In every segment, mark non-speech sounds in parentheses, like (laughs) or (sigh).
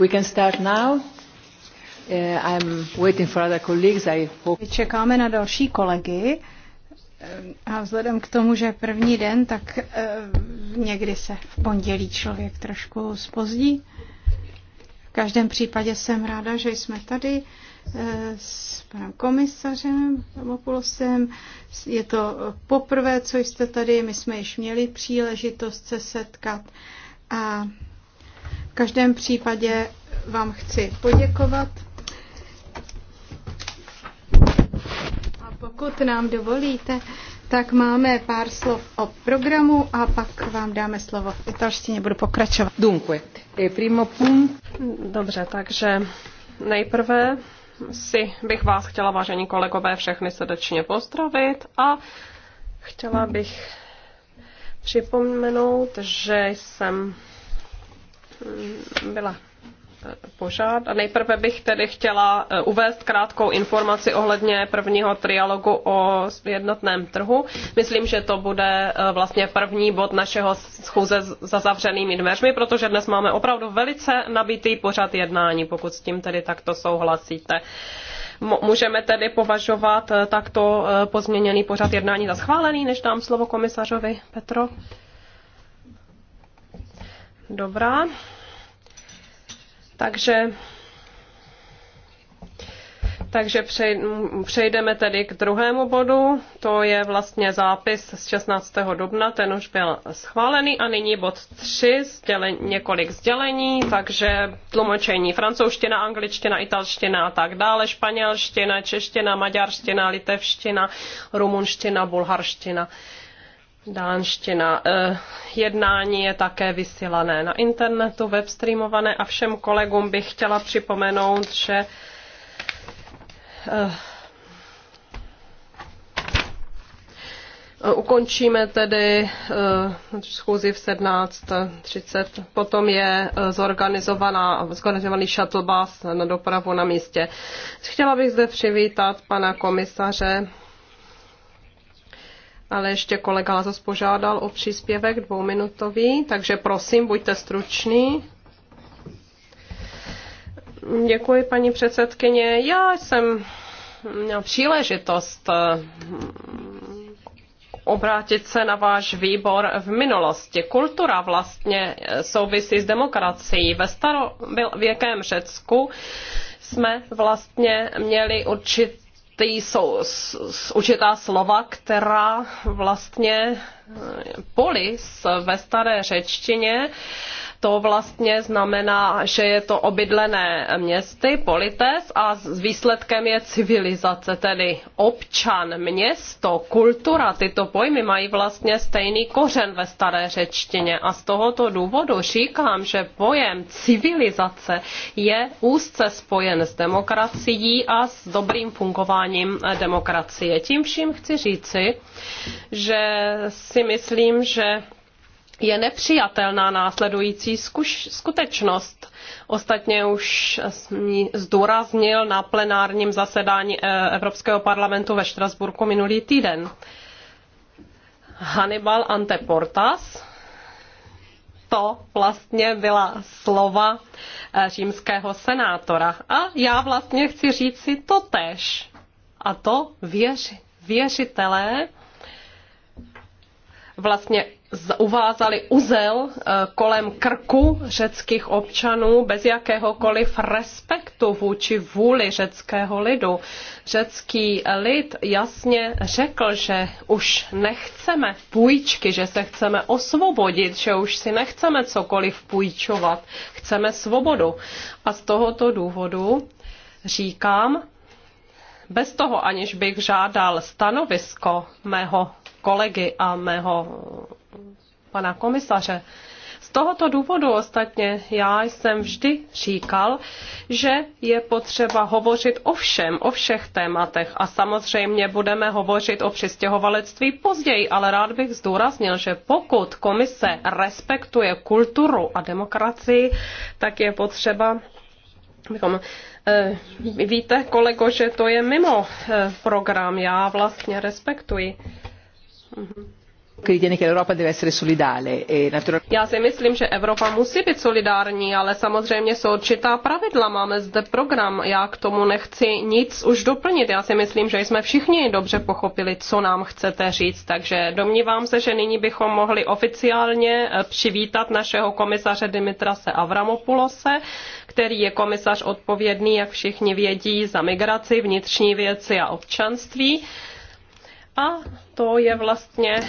We Čekáme na další kolegy. A vzhledem k tomu, že první den, tak eh, někdy se v pondělí člověk trošku spozdí. V každém případě jsem ráda, že jsme tady eh, s panem komisařem Mopulosem. Je to poprvé, co jste tady, my jsme již měli příležitost se setkat a v každém případě vám chci poděkovat. A pokud nám dovolíte, tak máme pár slov o programu a pak vám dáme slovo v italštině, budu pokračovat. Dunque, e primo punto. Dobře, takže nejprve si bych vás chtěla, vážení kolegové, všechny srdečně pozdravit a chtěla bych připomenout, že jsem Mm, byla eh, požád. A nejprve bych tedy chtěla eh, uvést krátkou informaci ohledně prvního trialogu o jednotném trhu. Myslím, že to bude eh, vlastně první bod našeho schůze za zavřenými dveřmi, protože dnes máme opravdu velice nabitý pořad jednání, pokud s tím tedy takto souhlasíte. Můžeme tedy považovat takto pozměněný pořad jednání za schválený, než dám slovo komisařovi Petro. Dobrá. Takže takže přejdeme tedy k druhému bodu, to je vlastně zápis z 16. dubna, ten už byl schválený a nyní bod 3, sdělen, několik sdělení, takže tlumočení francouzština, angličtina, italština a tak dále, španělština, čeština, maďarština, litevština, rumunština, bulharština. Dánština. Eh, jednání je také vysílané na internetu, webstreamované a všem kolegům bych chtěla připomenout, že eh, Ukončíme tedy eh, schůzi v 17.30. Potom je zorganizovaná, zorganizovaný shuttle bus na dopravu na místě. Chtěla bych zde přivítat pana komisaře ale ještě kolega Lazos požádal o příspěvek dvouminutový, takže prosím, buďte stručný. Děkuji, paní předsedkyně. Já jsem měl příležitost eh, obrátit se na váš výbor v minulosti. Kultura vlastně eh, souvisí s demokracií. Ve starověkém Řecku jsme vlastně měli určit jsou určitá slova, která vlastně eh, polis ve staré řečtině to vlastně znamená, že je to obydlené městy, polites, a výsledkem je civilizace, tedy občan, město, kultura. Tyto pojmy mají vlastně stejný kořen ve staré řečtině a z tohoto důvodu říkám, že pojem civilizace je úzce spojen s demokracií a s dobrým fungováním demokracie. Tím vším chci říci, že si myslím, že je nepřijatelná následující zkuš, skutečnost. Ostatně už zdůraznil na plenárním zasedání eh, Evropského parlamentu ve Štrasburku minulý týden. Hannibal Anteportas, to vlastně byla slova eh, římského senátora. A já vlastně chci říct si to tež. A to věř, věřitelé vlastně uvázali uzel eh, kolem krku řeckých občanů bez jakéhokoliv respektu vůči vůli řeckého lidu. Řecký lid jasně řekl, že už nechceme půjčky, že se chceme osvobodit, že už si nechceme cokoliv půjčovat, chceme svobodu. A z tohoto důvodu říkám, bez toho, aniž bych žádal stanovisko mého kolegy a mého pana komisaře. Z tohoto důvodu ostatně já jsem vždy říkal, že je potřeba hovořit o všem, o všech tématech a samozřejmě budeme hovořit o přistěhovalectví později, ale rád bych zdůraznil, že pokud komise respektuje kulturu a demokracii, tak je potřeba bychom eh, Víte, kolego, že to je mimo eh, program. Já vlastně respektuji E já si myslím, že Evropa musí být solidární, ale samozřejmě jsou určitá pravidla. Máme zde program, já k tomu nechci nic už doplnit. Já si myslím, že jsme všichni dobře pochopili, co nám chcete říct. Takže domnívám se, že nyní bychom mohli oficiálně eh, přivítat našeho komisaře Dimitrase Avramopulose, který je komisař odpovědný, jak všichni vědí, za migraci, vnitřní věci a občanství. A to je vlastně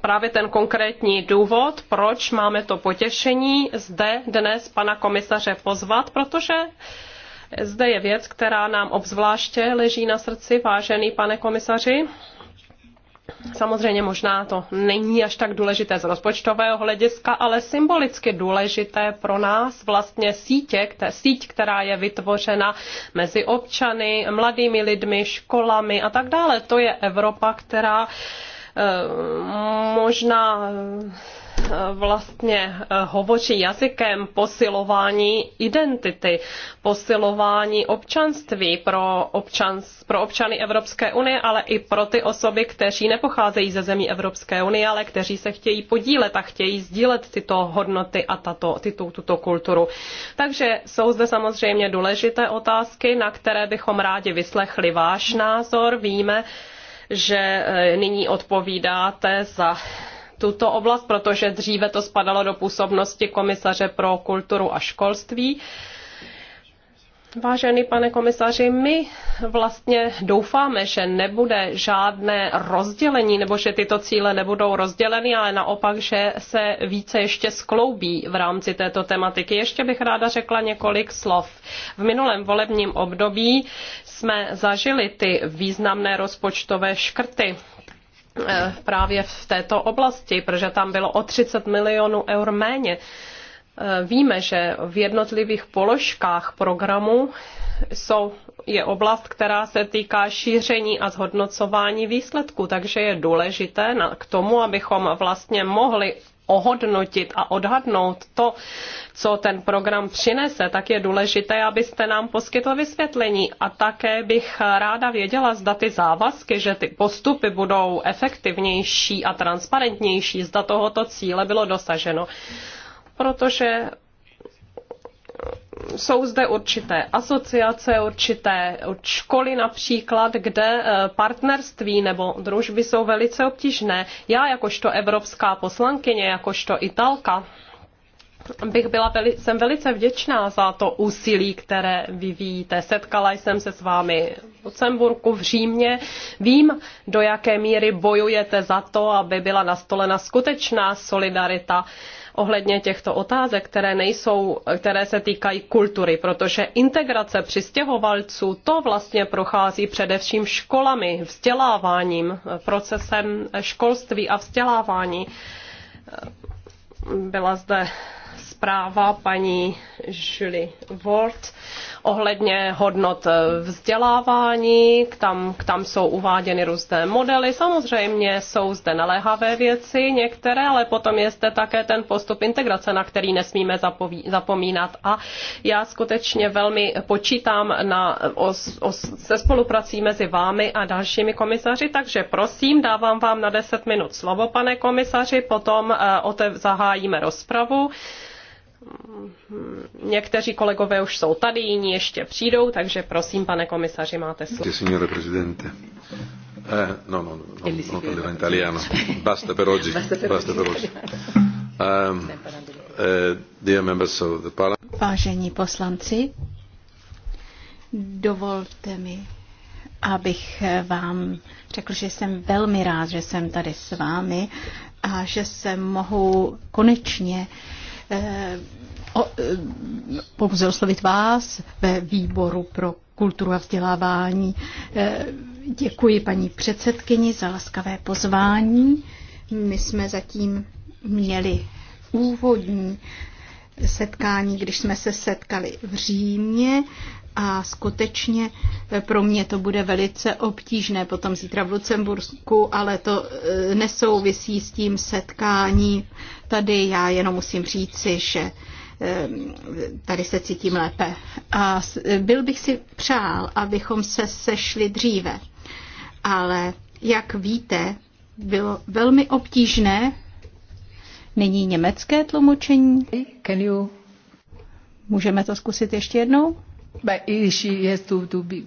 právě ten konkrétní důvod, proč máme to potěšení zde dnes pana komisaře pozvat, protože zde je věc, která nám obzvláště leží na srdci, vážený pane komisaři, Samozřejmě možná to není až tak důležité z rozpočtového hlediska, ale symbolicky důležité pro nás vlastně sítě, které, síť, která je vytvořena mezi občany, mladými lidmi, školami a tak dále. To je Evropa, která eh, možná vlastně eh, hovoří jazykem posilování identity, posilování občanství pro, občans, pro občany Evropské unie, ale i pro ty osoby, kteří nepocházejí ze zemí Evropské unie, ale kteří se chtějí podílet a chtějí sdílet tyto hodnoty a tato, tyto, tuto kulturu. Takže jsou zde samozřejmě důležité otázky, na které bychom rádi vyslechli váš názor. Víme, že eh, nyní odpovídáte za tuto oblast, protože dříve to spadalo do působnosti komisaře pro kulturu a školství. Vážený pane komisaři, my vlastně doufáme, že nebude žádné rozdělení nebo že tyto cíle nebudou rozděleny, ale naopak, že se více ještě skloubí v rámci této tematiky. Ještě bych ráda řekla několik slov. V minulém volebním období jsme zažili ty významné rozpočtové škrty Eh, právě v této oblasti, protože tam bylo o 30 milionů eur méně. Eh, víme, že v jednotlivých položkách programu jsou, je oblast, která se týká šíření a zhodnocování výsledků, takže je důležité na, k tomu, abychom vlastně mohli ohodnotit a odhadnout to, co ten program přinese, tak je důležité, abyste nám poskytl vysvětlení. A také bych ráda věděla, zda ty závazky, že ty postupy budou efektivnější a transparentnější, zda tohoto cíle bylo dosaženo. Protože jsou zde určité asociace, určité školy například, kde eh, partnerství nebo družby jsou velice obtížné. Já jakožto evropská poslankyně, jakožto italka, bych byla veli, jsem velice vděčná za to úsilí, které vyvíjíte. Setkala jsem se s vámi v Lucemburku, v Římě. Vím, do jaké míry bojujete za to, aby byla nastolena skutečná solidarita ohledně těchto otázek, které, nejsou, které se týkají kultury, protože integrace přistěhovalců, to vlastně prochází především školami, vzděláváním, procesem školství a vzdělávání. Byla zde zpráva paní Julie Ward ohledně hodnot eh, vzdělávání, tam, tam jsou uváděny různé modely. Samozřejmě jsou zde naléhavé věci některé, ale potom je zde také ten postup integrace, na který nesmíme zapoví, zapomínat. A já skutečně velmi počítám na, os, os, se spoluprací mezi vámi a dalšími komisaři, takže prosím, dávám vám na 10 minut slovo, pane komisaři, potom eh, otev, zahájíme rozpravu. Mm, někteří kolegové už jsou tady, jiní ještě přijdou, takže prosím, pane komisaři, máte slovo. Signore Presidente. Eh, no, no, no, no, no, italiano. (laughs) Basta per oggi. Basta per oggi. Um, uh, dear members of the parliament. Vážení poslanci, dovolte mi, abych vám řekl, že jsem velmi rád, že jsem tady s vámi a že se mohu konečně uh, Eh, o, pouze eh, oslovit vás ve výboru pro kulturu a vzdělávání. Eh, děkuji paní předsedkyni za laskavé pozvání. My jsme zatím měli úvodní setkání, když jsme se setkali v Římě a skutečně eh, pro mě to bude velice obtížné potom zítra v Lucembursku, ale to eh, nesouvisí s tím setkání. Tady já jenom musím říci, že eh, tady se cítím lépe. A byl bych si přál, abychom se sešli dříve. Ale jak víte, bylo velmi obtížné. Nyní německé tlumočení. Can you... Můžeme to zkusit ještě jednou? But she has to, to be.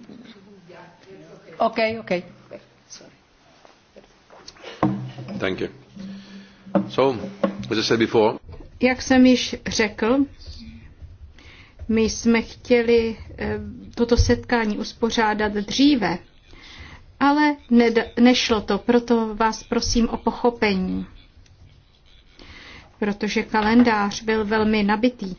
Okay, okay. Thank you. So, as I said before. Jak jsem již řekl, my jsme chtěli eh, toto setkání uspořádat dříve, ale ne, nešlo to, proto vás prosím o pochopení, protože kalendář byl velmi nabitý.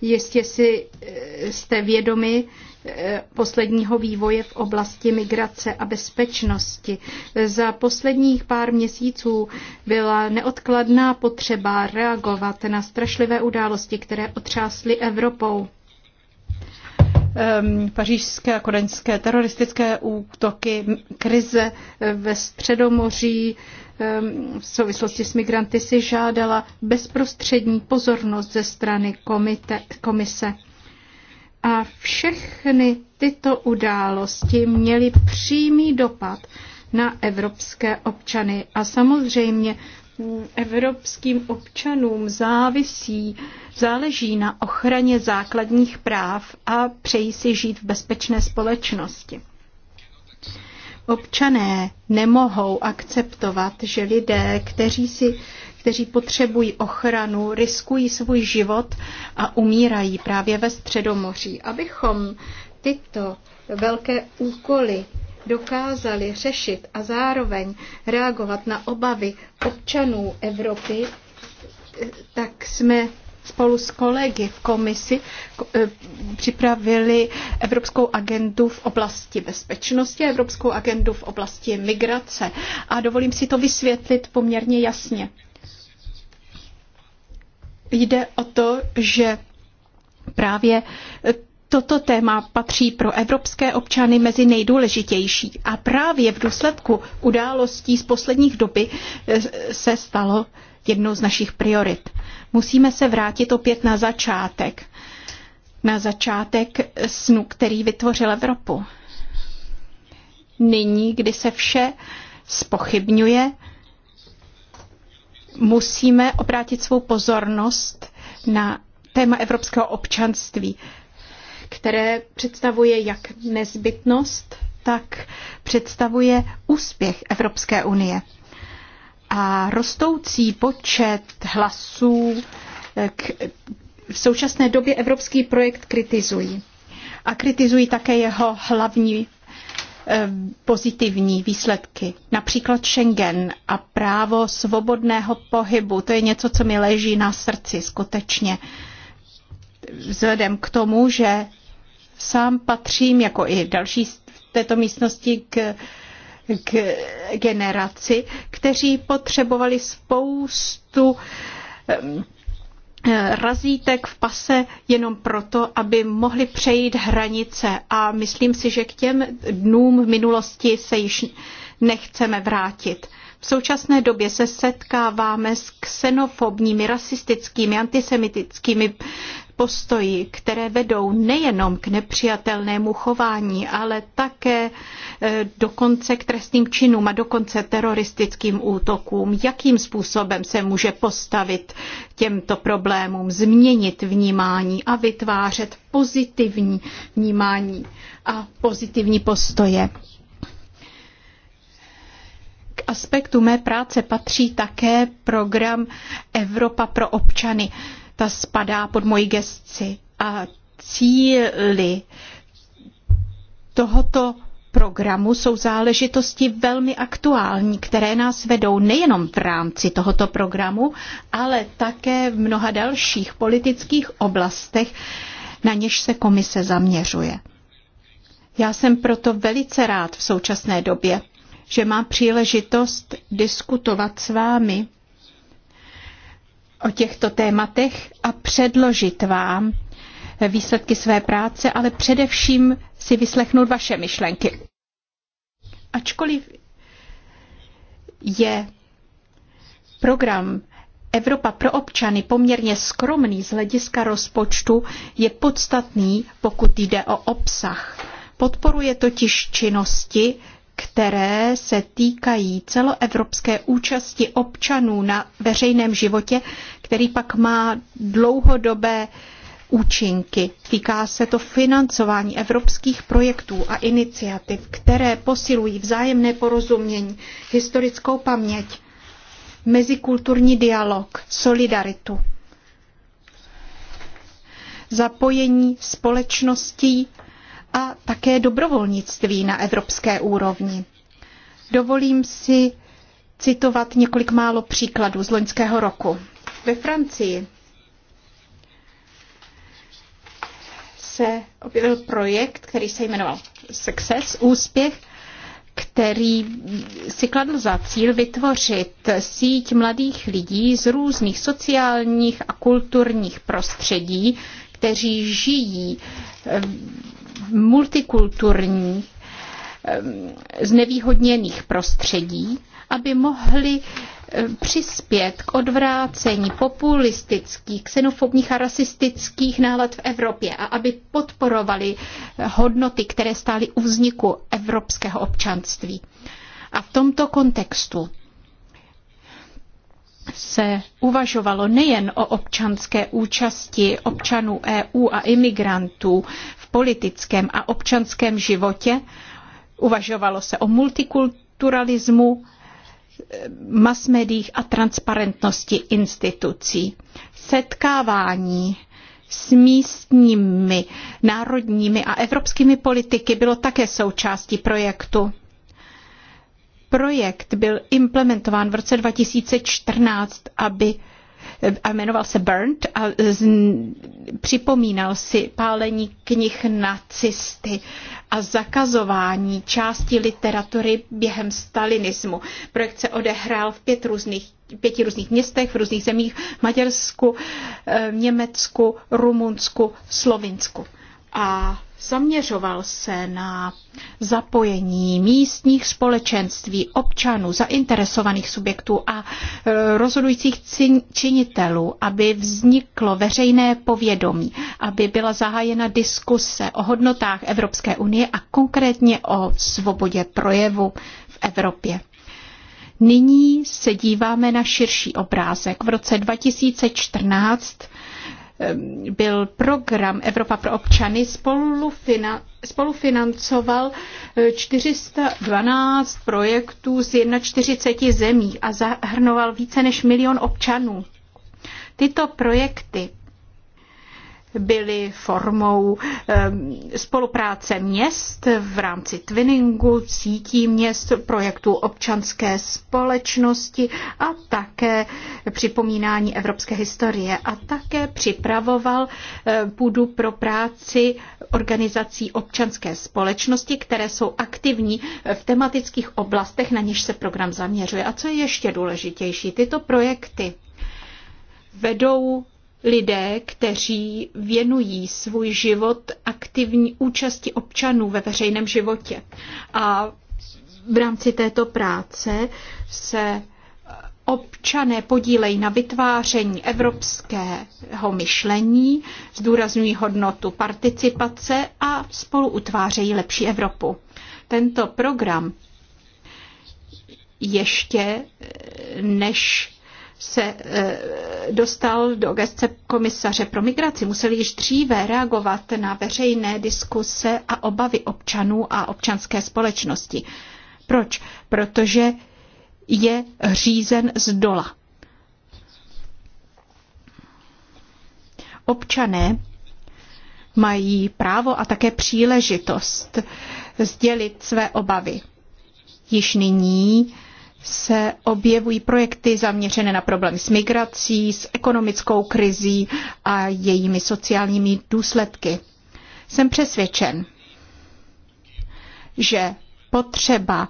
Jistě si eh, jste vědomi eh, posledního vývoje v oblasti migrace a bezpečnosti. Za posledních pár měsíců byla neodkladná potřeba reagovat na strašlivé události, které otřásly Evropou. Ehm, pařížské a kodaňské teroristické útoky, krize eh, ve Středomoří ehm, v souvislosti s migranty si žádala bezprostřední pozornost ze strany komite, komise. A všechny tyto události měly přímý dopad na evropské občany a samozřejmě evropským občanům závisí, záleží na ochraně základních práv a přejí si žít v bezpečné společnosti. Občané nemohou akceptovat, že lidé, kteří, si, kteří potřebují ochranu, riskují svůj život a umírají právě ve Středomoří. Abychom tyto velké úkoly dokázali řešit a zároveň reagovat na obavy občanů Evropy, tak jsme spolu s kolegy v komisi eh, připravili Evropskou agendu v oblasti bezpečnosti a Evropskou agendu v oblasti migrace. A dovolím si to vysvětlit poměrně jasně. Jde o to, že právě Toto téma patří pro evropské občany mezi nejdůležitější a právě v důsledku událostí z posledních doby eh, se stalo jednou z našich priorit. Musíme se vrátit opět na začátek. Na začátek snu, který vytvořil Evropu. Nyní, kdy se vše spochybňuje, musíme obrátit svou pozornost na téma evropského občanství které představuje jak nezbytnost, tak představuje úspěch Evropské unie. A rostoucí počet hlasů eh, k, v současné době evropský projekt kritizují. A kritizují také jeho hlavní eh, pozitivní výsledky. Například Schengen a právo svobodného pohybu, to je něco, co mi leží na srdci skutečně. Vzhledem k tomu, že sám patřím, jako i další z této místnosti, k k generaci, kteří potřebovali spoustu razítek v pase jenom proto, aby mohli přejít hranice. A myslím si, že k těm dnům v minulosti se již nechceme vrátit. V současné době se setkáváme s ksenofobními, rasistickými, antisemitickými postoji, které vedou nejenom k nepřijatelnému chování, ale také e, dokonce k trestným činům a dokonce teroristickým útokům. Jakým způsobem se může postavit těmto problémům, změnit vnímání a vytvářet pozitivní vnímání a pozitivní postoje. K aspektu mé práce patří také program Evropa pro občany ta spadá pod moji gesci. A cíly tohoto programu jsou záležitosti velmi aktuální, které nás vedou nejenom v rámci tohoto programu, ale také v mnoha dalších politických oblastech, na něž se komise zaměřuje. Já jsem proto velice rád v současné době, že mám příležitost diskutovat s vámi o těchto tématech a předložit vám výsledky své práce, ale především si vyslechnout vaše myšlenky. Ačkoliv je program Evropa pro občany poměrně skromný z hlediska rozpočtu, je podstatný, pokud jde o obsah. Podporuje totiž činnosti, které se týkají celoevropské účasti občanů na veřejném životě, který pak má dlouhodobé účinky. Týká se to financování evropských projektů a iniciativ, které posilují vzájemné porozumění, historickou paměť, mezikulturní dialog, solidaritu, zapojení společností a také dobrovolnictví na evropské úrovni. Dovolím si citovat několik málo příkladů z loňského roku. Ve Francii se objevil projekt, který se jmenoval Success, úspěch, který si kladl za cíl vytvořit síť mladých lidí z různých sociálních a kulturních prostředí, kteří žijí multikulturních eh, znevýhodněných prostředí, aby mohli eh, přispět k odvrácení populistických, xenofobních a rasistických nálad v Evropě a aby podporovali hodnoty, které stály u vzniku evropského občanství. A v tomto kontextu se uvažovalo nejen o občanské účasti občanů EU a imigrantů politickém a občanském životě. Uvažovalo se o multikulturalismu, mass a transparentnosti institucí. Setkávání s místními, národními a evropskými politiky bylo také součástí projektu. Projekt byl implementován v roce 2014, aby a jmenoval se Burnt a z, připomínal si pálení knih nacisty a zakazování části literatury během stalinismu. Projekt se odehrál v pět různých, pěti různých městech, v různých zemích, v Maďarsku, eh, Německu, Rumunsku, Slovinsku. A Zaměřoval se na zapojení místních společenství, občanů, zainteresovaných subjektů a e, rozhodujících činitelů, aby vzniklo veřejné povědomí, aby byla zahájena diskuse o hodnotách Evropské unie a konkrétně o svobodě projevu v Evropě. Nyní se díváme na širší obrázek. V roce 2014 Ehm, byl program Evropa pro občany, spolufinancoval 412 eh, projektů z 41 zemí a zahrnoval více než milion občanů. Tyto projekty byly formou ehm, spolupráce měst v rámci twinningu, sítí měst, projektů občanské společnosti a také připomínání evropské historie a také připravoval ehm, půdu pro práci organizací občanské společnosti, které jsou aktivní v tematických oblastech, na něž se program zaměřuje. A co je ještě důležitější, tyto projekty vedou lidé, kteří věnují svůj život aktivní účasti občanů ve veřejném životě. A v rámci této práce se občané podílejí na vytváření evropského myšlení, zdůrazňují hodnotu participace a spolu utvářejí lepší Evropu. Tento program ještě než se eh, dostal do gestce komisaře pro migraci, musel již dříve reagovat na veřejné diskuse a obavy občanů a občanské společnosti. Proč? Protože je řízen z dola. Občané mají právo a také příležitost sdělit své obavy. Již nyní se objevují projekty zaměřené na problém s migrací, s ekonomickou krizí a jejími sociálními důsledky. Jsem přesvědčen, že potřeba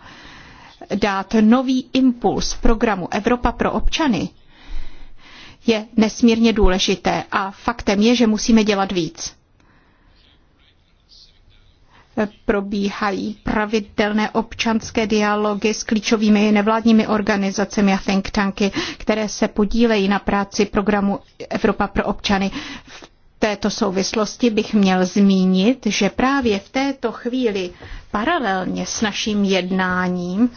dát nový impuls programu Evropa pro občany je nesmírně důležité a faktem je, že musíme dělat víc probíhají pravidelné občanské dialogy s klíčovými nevládními organizacemi a think tanky, které se podílejí na práci programu Evropa pro občany. V této souvislosti bych měl zmínit, že právě v této chvíli paralelně s naším jednáním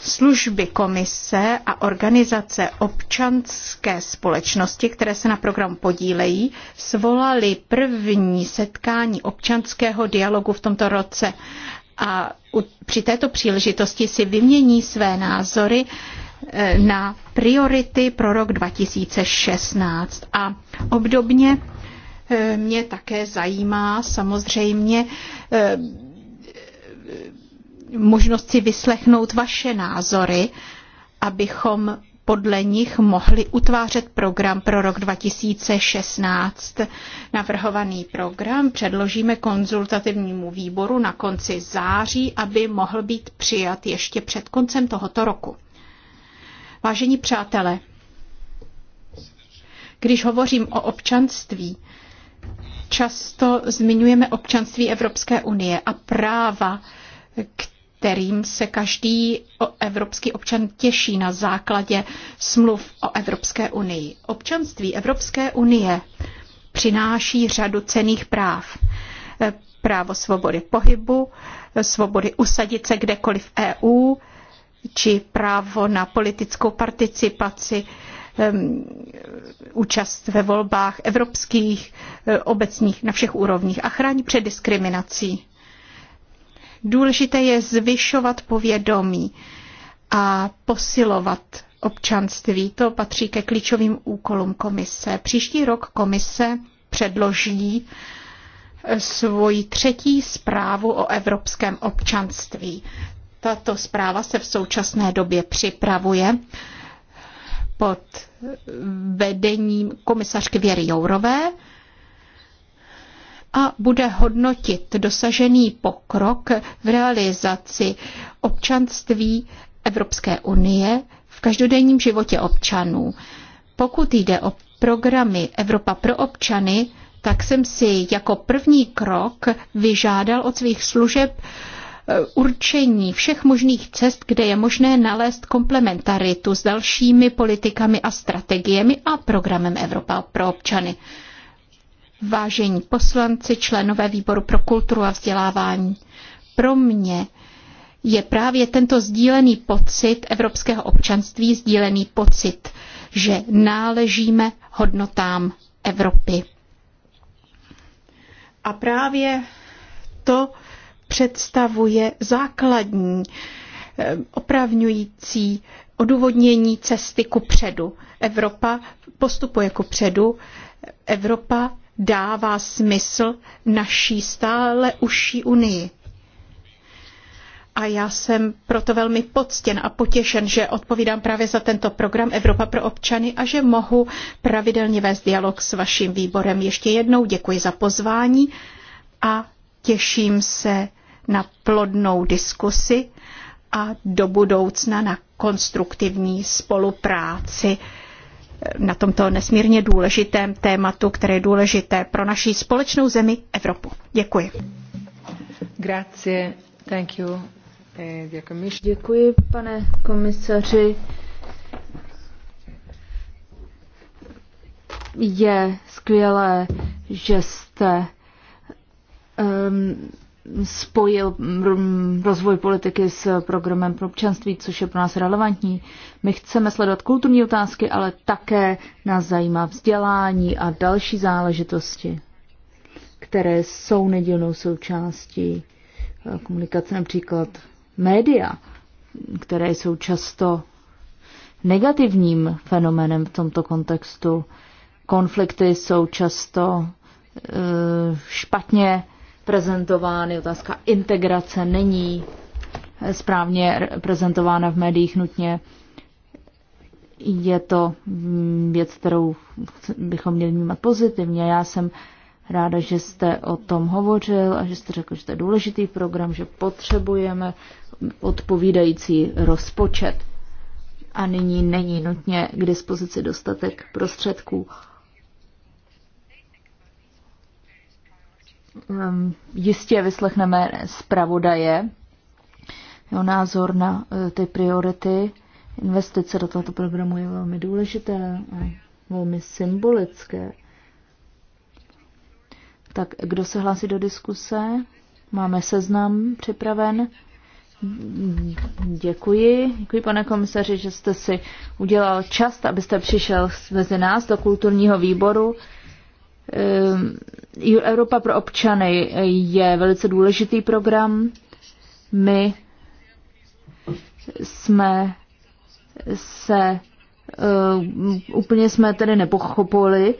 služby komise a organizace občanské společnosti, které se na program podílejí, svolali první setkání občanského dialogu v tomto roce a při této příležitosti si vymění své názory eh, na priority pro rok 2016. A obdobně eh, mě také zajímá samozřejmě eh, možnost si vyslechnout vaše názory, abychom podle nich mohli utvářet program pro rok 2016. Navrhovaný program předložíme konzultativnímu výboru na konci září, aby mohl být přijat ještě před koncem tohoto roku. Vážení přátelé, když hovořím o občanství, často zmiňujeme občanství Evropské unie a práva, které kterým se každý evropský občan těší na základě smluv o Evropské unii. Občanství Evropské unie přináší řadu cených práv. Eh, právo svobody pohybu, eh, svobody usadit se kdekoliv v EU, či právo na politickou participaci, ehm, účast ve volbách evropských, eh, obecních, na všech úrovních a chrání před diskriminací. Důležité je zvyšovat povědomí a posilovat občanství. To patří ke klíčovým úkolům komise. Příští rok komise předloží eh, svoji třetí zprávu o evropském občanství. Tato zpráva se v současné době připravuje pod vedením komisařky Věry Jourové a bude hodnotit dosažený pokrok v realizaci občanství Evropské unie v každodenním životě občanů. Pokud jde o programy Evropa pro občany, tak jsem si jako první krok vyžádal od svých služeb eh, určení všech možných cest, kde je možné nalézt komplementaritu s dalšími politikami a strategiemi a programem Evropa pro občany vážení poslanci, členové výboru pro kulturu a vzdělávání. Pro mě je právě tento sdílený pocit evropského občanství, sdílený pocit, že náležíme hodnotám Evropy. A právě to představuje základní, eh, opravňující odůvodnění cesty ku předu. Evropa postupuje ku předu, Evropa dává smysl naší stále užší unii. A já jsem proto velmi poctěn a potěšen, že odpovídám právě za tento program Evropa pro občany a že mohu pravidelně vést dialog s vaším výborem. Ještě jednou děkuji za pozvání a těším se na plodnou diskusi a do budoucna na konstruktivní spolupráci na tomto nesmírně důležitém tématu, které je důležité pro naši společnou zemi Evropu. Děkuji. Grazie. Thank you. Eh, Děkuji, pane komisaři. Je skvělé, že jste um, spojil mm, rozvoj politiky s programem pro občanství, což je pro nás relevantní. My chceme sledovat kulturní otázky, ale také nás zajímá vzdělání a další záležitosti, které jsou nedělnou součástí eh, komunikace, například média, které jsou často negativním fenoménem v tomto kontextu. Konflikty jsou často eh, špatně prezentovány. Otázka integrace není správně prezentována v médiích nutně. Je to věc, kterou bychom měli vnímat pozitivně. Já jsem ráda, že jste o tom hovořil a že jste řekl, že to je důležitý program, že potřebujeme odpovídající rozpočet. A nyní není nutně k dispozici dostatek prostředků. Ehm, jistě vyslechneme zpravodaje, jeho názor na e, ty priority. Investice do tohoto programu je velmi důležité a velmi symbolické. Tak kdo se hlásí do diskuse? Máme seznam připraven. Děkuji. Děkuji, pane komisaři, že jste si udělal čas, abyste přišel mezi nás do kulturního výboru. Eh, Evropa pro občany je velice důležitý program. My jsme se eh, úplně jsme tedy nepochopili,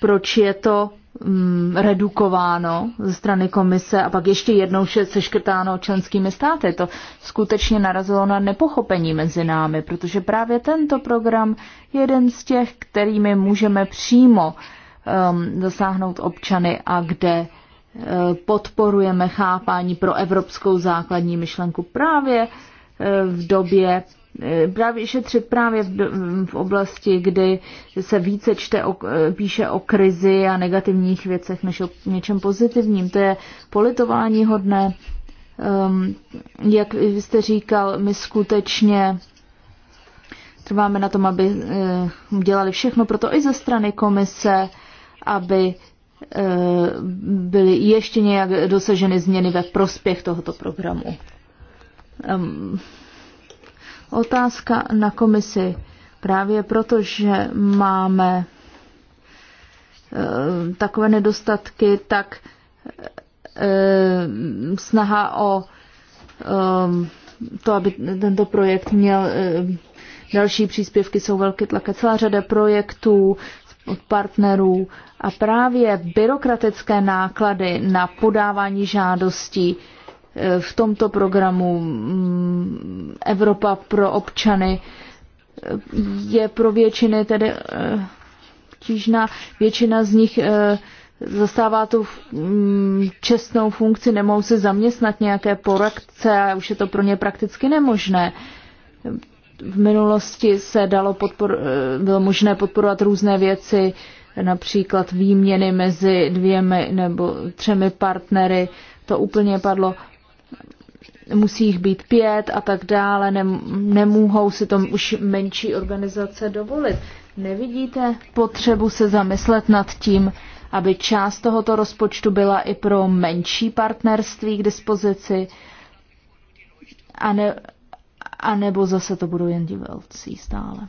proč je to mm, redukováno ze strany komise a pak ještě jednou seškrtáno členskými státy. To skutečně narazilo na nepochopení mezi námi, protože právě tento program je jeden z těch, kterými můžeme přímo uh, Um, zasáhnout občany a kde uh, podporujeme chápání pro evropskou základní myšlenku právě uh, v době uh, právě šetřit právě v, v oblasti, kdy se více čte o, eh, píše o krizi a negativních věcech než o něčem pozitivním. To je politování hodné. Um, jak jste říkal, my skutečně trváme na tom, aby uh, eh, dělali všechno, proto i ze strany komise uh, aby e, byly ještě nějak dosaženy změny ve prospěch tohoto programu. Otázka na komisi. Právě proto, že máme e, takové nedostatky, tak e, snaha o to, aby tento projekt měl další příspěvky jsou velký tlak. Celá řada projektů od partnerů a právě byrokratické náklady na podávání žádostí eh, v tomto programu mm, Evropa pro občany eh, je pro většiny tedy eh, tížná. Většina z nich zastává tu mm, čestnou funkci, nemohou se zaměstnat nějaké poradce a už je to pro ně prakticky nemožné v minulosti se dalo podpor, eh, bylo možné podporovat různé věci, například výměny mezi dvěmi nebo třemi partnery, to úplně padlo, musí jich být pět a tak dále, nemůhou si to už menší organizace dovolit. Nevidíte potřebu se zamyslet nad tím, aby část tohoto rozpočtu byla i pro menší partnerství k dispozici a ne, a nebo zase to budou jen divelcí stále.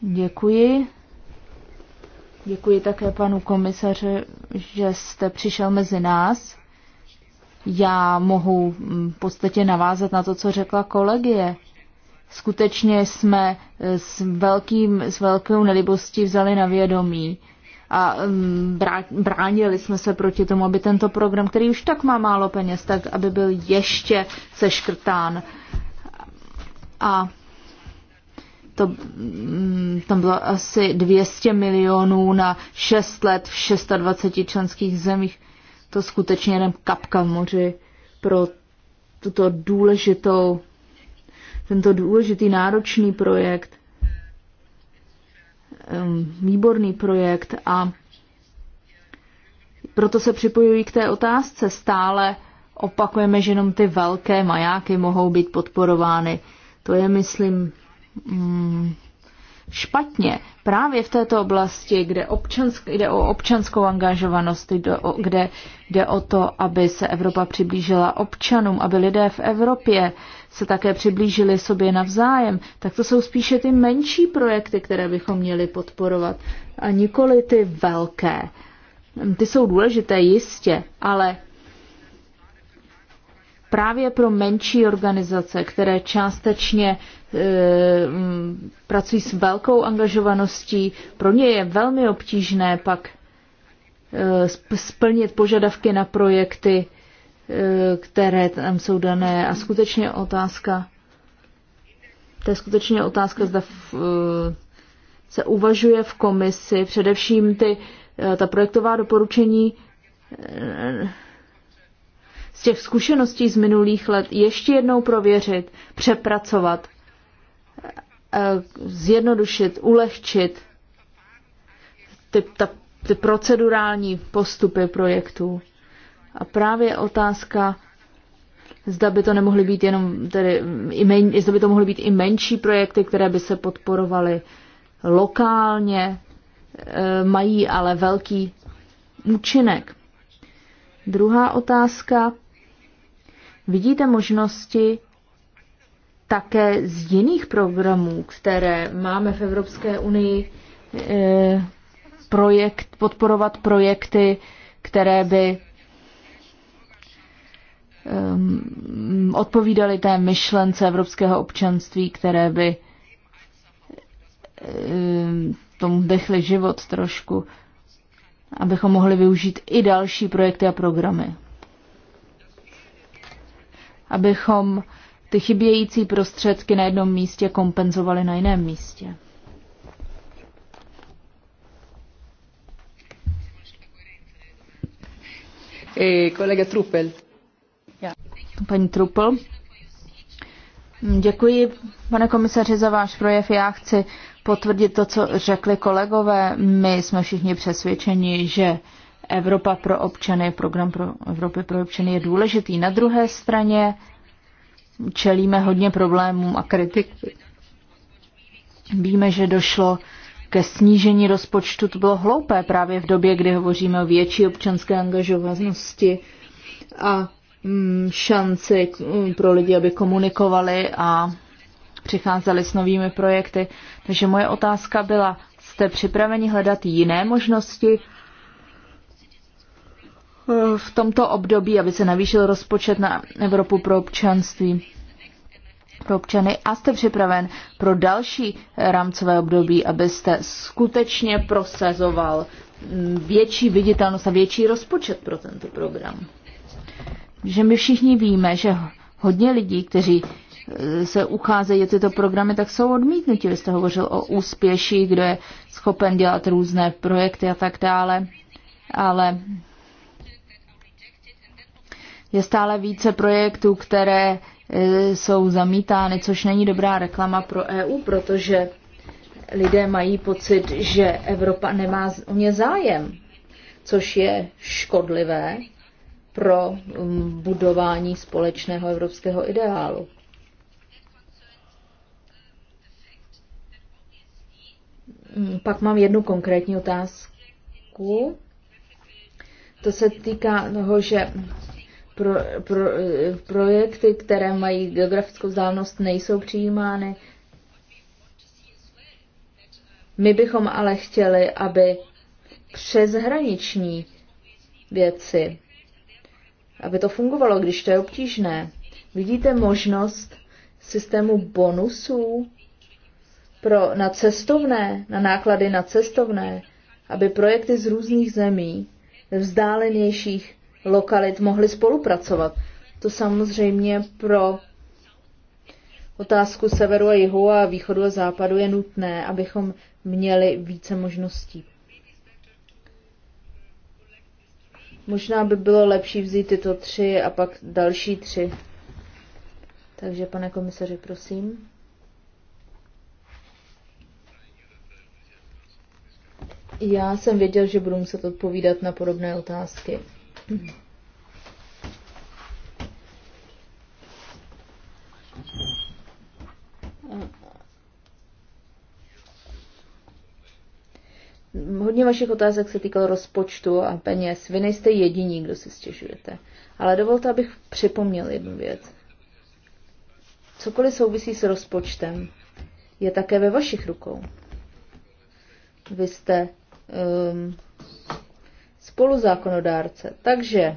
Děkuji. Děkuji také panu komisaře, že jste přišel mezi nás. Já mohu mm, v podstatě navázat na to, co řekla kolegie. Skutečně jsme eh, s, velkým, s velkou nelibostí vzali na vědomí, a mm, bránili jsme se proti tomu, aby tento program, který už tak má málo peněz, tak aby byl ještě seškrtán. A to, mm, tam bylo asi 200 milionů na 6 let v 26 členských zemích. To skutečně jenom kapka v moři pro tuto důležitou, tento důležitý náročný projekt Um, výborný projekt a proto se připojují k té otázce. Stále opakujeme, že jenom ty velké majáky mohou být podporovány. To je, myslím, mm, špatně. Právě v této oblasti, kde občansk, jde o občanskou angažovanost, jde o, kde jde o to, aby se Evropa přiblížila občanům, aby lidé v Evropě uh, se také přiblížili sobě navzájem, tak to jsou spíše ty menší projekty, které bychom měli podporovat a nikoli ty velké. Ty jsou důležité, jistě, ale právě pro menší organizace, které částečně e, pracují s velkou angažovaností, pro ně je velmi obtížné pak e, splnit požadavky na projekty, Eh, které tam jsou dané. A skutečně otázka, to je skutečně otázka, zda v, eh, se uvažuje v komisi, především ty, eh, ta projektová doporučení z těch zkušeností z minulých let ještě jednou prověřit, přepracovat, zjednodušit, ulehčit ty, ta, ty procedurální postupy projektů a právě otázka, zda by to nemohly být jenom, tedy, i men, zda by to mohly být i menší projekty, které by se podporovaly lokálně, e, mají ale velký účinek. Druhá otázka. Vidíte možnosti také z jiných programů, které máme v Evropské unii, e, projekt, podporovat projekty, které by um, odpovídali té myšlence evropského občanství, které by um, tomu dechly život trošku, abychom mohli využít i další projekty a programy. Abychom ty chybějící prostředky na jednom místě kompenzovali na jiném místě. colega eh, Truppel paní Trupl. Děkuji, pane komisaři, za váš projev. Já chci potvrdit to, co řekli kolegové. My jsme všichni přesvědčeni, že Evropa pro občany, program pro Evropy pro občany je důležitý. Na druhé straně čelíme hodně problémům a kritik. Víme, že došlo ke snížení rozpočtu. To bylo hloupé právě v době, kdy hovoříme o větší občanské angažovanosti a Mm, šanci mm, pro lidi, aby komunikovali a přicházeli s novými projekty. Takže moje otázka byla, jste připraveni hledat jiné možnosti eh, v tomto období, aby se navýšil rozpočet na Evropu pro občanství? pro občany a jste připraven pro další rámcové období, abyste skutečně prosazoval mm, větší viditelnost a větší rozpočet pro tento program že my všichni víme, že hodně lidí, kteří e, se ucházejí tyto programy, tak jsou odmítnutí. Vy jste hovořil o úspěší, kdo je schopen dělat různé projekty a tak dále, ale je stále více projektů, které e, jsou zamítány, což není dobrá reklama pro EU, protože lidé mají pocit, že Evropa nemá o ně zájem, což je škodlivé pro um, budování společného evropského ideálu. Mm, pak mám jednu konkrétní otázku. To se týká toho, že pro, pro, projekty, které mají geografickou vzdálenost, nejsou přijímány. My bychom ale chtěli, aby přeshraniční věci aby to fungovalo, když to je obtížné. Vidíte možnost systému bonusů pro, na cestovné, na náklady na cestovné, aby projekty z různých zemí, vzdálenějších lokalit mohly spolupracovat. To samozřejmě pro otázku severu a jihu a východu a západu je nutné, abychom měli více možností. Možná by bylo lepší vzít tyto tři a pak další tři. Takže, pane komisaři, prosím. Já jsem věděl, že budu muset odpovídat na podobné otázky. Hodně vašich otázek se týkalo rozpočtu a peněz. Vy nejste jediní, kdo si stěžujete. Ale dovolte, abych připomněl jednu věc. Cokoliv souvisí s rozpočtem, je také ve vašich rukou. Vy jste um, spoluzákonodárce. Takže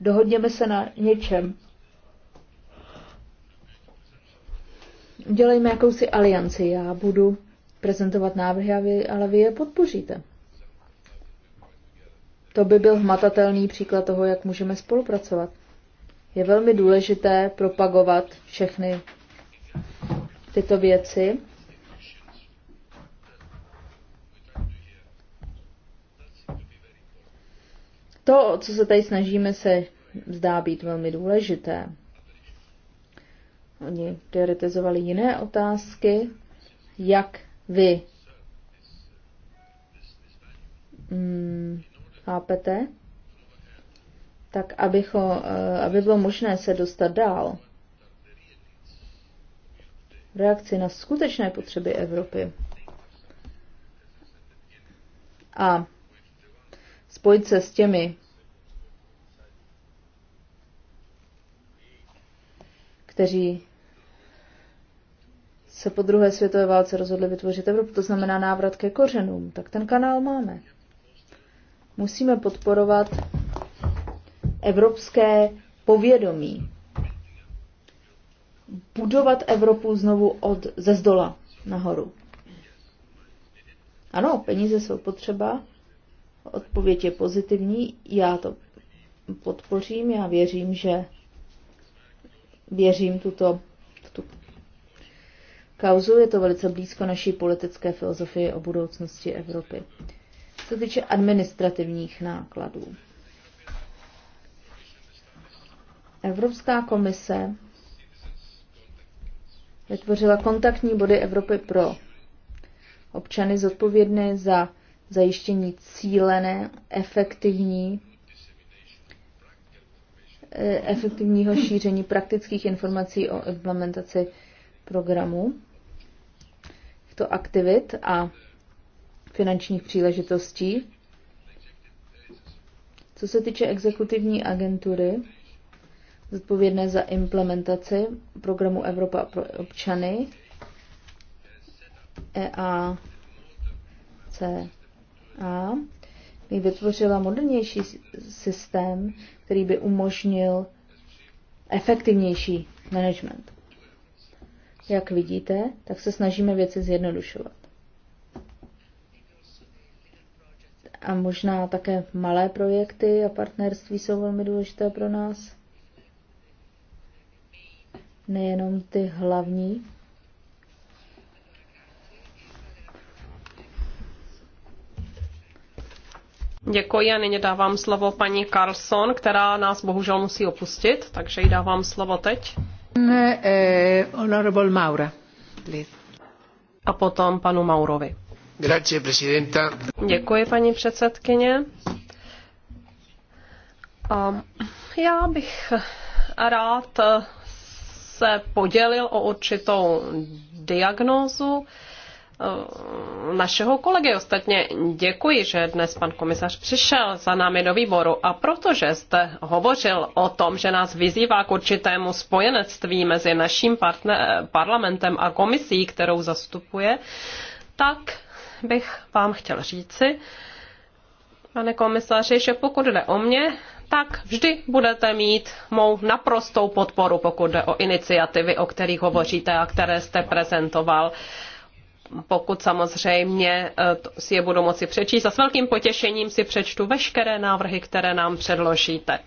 dohodněme se na něčem. Udělejme jakousi alianci. Já budu prezentovat návrhy, ale vy je podpoříte. To by byl hmatatelný příklad toho, jak můžeme spolupracovat. Je velmi důležité propagovat všechny tyto věci. To, co se tady snažíme, se zdá být velmi důležité. Oni teoretizovali jiné otázky, jak vy hmm, chápete, tak abycho, eh, aby bylo možné se dostat dál. Reakci na skutečné potřeby Evropy. A spojit se s těmi, kteří se po druhé světové válce rozhodli vytvořit Evropu, to znamená návrat ke kořenům, tak ten kanál máme. Musíme podporovat evropské povědomí. Budovat Evropu znovu od, ze zdola nahoru. Ano, peníze jsou potřeba, odpověď je pozitivní, já to podpořím, já věřím, že věřím tuto kauzou, je to velice blízko naší politické filozofie o budoucnosti Evropy. Co se týče administrativních nákladů. Evropská komise vytvořila kontaktní body Evropy pro občany zodpovědné za zajištění cílené, efektivní, eh, efektivního šíření praktických informací o implementaci programu těchto aktivit a finančních příležitostí. Co se týče exekutivní agentury, zodpovědné za implementaci programu Evropa pro občany, EACA, by vytvořila modernější systém, který by umožnil efektivnější management. Jak vidíte, tak se snažíme věci zjednodušovat. A možná také malé projekty a partnerství jsou velmi důležité pro nás. Nejenom ty hlavní. Děkuji a nyní dávám slovo paní Carlson, která nás bohužel musí opustit, takže jí dávám slovo teď. Eh, honorable Maura, please. A potom panu Maurovi. Grazie, presidenta. Děkuji, paní předsedkyně. já bych rád se podělil o určitou diagnózu Eh, našeho kolegy. Ostatně děkuji, že dnes pan komisař přišel za námi do výboru a protože jste hovořil o tom, že nás vyzývá k určitému spojenectví mezi naším parlamentem a komisí, kterou zastupuje, tak bych vám chtěl říci, pane komisaři, že pokud jde o mě, tak vždy budete mít mou naprostou podporu, pokud jde o iniciativy, o kterých hovoříte a které jste prezentoval pokud samozřejmě eh, si je budu moci přečíst. A s velkým potěšením si přečtu veškeré návrhy, které nám předložíte.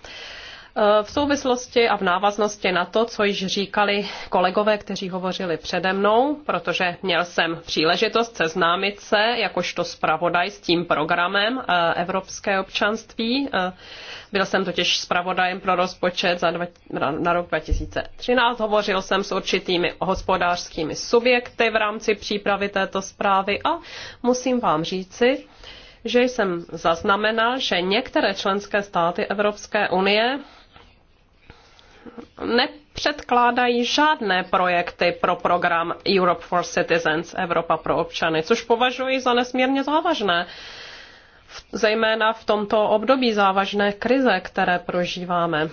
V souvislosti a v návaznosti na to, co již říkali kolegové, kteří hovořili přede mnou, protože měl jsem příležitost seznámit se jakožto zpravodaj s tím programem eh, Evropské občanství. Eh, byl jsem totiž zpravodajem pro rozpočet za dva, na rok 2013. Hovořil jsem s určitými hospodářskými subjekty v rámci přípravy této zprávy a musím vám říci, že jsem zaznamenal, že některé členské státy Evropské unie nepředkládají žádné projekty pro program Europe for Citizens, Evropa pro občany, což považuji za nesmírně závažné, zejména v tomto období závažné krize, které prožíváme.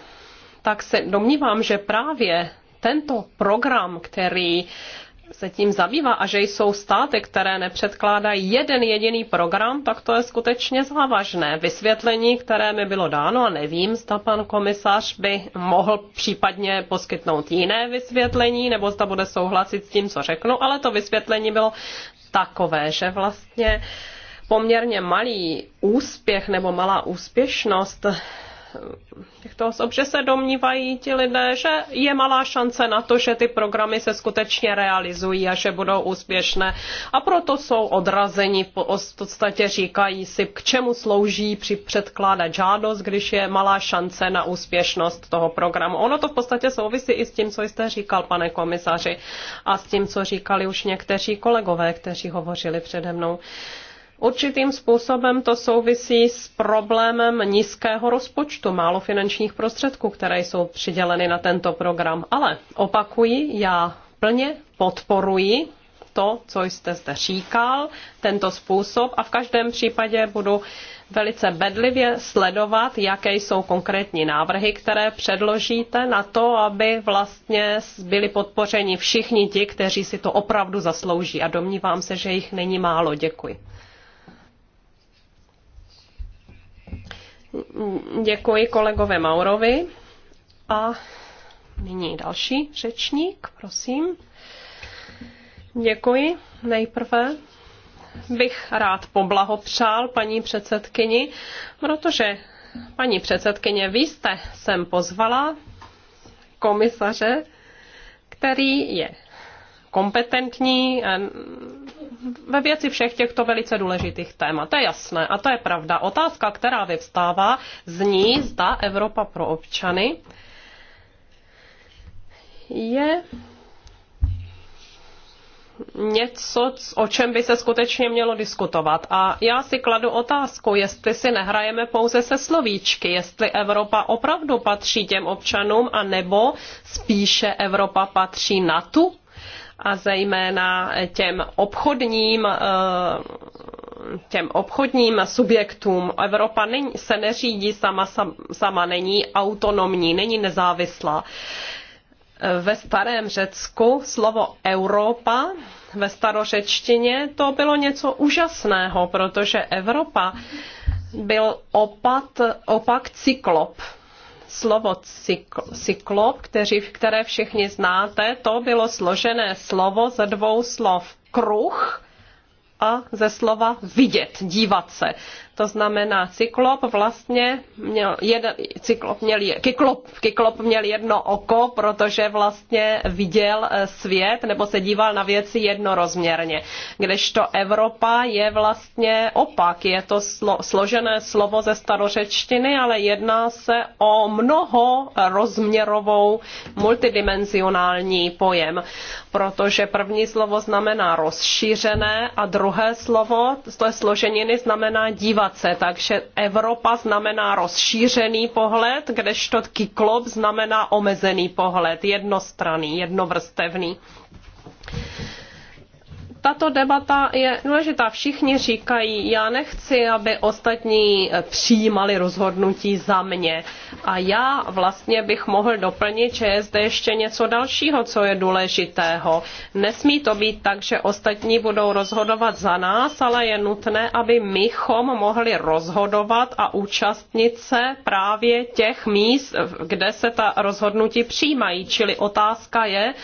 Tak se domnívám, že právě tento program, který se tím zabývá a že jsou státy, které nepředkládají jeden jediný program, tak to je skutečně závažné. Vysvětlení, které mi bylo dáno, a nevím, zda pan komisař by mohl případně poskytnout jiné vysvětlení, nebo zda bude souhlasit s tím, co řeknu, ale to vysvětlení bylo takové, že vlastně poměrně malý úspěch nebo malá úspěšnost těchto osob, že se domnívají ti lidé, že je malá šance na to, že ty programy se skutečně realizují a že budou úspěšné. A proto jsou odrazeni, v podstatě říkají si, k čemu slouží při předkládat žádost, když je malá šance na úspěšnost toho programu. Ono to v podstatě souvisí i s tím, co jste říkal, pane komisaři, a s tím, co říkali už někteří kolegové, kteří hovořili přede mnou. Uh, Určitým způsobem to souvisí s problémem nízkého rozpočtu, málo finančních prostředků, které jsou přiděleny na tento program. Ale opakuji, já plně podporuji to, co jste zde říkal, tento způsob a v každém případě budu velice bedlivě sledovat, jaké jsou konkrétní návrhy, které předložíte na to, aby vlastně byli podpořeni všichni ti, kteří si to opravdu zaslouží a domnívám se, že jich není málo. Děkuji. Děkuji kolegové Maurovi. A nyní další řečník, prosím. Děkuji. Nejprve bych rád poblahopřál paní předsedkyni, protože paní předsedkyně, vy jste sem pozvala komisaře, který je kompetentní ve věci všech těchto velice důležitých témat. To je jasné a to je pravda. Otázka, která vyvstává, zní, zda Evropa pro občany je něco, o čem by se skutečně mělo diskutovat. A já si kladu otázku, jestli si nehrajeme pouze se slovíčky, jestli Evropa opravdu patří těm občanům, a nebo spíše Evropa patří na tu a zejména těm obchodním eh, těm obchodním subjektům. Evropa není, se neřídí sama, sama, není autonomní, není nezávislá. Eh, ve starém Řecku slovo Evropa, ve starořečtině to bylo něco úžasného, protože Evropa byl opat, opak cyklop Slovo cykl, cyklop, kteří, které všichni znáte, to bylo složené slovo ze dvou slov kruh a ze slova vidět, dívat se. To znamená, cyklop vlastně měl, jeden, cyklop měl, kyklop, kyklop měl jedno oko, protože vlastně viděl eh, svět nebo se díval na věci jednorozměrně. Kdežto Evropa je vlastně opak. Je to slo, složené slovo ze starořečtiny, ale jedná se o mnoho rozměrovou multidimenzionální pojem, protože první slovo znamená rozšířené a druhé slovo, to je složeniny, znamená dívat globalizace, takže Evropa znamená rozšířený pohled, kdežto kyklop znamená omezený pohled, jednostranný, jednovrstevný tato debata je důležitá. Všichni říkají, já nechci, aby ostatní přijímali rozhodnutí za mě. A já vlastně bych mohl doplnit, že je zde ještě něco dalšího, co je důležitého. Nesmí to být tak, že ostatní budou rozhodovat za nás, ale je nutné, aby mychom mohli rozhodovat a účastnit se právě těch míst, kde se ta rozhodnutí přijímají. Čili otázka je,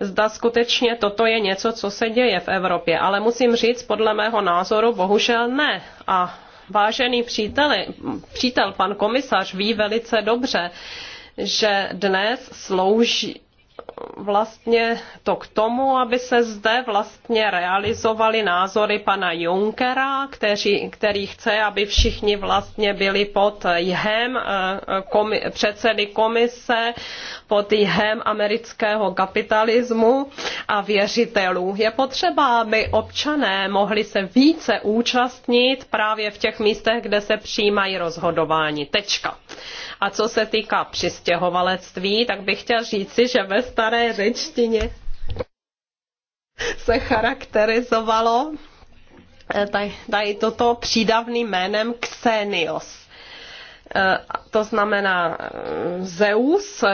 zda skutečně toto je něco, co se děje v Evropě. Ale musím říct, podle mého názoru, bohužel ne. A vážený příteli, přítel, pan komisař ví velice dobře, že dnes slouží, vlastně to k tomu, aby se zde vlastně realizovaly názory pana Junckera, kteří, který chce, aby všichni vlastně byli pod jhem eh, komi, předsedy komise, pod jhem amerického kapitalismu a věřitelů. Je potřeba, aby občané mohli se více účastnit právě v těch místech, kde se přijímají rozhodování. Tečka. A co se týká přistěhovalectví, tak bych chtěl říci, že ve staré řečtině se charakterizovalo eh, tady toto přídavným jménem Xenios eh, to znamená eh, Zeus,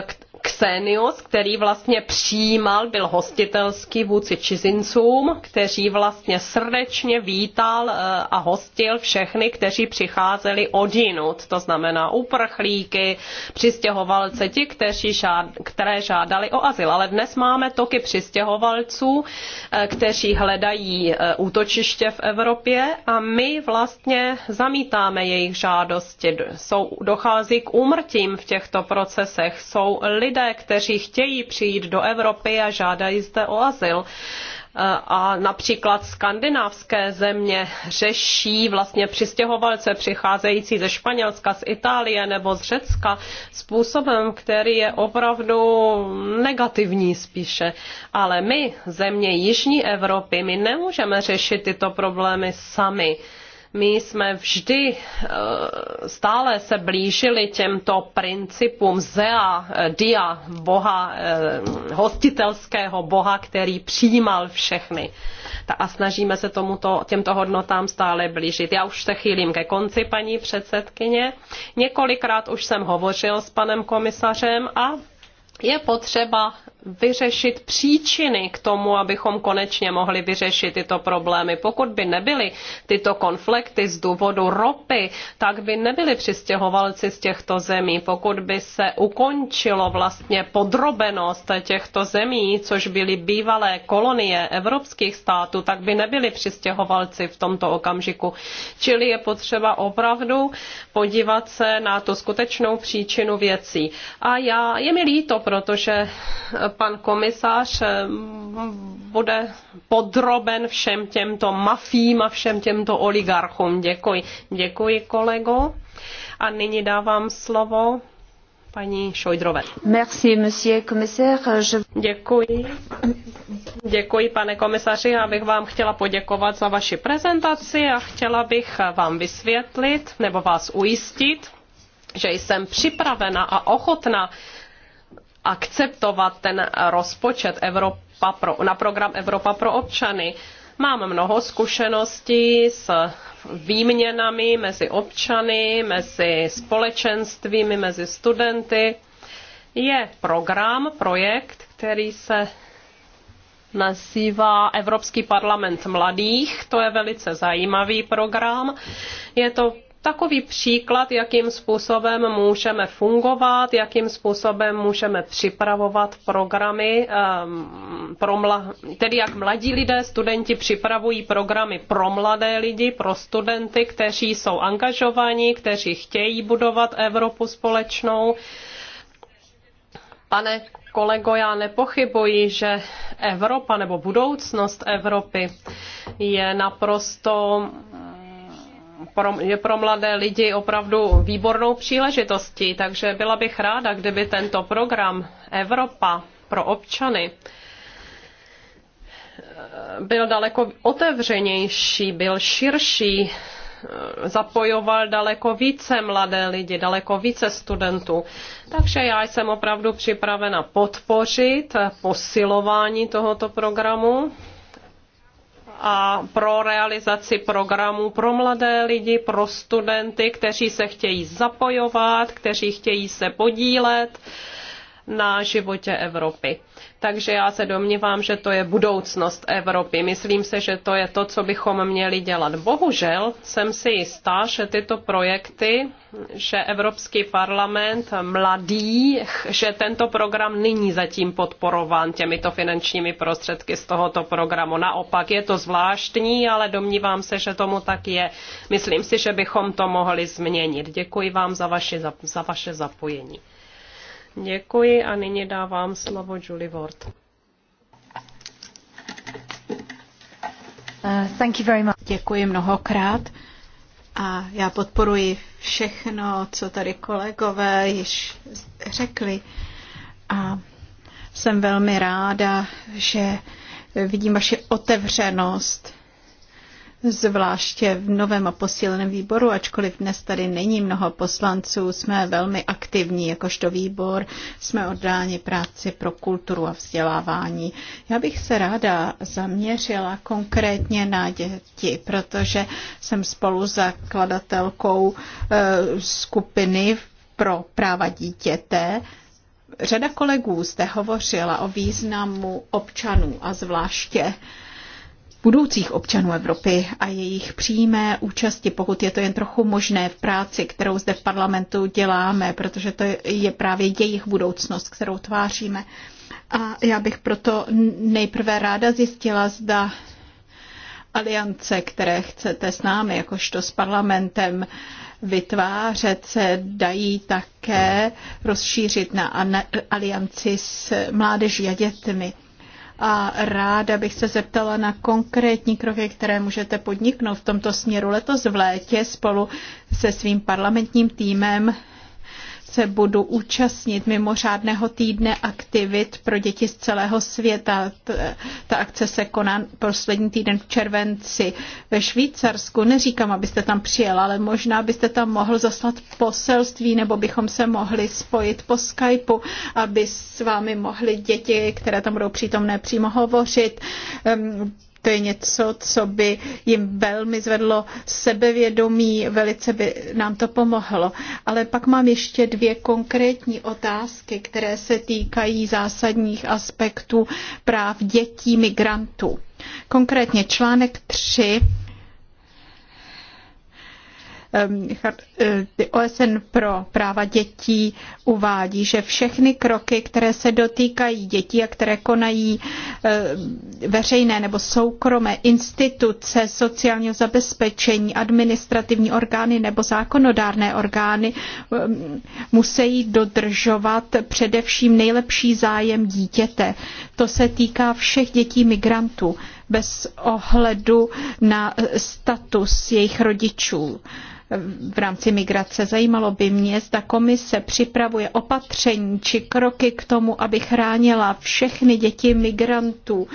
Xenius, který vlastně přijímal, byl hostitelský vůdci čizincům, kteří vlastně srdečně vítal eh, a hostil všechny, kteří přicházeli odinut, to znamená uprchlíky, přistěhovalce, ti, kteří žád, které žádali o azyl. Ale dnes máme toky přistěhovalců, eh, kteří hledají eh, útočiště v Evropě a my vlastně zamítáme jejich žádosti. Jsou, dochází k úmrtím v těchto procesech. Jsou lidé, lidé, kteří chtějí přijít do Evropy a žádají zde o azyl a například skandinávské země řeší vlastně přistěhovalce přicházející ze Španělska, z Itálie nebo z Řecka způsobem, který je opravdu negativní spíše. Ale my, země Jižní Evropy, my nemůžeme řešit tyto problémy sami. My jsme vždy eh, stále se blížili těmto principům Zea, eh, Dia, boha, eh, hostitelského boha, který přijímal všechny. A snažíme se tomuto, těmto hodnotám stále blížit. Já už se chýlím ke konci, paní předsedkyně. Několikrát už jsem hovořil s panem komisařem a je potřeba vyřešit příčiny k tomu, abychom konečně mohli vyřešit tyto problémy. Pokud by nebyly tyto konflikty z důvodu ropy, tak by nebyli přistěhovalci z těchto zemí. Pokud by se ukončilo vlastně podrobenost těchto zemí, což byly bývalé kolonie evropských států, tak by nebyli přistěhovalci v tomto okamžiku. Čili je potřeba opravdu podívat se na tu skutečnou příčinu věcí. A já, je mi líto, protože pan komisář eh, bude podroben všem těmto mafím a všem těmto oligarchům. Děkuji. Děkuji, kolego. A nyní dávám slovo paní Šojdrové. Merci, monsieur komisaire. Je... Děkuji. Děkuji, pane komisaři. Já bych vám chtěla poděkovat za vaši prezentaci a chtěla bych vám vysvětlit nebo vás ujistit, že jsem připravena a ochotna akceptovat ten rozpočet Evropa pro, na program Evropa pro občany. Mám mnoho zkušeností s výměnami mezi občany, mezi společenstvími, mezi studenty. Je program, projekt, který se nazývá Evropský parlament mladých. To je velice zajímavý program. Je to takový příklad, jakým způsobem můžeme fungovat, jakým způsobem můžeme připravovat programy, ehm, pro mla, tedy jak mladí lidé, studenti připravují programy pro mladé lidi, pro studenty, kteří jsou angažovaní, kteří chtějí budovat Evropu společnou. Pane kolego, já nepochybuji, že Evropa nebo budoucnost Evropy je naprosto pro, je pro mladé lidi opravdu výbornou příležitostí, takže byla bych ráda, kdyby tento program Evropa pro občany eh, byl daleko otevřenější, byl širší, eh, zapojoval daleko více mladé lidi, daleko více studentů. Takže já jsem opravdu připravena podpořit posilování tohoto programu a pro realizaci programů pro mladé lidi, pro studenty, kteří se chtějí zapojovat, kteří chtějí se podílet na životě Evropy. Takže já se domnívám, že to je budoucnost Evropy. Myslím se, že to je to, co bychom měli dělat. Bohužel jsem si jistá, že tyto projekty, že Evropský parlament mladý, že tento program není zatím podporován těmito finančními prostředky z tohoto programu. Naopak je to zvláštní, ale domnívám se, že tomu tak je. Myslím si, že bychom to mohli změnit. Děkuji vám za, vaše, za, za vaše zapojení. Děkuji a nyní dávám slovo Julie Ward. Uh, thank you very much. Děkuji mnohokrát. A já podporuji všechno, co tady kolegové již řekli. A jsem velmi ráda, že vidím vaši otevřenost zvláště v novém a posíleném výboru, ačkoliv dnes tady není mnoho poslanců, jsme velmi aktivní jakožto výbor, jsme oddáni práci pro kulturu a vzdělávání. Já bych se ráda zaměřila konkrétně na děti, protože jsem spolu zakladatelkou eh, skupiny pro práva dítěte, Řada kolegů zde hovořila o významu občanů a zvláště budoucích občanů Evropy a jejich přímé účasti, pokud je to jen trochu možné v práci, kterou zde v parlamentu děláme, protože to je právě jejich budoucnost, kterou tváříme. A já bych proto nejprve ráda zjistila, zda aliance, které chcete s námi, jakožto s parlamentem, vytvářet, se dají také rozšířit na alianci s mládeží a dětmi a ráda bych se zeptala na konkrétní kroky, které můžete podniknout v tomto směru. Letos v létě spolu se svým parlamentním týmem se budu účastnit mimořádného týdne aktivit pro děti z celého světa. Ta akce se koná poslední týden v červenci ve Švýcarsku. Neříkám, abyste tam přijel, ale možná byste tam mohl zaslat poselství, nebo bychom se mohli spojit po Skypeu, aby s vámi mohli děti, které tam budou přítomné, přímo hovořit to je něco, co by jim velmi zvedlo sebevědomí, velice by nám to pomohlo. Ale pak mám ještě dvě konkrétní otázky, které se týkají zásadních aspektů práv dětí migrantů. Konkrétně článek 3 Ehm, eh, OSN pro práva dětí uvádí, že všechny kroky, které se dotýkají dětí a které konají ehm, veřejné nebo soukromé instituce sociálního zabezpečení, administrativní orgány nebo zákonodárné orgány, ehm, musí dodržovat především nejlepší zájem dítěte. To se týká všech dětí migrantů bez ohledu na status jejich rodičů v rámci migrace. Zajímalo by mě, zda komise připravuje opatření či kroky k tomu, aby chránila všechny děti migrantů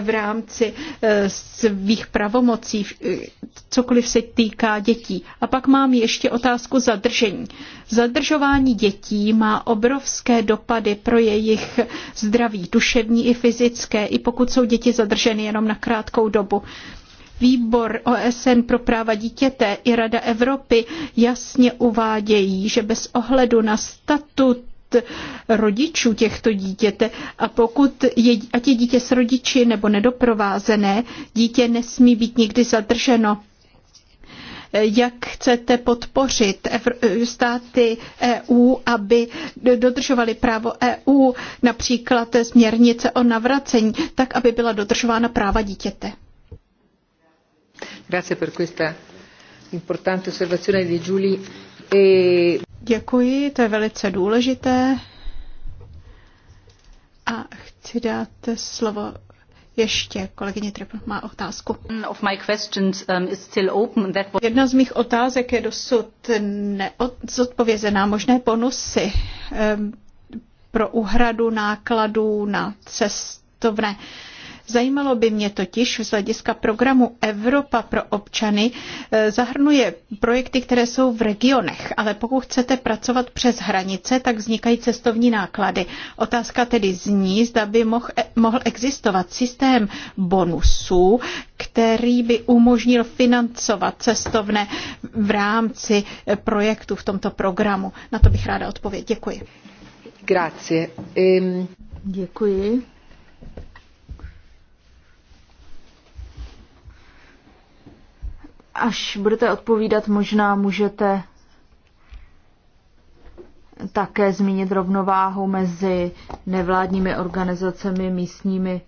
v rámci eh, svých pravomocí, eh, cokoliv se týká dětí. A pak mám ještě otázku zadržení. Zadržování dětí má obrovské dopady pro jejich zdraví, duševní i fyzické, i pokud jsou děti zadrženy jenom na krátkou dobu výbor OSN pro práva dítěte i Rada Evropy jasně uvádějí, že bez ohledu na statut rodičů těchto dítěte a pokud je, ať je dítě s rodiči nebo nedoprovázené, dítě nesmí být nikdy zadrženo jak chcete podpořit státy EU, aby dodržovali právo EU, například směrnice o navracení, tak aby byla dodržována práva dítěte. Grazie per questa importante osservazione di E... Děkuji, to je velice důležité. A chci dát slovo ještě kolegyně Trepl má otázku. Of my questions, um, is still open. That was... Jedna z mých otázek je dosud neodpovězená. Možné bonusy um, pro uhradu nákladů na cestovné. Uh, Zajímalo by mě totiž z hlediska programu Evropa pro občany eh, zahrnuje projekty, které jsou v regionech, ale pokud chcete pracovat přes hranice, tak vznikají cestovní náklady. Otázka tedy zní, zda by mohl, eh, mohl existovat systém bonusů, který by umožnil financovat cestovné v rámci eh, projektu v tomto programu. Na to bych ráda odpověď. Děkuji. Grazie. Ehm. Děkuji. Až budete odpovídat, možná můžete také zmínit rovnováhu mezi nevládními organizacemi, místními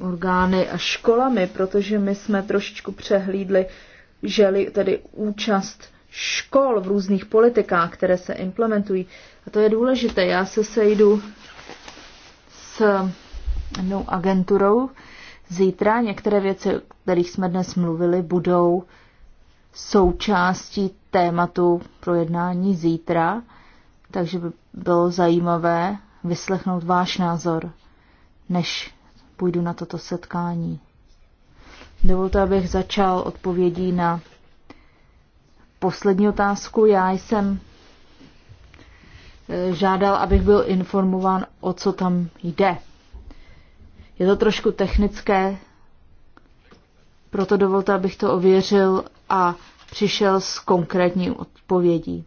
um, orgány a školami, protože my jsme trošičku přehlídli, že tedy účast škol v různých politikách, které se implementují. A to je důležité. Já se sejdu s jednou agenturou, zítra. Některé věci, o kterých jsme dnes mluvili, budou součástí tématu projednání zítra, takže by bylo zajímavé vyslechnout váš názor, než půjdu na toto setkání. Dovolte, abych začal odpovědí na poslední otázku. Já jsem eh, žádal, abych byl informován, o co tam jde. Je to trošku technické, proto dovolte, abych to ověřil a přišel s konkrétní odpovědí.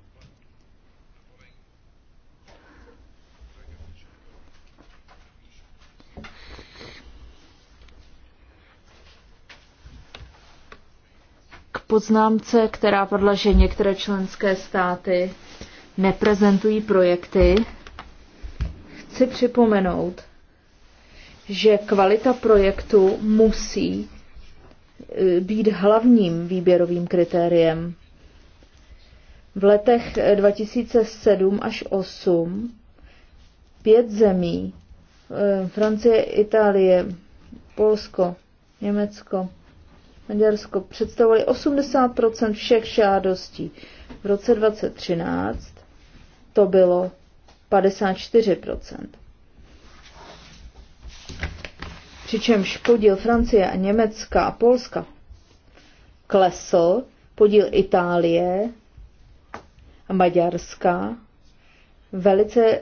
K poznámce, která padla, že některé členské státy neprezentují projekty, chci připomenout, že kvalita projektu musí e, být hlavním výběrovým kritériem. V letech 2007 e, až 2008 pět zemí, e, Francie, Itálie, Polsko, Německo, Maďarsko, představovali 80 všech žádostí. V roce 2013 to bylo 54 přičemž podíl Francie a Německa a Polska klesl, podíl Itálie a Maďarska velice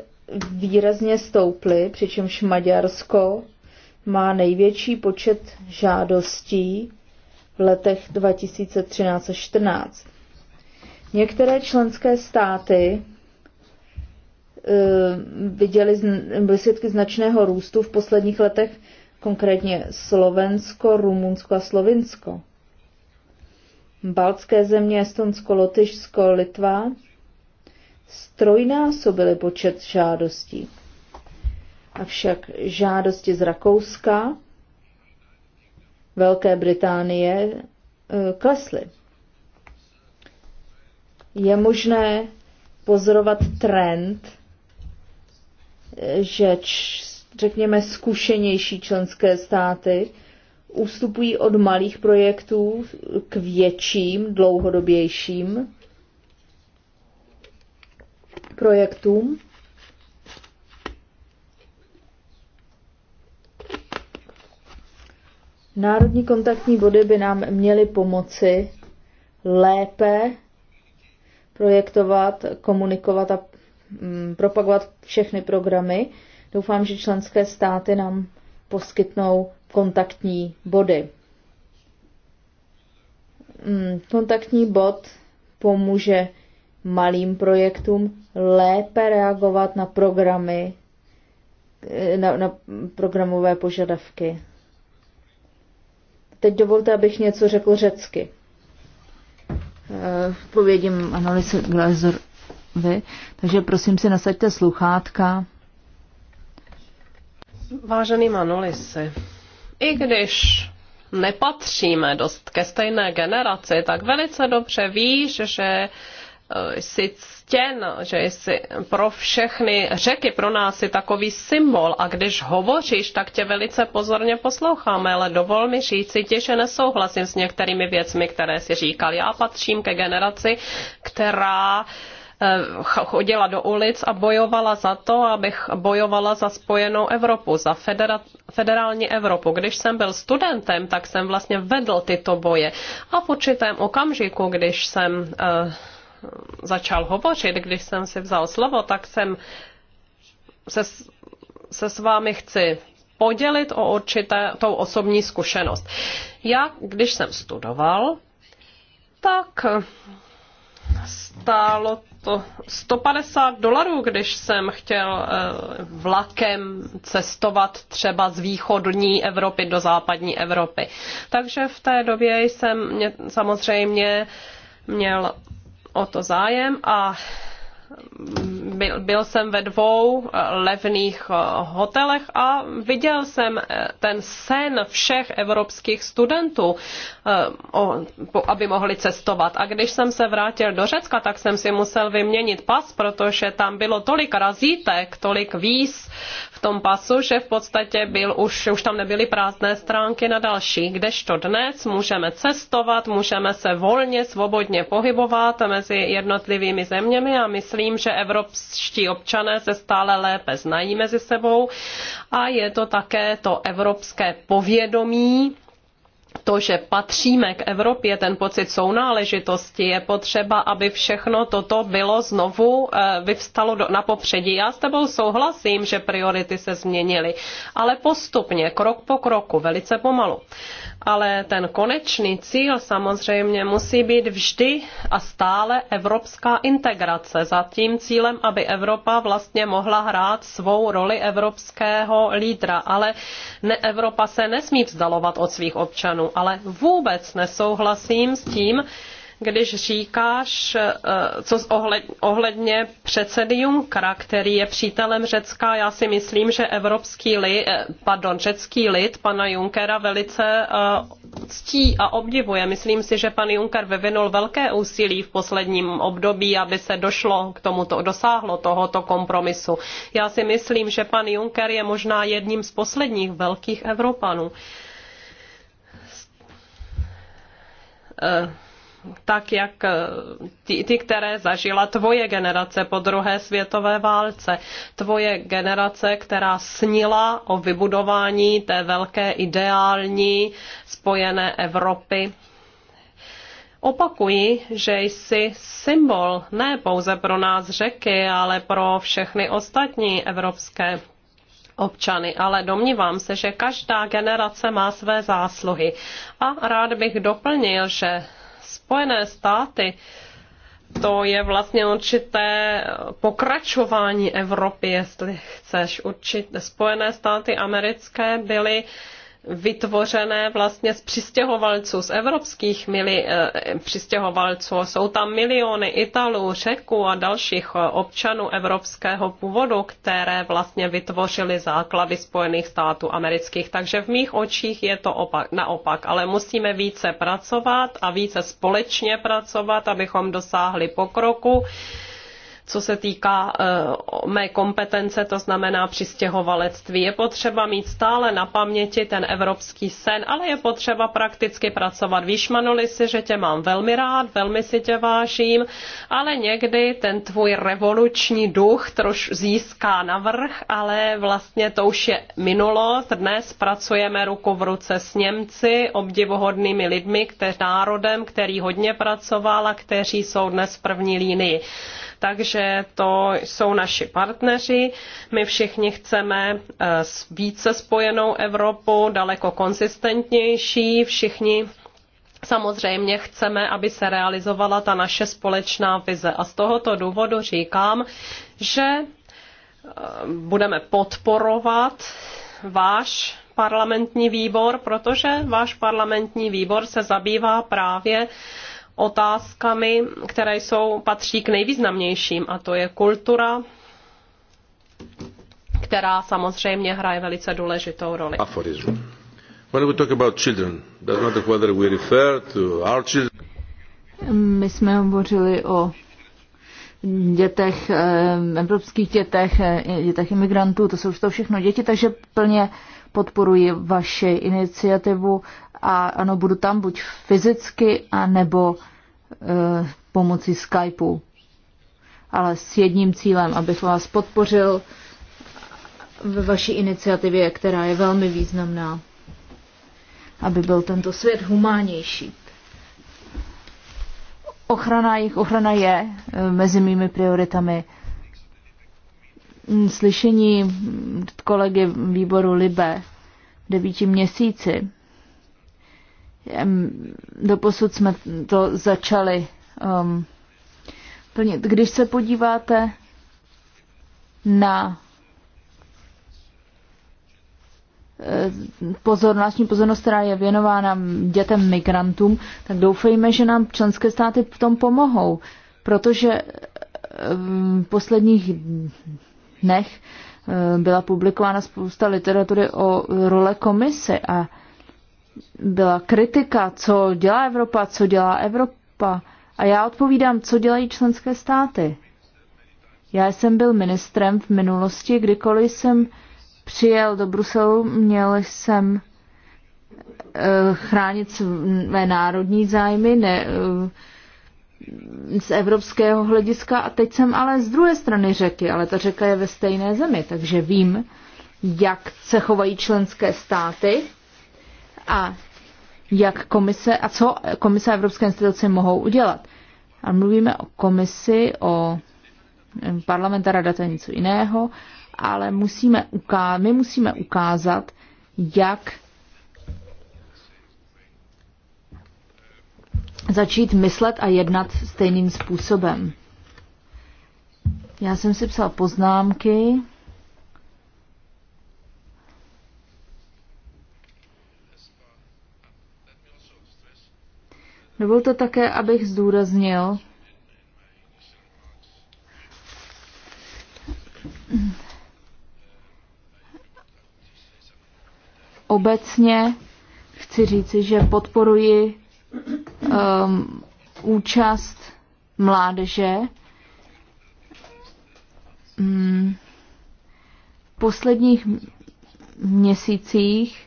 výrazně stouply, přičemž Maďarsko má největší počet žádostí v letech 2013 a 14. Některé členské státy eh, viděli, byly svědky značného růstu v posledních letech konkrétně Slovensko, Rumunsko a Slovinsko. Baltské země Estonsko, Lotyšsko, Litva strojnásobily počet žádostí. Avšak žádosti z Rakouska, Velké Británie eh, klesly. Je možné pozorovat trend, eh, že řekněme, zkušenější členské státy ustupují od malých projektů k větším, dlouhodobějším projektům. Národní kontaktní body by nám měly pomoci lépe projektovat, komunikovat a mm, propagovat všechny programy, Doufám, že členské státy nám poskytnou kontaktní body. Hmm, kontaktní bod pomůže malým projektům lépe reagovat na programy, eh, na, na programové požadavky. Teď dovolte, abych něco řekl řecky. Eh, povědím analýzu Glazorovi. takže prosím si nasaďte sluchátka. Vážený Manolisi, i když nepatříme dost ke stejné generaci, tak velice dobře víš, že eh, jsi ctěn, že jsi pro všechny řeky, pro nás je takový symbol a když hovoříš, tak tě velice pozorně posloucháme, ale dovol mi říci ti, že nesouhlasím s některými věcmi, které si říkal. Já patřím ke generaci, která uh, Eh, chodila do ulic a bojovala za to, abych bojovala za spojenou Evropu, za federa, federální Evropu. Když jsem byl studentem, tak jsem vlastně vedl tyto boje. A v určitém okamžiku, když jsem eh, začal hovořit, když jsem si vzal slovo, tak jsem se, se s vámi chci podělit o určité tou osobní zkušenost. Já, když jsem studoval, tak Stálo to 150 dolarů, když jsem chtěl eh, vlakem cestovat třeba z východní Evropy do západní Evropy. Takže v té době jsem mě, samozřejmě měl o to zájem a byl, byl jsem ve dvou levných eh, hotelech a viděl jsem eh, ten sen všech evropských studentů, eh, aby mohli cestovat. A když jsem se vrátil do Řecka, tak jsem si musel vyměnit pas, protože tam bylo tolik razítek, tolik víz v tom pasu, že v podstatě byl už, už tam nebyly prázdné stránky na další. Kdežto dnes můžeme cestovat, můžeme se volně, svobodně pohybovat mezi jednotlivými zeměmi a myslím, že evropští občané se stále lépe znají mezi sebou a je to také to evropské povědomí, to, že patříme k Evropě, ten pocit sounáležitosti, je potřeba, aby všechno toto bylo znovu eh, vyvstalo do, na popředí. Já s tebou souhlasím, že priority se změnily, ale postupně, krok po kroku, velice pomalu ale ten konečný cíl samozřejmě musí být vždy a stále evropská integrace za tím cílem, aby Evropa vlastně mohla hrát svou roli evropského lídra. Ale ne, Evropa se nesmí vzdalovat od svých občanů, ale vůbec nesouhlasím s tím, když říkáš eh, co ohled, ohledně předsedy Junckera, který je přítelem Řecka, já si myslím, že evropský lid, eh, pardon, řecký lid pana Junckera velice eh, ctí a obdivuje. Myslím si, že pan Juncker vyvinul velké úsilí v posledním období, aby se došlo k tomuto, dosáhlo tohoto kompromisu. Já si myslím, že pan Juncker je možná jedním z posledních velkých Evropanů. Uh tak jak ty, eh, ty, které zažila tvoje generace po druhé světové válce. Tvoje generace, která snila o vybudování té velké ideální spojené Evropy. Opakuji, že jsi symbol ne pouze pro nás řeky, ale pro všechny ostatní evropské občany, ale domnívám se, že každá generace má své zásluhy. A rád bych doplnil, že Spojené státy, to je vlastně určité pokračování Evropy, jestli chceš. Určitě Spojené státy americké byly vytvořené vlastně z přistěhovalců, z evropských mili, eh, přistěhovalců. Jsou tam miliony Italů, Řeků a dalších eh, občanů evropského původu, které vlastně vytvořily základy Spojených států amerických. Takže v mých očích je to opak, naopak, ale musíme více pracovat a více společně pracovat, abychom dosáhli pokroku co se týká eh, mé kompetence, to znamená přistěhovalectví. Je potřeba mít stále na paměti ten evropský sen, ale je potřeba prakticky pracovat. Víš, Manoli, si, že tě mám velmi rád, velmi si tě vážím, ale někdy ten tvůj revoluční duch troš získá navrh, ale vlastně to už je minulost. Dnes pracujeme ruku v ruce s Němci, obdivuhodnými lidmi, kteří národem, který hodně pracoval a kteří jsou dnes v první línii. Takže to jsou naši partneři. My všichni chceme eh, více spojenou Evropu, daleko konsistentnější. Všichni Samozřejmě chceme, aby se realizovala ta naše společná vize. A z tohoto důvodu říkám, že eh, budeme podporovat váš parlamentní výbor, protože váš parlamentní výbor se zabývá právě otázkami, které jsou, patří k nejvýznamnějším, a to je kultura, která samozřejmě hraje velice důležitou roli. When we talk about children, does matter whether we refer to our children. My jsme hovořili o dětech, eh, evropských dětech, eh, dětech imigrantů, to jsou to všechno děti, takže plně podporuji vaši iniciativu a ano, budu tam buď fyzicky, anebo e, pomocí Skypeu. Ale s jedním cílem, abych vás podpořil ve vaší iniciativě, která je velmi významná, aby byl tento svět humánější. Ochrana, jejich ochrana je e, mezi mými prioritami slyšení kolegy výboru Libe v devíti měsíci Doposud jsme to začali um, plnit. Když se podíváte na e, pozornostní pozornost, která je věnována dětem migrantům, tak doufejme, že nám členské státy v tom pomohou, protože e, v posledních dnech e, byla publikována spousta literatury o role komise a byla kritika, co dělá Evropa, co dělá Evropa. A já odpovídám, co dělají členské státy. Já jsem byl ministrem v minulosti, kdykoliv jsem přijel do Bruselu, měl jsem eh, chránit své národní zájmy ne, eh, z evropského hlediska a teď jsem ale z druhé strany řeky, ale ta řeka je ve stejné zemi, takže vím, jak se chovají členské státy a jak komise a co komise a evropské instituce mohou udělat. A mluvíme o komisi, o parlamenta rada to je něco jiného, ale musíme ukázat, my musíme ukázat, jak začít myslet a jednat stejným způsobem. Já jsem si psal poznámky. Dovolte také, abych zdůraznil, obecně chci říci, že podporuji um, účast mládeže. Mm, v posledních měsících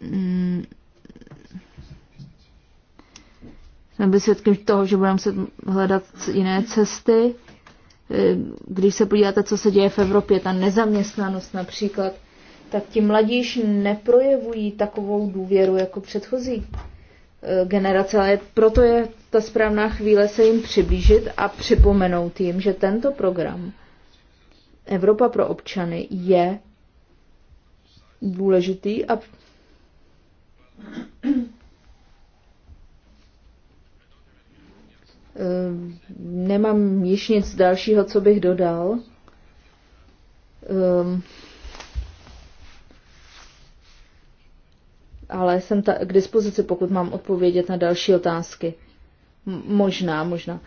Mm. jsme byli svědky toho, že budeme muset hledat jiné cesty. E, když se podíváte, co se děje v Evropě, ta nezaměstnanost například, tak ti mladíš neprojevují takovou důvěru jako předchozí e, generace, ale proto je ta správná chvíle se jim přiblížit a připomenout jim, že tento program Evropa pro občany je důležitý a Ehm, nemám již nic dalšího, co bych dodal. Ehm, ale jsem ta, k dispozici, pokud mám odpovědět na další otázky. M- možná, možná.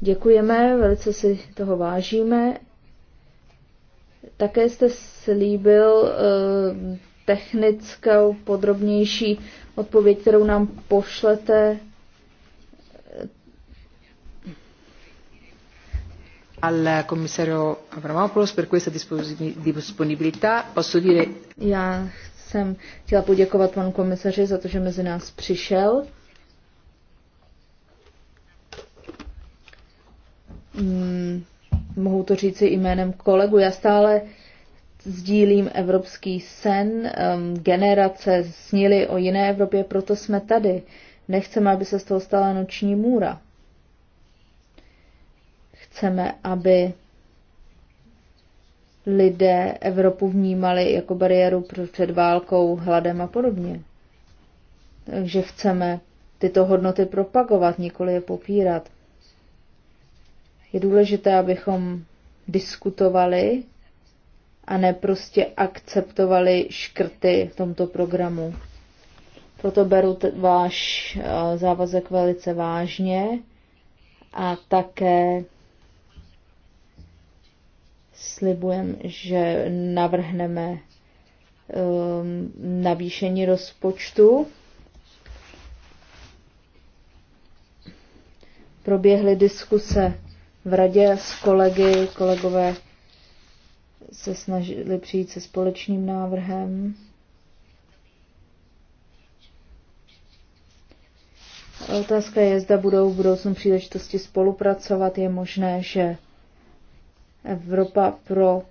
Děkujeme, velice si toho vážíme. Také jste slíbil uh, technickou, podrobnější odpověď, kterou nám pošlete. Al komisario Avramopoulos per questa disponibilità. Posso dire... Já jsem chtěla poděkovat panu komisaři za to, že mezi nás přišel. Mm, mohu to říci jménem kolegu. Já stále uh, sdílím evropský sen, generace snily o jiné Evropě, proto jsme tady. Nechceme, aby se z toho stala noční můra. Chceme, aby lidé Evropu vnímali jako bariéru před válkou, hladem a podobně. Takže chceme tyto hodnoty propagovat, nikoli je popírat. Je důležité, abychom diskutovali a ne prostě akceptovali škrty v tomto programu. Proto beru váš eh, závazek velice vážně a také slibujem, že navrhneme um, navýšení rozpočtu. Proběhly diskuse v radě s kolegy, kolegové se snažili přijít se společným návrhem. Otázka je, zda budou v budoucnu příležitosti spolupracovat. Je možné, že Evropa pro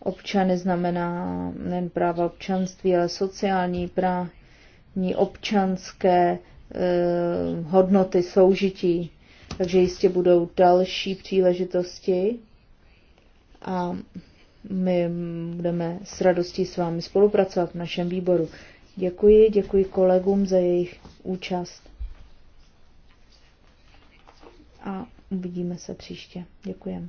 občany znamená nejen práva občanství, ale sociální právní, občanské eh, hodnoty soužití. Takže jistě budou další příležitosti. A my budeme s radostí s vámi spolupracovat v našem výboru. Děkuji, děkuji kolegům za jejich účast. A uvidíme se příště. Děkujeme.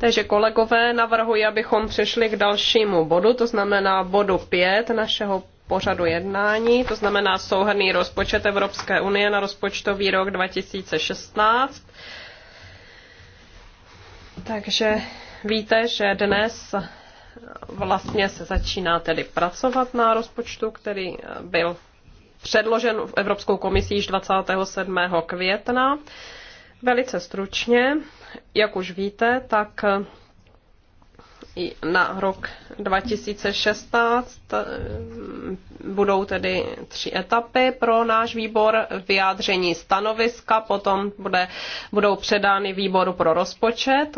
takže kolegové, navrhuji, abychom přešli k dalšímu bodu, to znamená bodu pět našeho pořadu jednání, to znamená souhrný rozpočet Evropské unie na rozpočtový rok 2016. Takže víte, že dnes vlastně se začíná tedy pracovat na rozpočtu, který byl předložen Evropskou komisí již 27. května. Velice stručně, jak už víte, tak i na rok 2016 eh, budou tedy tři etapy pro náš výbor vyjádření stanoviska, potom bude, budou předány výboru pro rozpočet.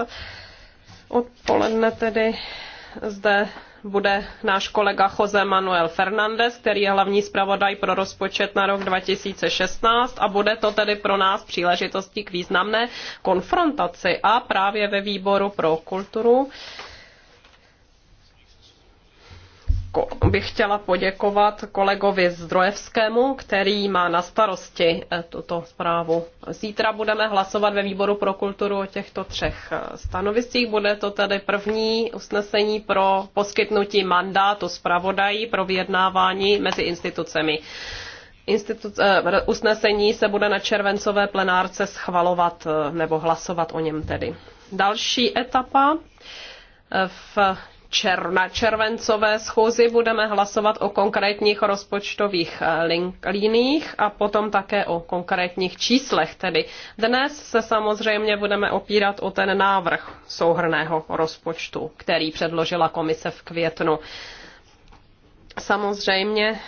Odpoledne tedy zde bude náš kolega Jose Manuel Fernández, který je hlavní zpravodaj pro rozpočet na rok 2016 a bude to tedy pro nás příležitostí k významné konfrontaci a právě ve výboru pro kulturu bych chtěla poděkovat kolegovi Zdrojevskému, který má na starosti eh, tuto zprávu. Zítra budeme hlasovat ve výboru pro kulturu o těchto třech eh, stanoviscích. Bude to tedy první usnesení pro poskytnutí mandátu zpravodají pro vyjednávání mezi institucemi. Institut, eh, usnesení se bude na červencové plenárce schvalovat nebo hlasovat o něm tedy. Další etapa v na červencové schůzi budeme hlasovat o konkrétních rozpočtových eh, link, liních a potom také o konkrétních číslech. Tedy dnes se samozřejmě budeme opírat o ten návrh souhrného rozpočtu, který předložila komise v květnu. Samozřejmě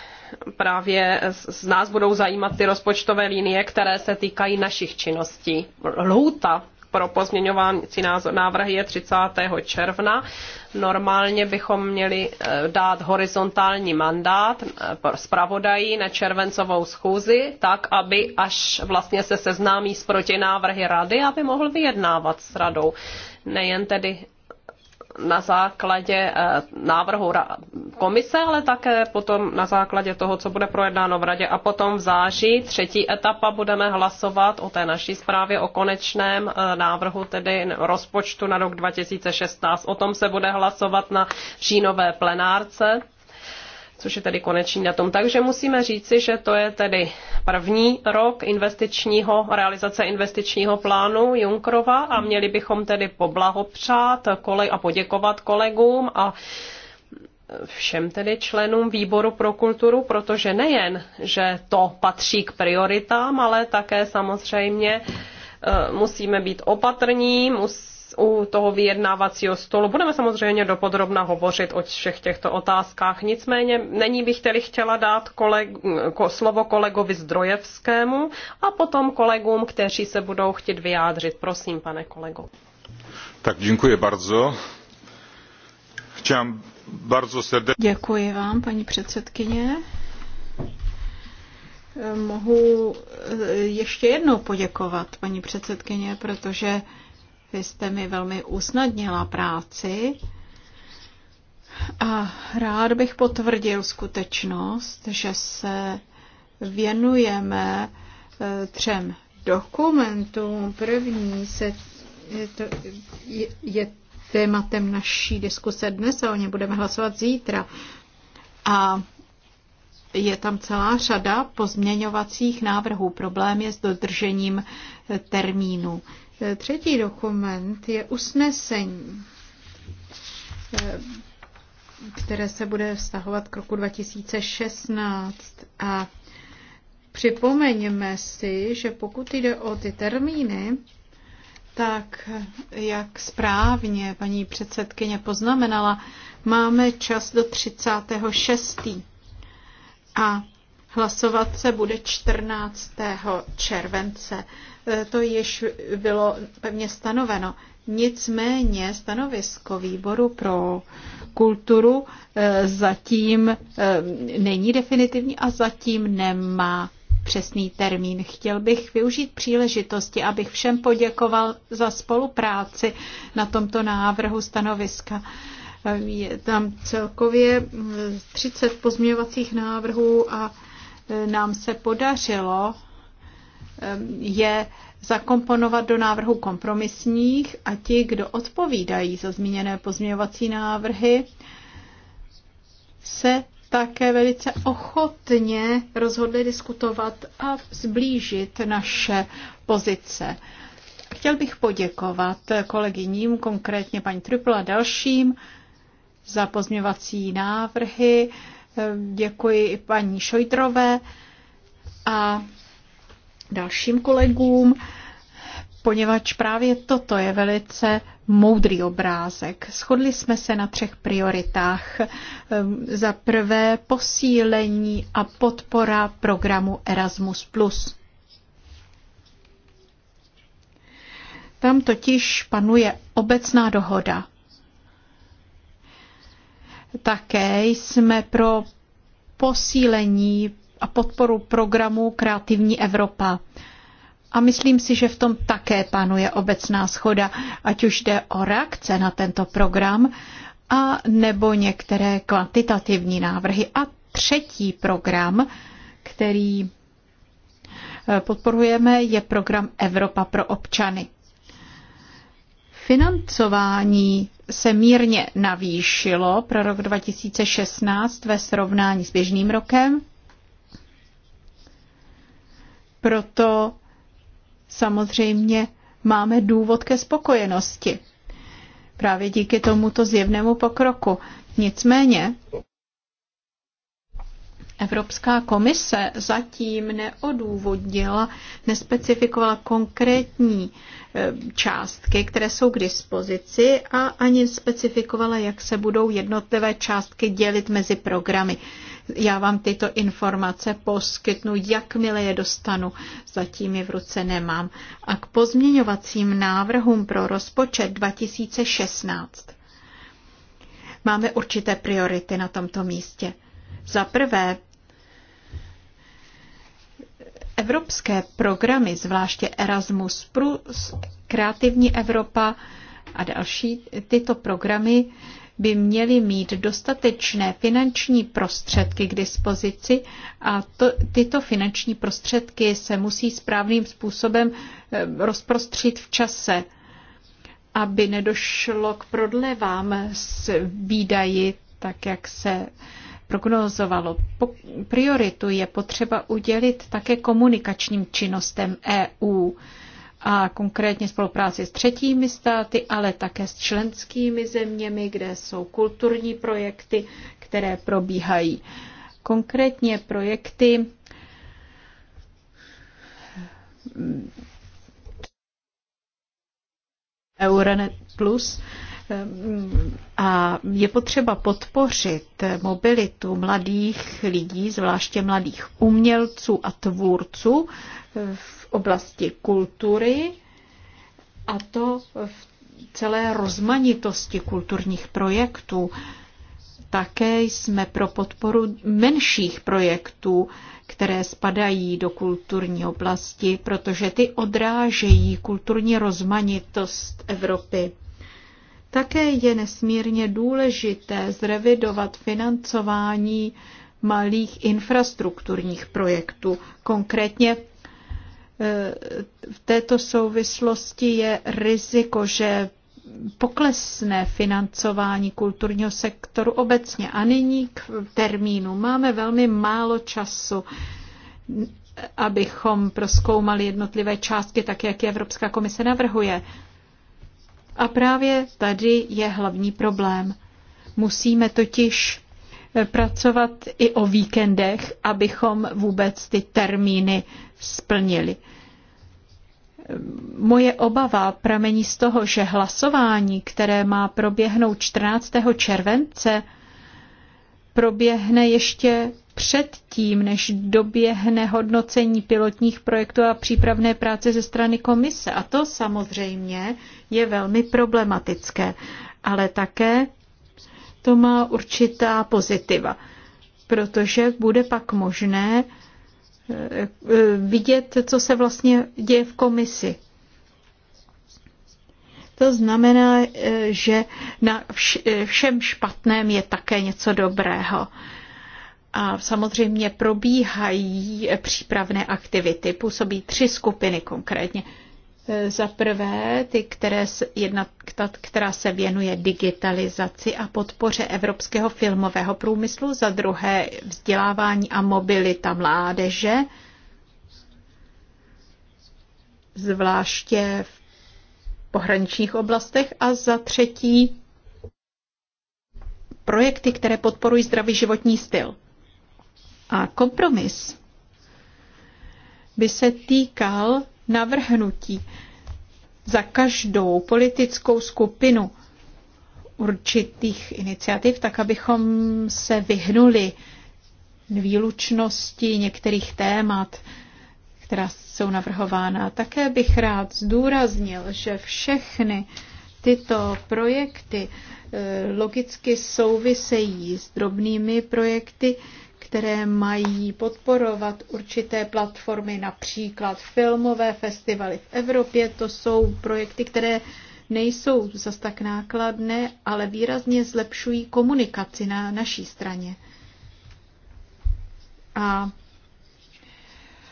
právě z nás budou zajímat ty rozpočtové linie, které se týkají našich činností. Lhůta pro pozměňovací návrhy je 30. června. Normálně bychom měli eh, dát horizontální mandát eh, zpravodají na červencovou schůzi, tak aby až vlastně se seznámí s protinávrhy rady, aby mohl vyjednávat s radou. Nejen tedy na základě eh, návrhu komise, ale také potom na základě toho, co bude projednáno v radě. A potom v září, třetí etapa, budeme hlasovat o té naší zprávě o konečném eh, návrhu, tedy rozpočtu na rok 2016. O tom se bude hlasovat na říjnové plenárce což je tedy konečný datum. Takže musíme říci, že to je tedy první rok investičního, realizace investičního plánu Junkrova a měli bychom tedy poblahopřát kolej a poděkovat kolegům a všem tedy členům výboru pro kulturu, protože nejen, že to patří k prioritám, ale také samozřejmě eh, musíme být opatrní, musíme u toho vyjednávacího stolu. Budeme samozřejmě dopodrobna hovořit o všech těchto otázkách. Nicméně není bych tedy chtěla dát koleg, ko, slovo kolegovi Zdrojevskému a potom kolegům, kteří se budou chtít vyjádřit. Prosím, pane kolego. Tak děkuji bardzo. Chciałem bardzo serdecznie. Děkuji vám, paní předsedkyně. Mohu eh, ještě jednou poděkovat, paní předsedkyně, protože vy jste mi velmi usnadnila práci a rád bych potvrdil skutečnost, že se věnujeme eh, třem dokumentům. První se, je, to, je, je tématem naší diskuse dnes a o ně budeme hlasovat zítra. A je tam celá řada pozměňovacích návrhů. Problém je s dodržením eh, termínu. Eh, třetí dokument je usnesení, eh, které se bude vztahovat k roku 2016 a připomeňme si, že pokud jde o ty termíny, tak, eh, jak správně paní předsedkyně poznamenala, máme čas do 36. A hlasovat se bude 14. července to již bylo pevně stanoveno. Nicméně stanovisko výboru pro kulturu eh, zatím eh, není definitivní a zatím nemá přesný termín. Chtěl bych využít příležitosti, abych všem poděkoval za spolupráci na tomto návrhu stanoviska. Eh, je tam celkově 30 mm, pozměňovacích návrhů a nám se podařilo je zakomponovat do návrhu kompromisních a ti, kdo odpovídají za zmíněné pozměňovací návrhy, se také velice ochotně rozhodli diskutovat a zblížit naše pozice. Chtěl bych poděkovat kolegyním, konkrétně paní Trupl a dalším, za pozměvací návrhy. Děkuji i paní Šojtrové a dalším kolegům, poněvadž právě toto je velice moudrý obrázek. Shodli jsme se na třech prioritách. Ehm, za prvé posílení a podpora programu Erasmus+. Tam totiž panuje obecná dohoda. Také jsme pro posílení a podporu programu Kreativní Evropa. A myslím si, že v tom také panuje obecná schoda, ať už jde o reakce na tento program, a nebo některé kvantitativní návrhy. A třetí program, který eh, podporujeme, je program Evropa pro občany. Financování se mírně navýšilo pro rok 2016 ve srovnání s běžným rokem proto samozřejmě máme důvod ke spokojenosti. Právě díky tomuto zjevnému pokroku. Nicméně Evropská komise zatím neodůvodnila, nespecifikovala konkrétní eh, částky, které jsou k dispozici a ani specifikovala, jak se budou jednotlivé částky dělit mezi programy. Já vám tyto informace poskytnu, jakmile je dostanu. Zatím je v ruce nemám. A k pozměňovacím návrhům pro rozpočet 2016 máme určité priority na tomto místě. Za prvé, evropské programy, zvláště Erasmus, Kreativní Evropa a další tyto programy by měly mít dostatečné finanční prostředky k dispozici a to, tyto finanční prostředky se musí správným způsobem eh, rozprostřít v čase aby nedošlo k prodlevám s výdaji, tak jak se prognozovalo. Prioritu je potřeba udělit také komunikačním činnostem EU a konkrétně spolupráci s třetími státy, ale také s členskými zeměmi, kde jsou kulturní projekty, které probíhají. Konkrétně projekty Euronet Plus a je potřeba podpořit mobilitu mladých lidí, zvláště mladých umělců a tvůrců v oblasti kultury a to v celé rozmanitosti kulturních projektů. Také jsme pro podporu menších projektů, které spadají do kulturní oblasti, protože ty odrážejí kulturní rozmanitost Evropy. Také je nesmírně důležité zrevidovat financování malých infrastrukturních projektů, konkrétně v této souvislosti je riziko, že poklesne financování kulturního sektoru obecně. A nyní k termínu. Máme velmi málo času, abychom proskoumali jednotlivé částky, tak jak je Evropská komise navrhuje. A právě tady je hlavní problém. Musíme totiž pracovat i o víkendech, abychom vůbec ty termíny splnili. Moje obava pramení z toho, že hlasování, které má proběhnout 14. července, proběhne ještě předtím, než doběhne hodnocení pilotních projektů a přípravné práce ze strany komise. A to samozřejmě je velmi problematické, ale také to má určitá pozitiva, protože bude pak možné Eh, vidět, co se vlastně děje v komisi. To znamená, eh, že na eh, všem špatném je také něco dobrého. A samozřejmě probíhají přípravné aktivity. Působí tři skupiny konkrétně. Za prvé, ty, které jedna, která se věnuje digitalizaci a podpoře evropského filmového průmyslu, za druhé vzdělávání a mobilita mládeže, zvláště v pohraničních oblastech a za třetí projekty, které podporují zdravý životní styl. A kompromis by se týkal navrhnutí za každou politickou skupinu určitých iniciativ, tak abychom se vyhnuli výlučnosti některých témat, která jsou navrhována. Také bych rád zdůraznil, že všechny tyto projekty eh, logicky souvisejí s drobnými projekty, které mají podporovat určité platformy, například filmové festivaly v Evropě. To jsou projekty, které nejsou zas tak nákladné, ale výrazně zlepšují komunikaci na naší straně. A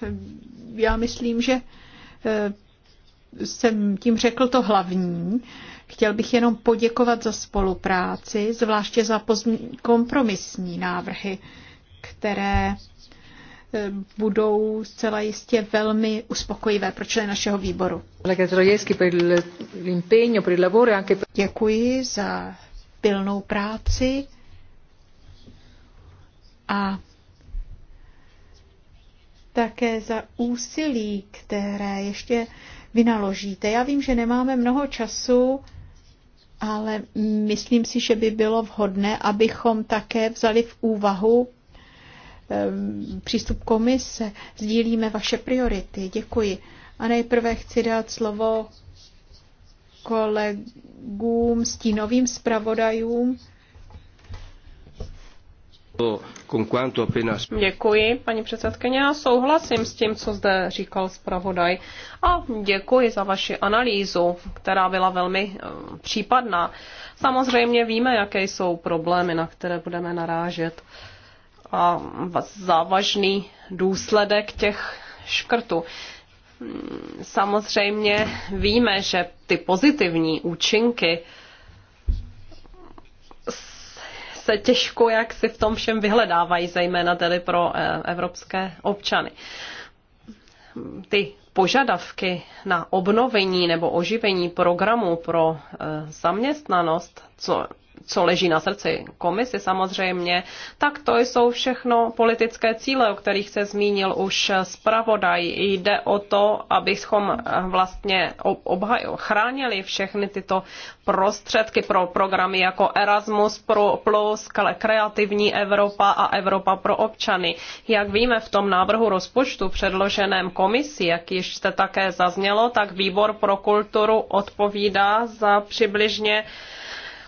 eh, já myslím, že eh, jsem tím řekl to hlavní. Chtěl bych jenom poděkovat za spolupráci, zvláště za kompromisní návrhy které eh, budou zcela jistě velmi uspokojivé pro členy našeho výboru. E Děkuji za pilnou práci a také za úsilí, které ještě vynaložíte. Já vím, že nemáme mnoho času, ale myslím si, že by bylo vhodné, abychom také vzali v úvahu přístup komise, sdílíme vaše priority. Děkuji. A nejprve chci dát slovo kolegům, stínovým zpravodajům. Děkuji, paní předsedkyně. Já souhlasím s tím, co zde říkal zpravodaj. A děkuji za vaši analýzu, která byla velmi případná. Samozřejmě víme, jaké jsou problémy, na které budeme narážet a závažný důsledek těch škrtů. Samozřejmě víme, že ty pozitivní účinky se těžko jak si v tom všem vyhledávají, zejména tedy pro eh, evropské občany. Ty požadavky na obnovení nebo oživení programu pro eh, zaměstnanost, co co leží na srdci komisi samozřejmě, tak to jsou všechno politické cíle, o kterých se zmínil už zpravodaj. Jde o to, abychom vlastně chránili všechny tyto prostředky pro programy jako Erasmus pro Plus, Kreativní Evropa a Evropa pro občany. Jak víme v tom návrhu rozpočtu předloženém komisi, jak již jste také zaznělo, tak výbor pro kulturu odpovídá za přibližně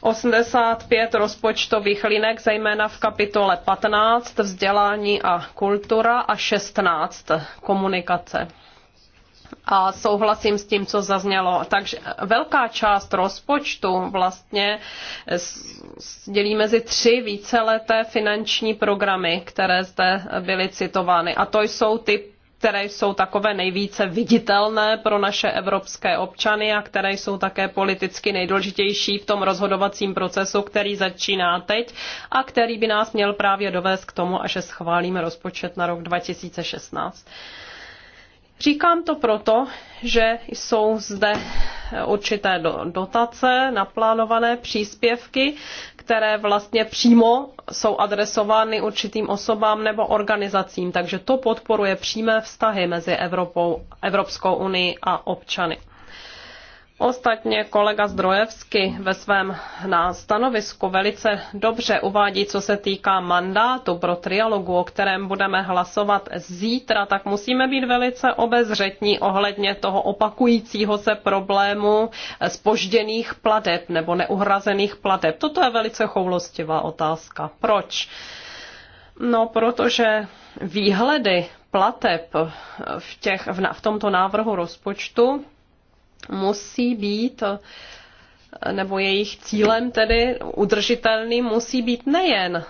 85 rozpočtových linek, zejména v kapitole 15 vzdělání a kultura a 16 komunikace. A souhlasím s tím, co zaznělo. Takže velká část rozpočtu vlastně dělí mezi tři víceleté finanční programy, které zde byly citovány. A to jsou ty které jsou takové nejvíce viditelné pro naše evropské občany a které jsou také politicky nejdůležitější v tom rozhodovacím procesu, který začíná teď a který by nás měl právě dovést k tomu, až schválíme rozpočet na rok 2016. Říkám to proto, že jsou zde určité dotace, naplánované příspěvky, které vlastně přímo jsou adresovány určitým osobám nebo organizacím. Takže to podporuje přímé vztahy mezi Evropou, Evropskou unii a občany. Ostatně kolega Zdrojevsky ve svém na stanovisku velice dobře uvádí, co se týká mandátu pro trialogu, o kterém budeme hlasovat zítra, tak musíme být velice obezřetní ohledně toho opakujícího se problému spožděných plateb nebo neuhrazených plateb. Toto je velice choulostivá otázka. Proč? No, protože výhledy plateb v, těch, v, v tomto návrhu rozpočtu musí být nebo jejich cílem tedy udržitelný musí být nejen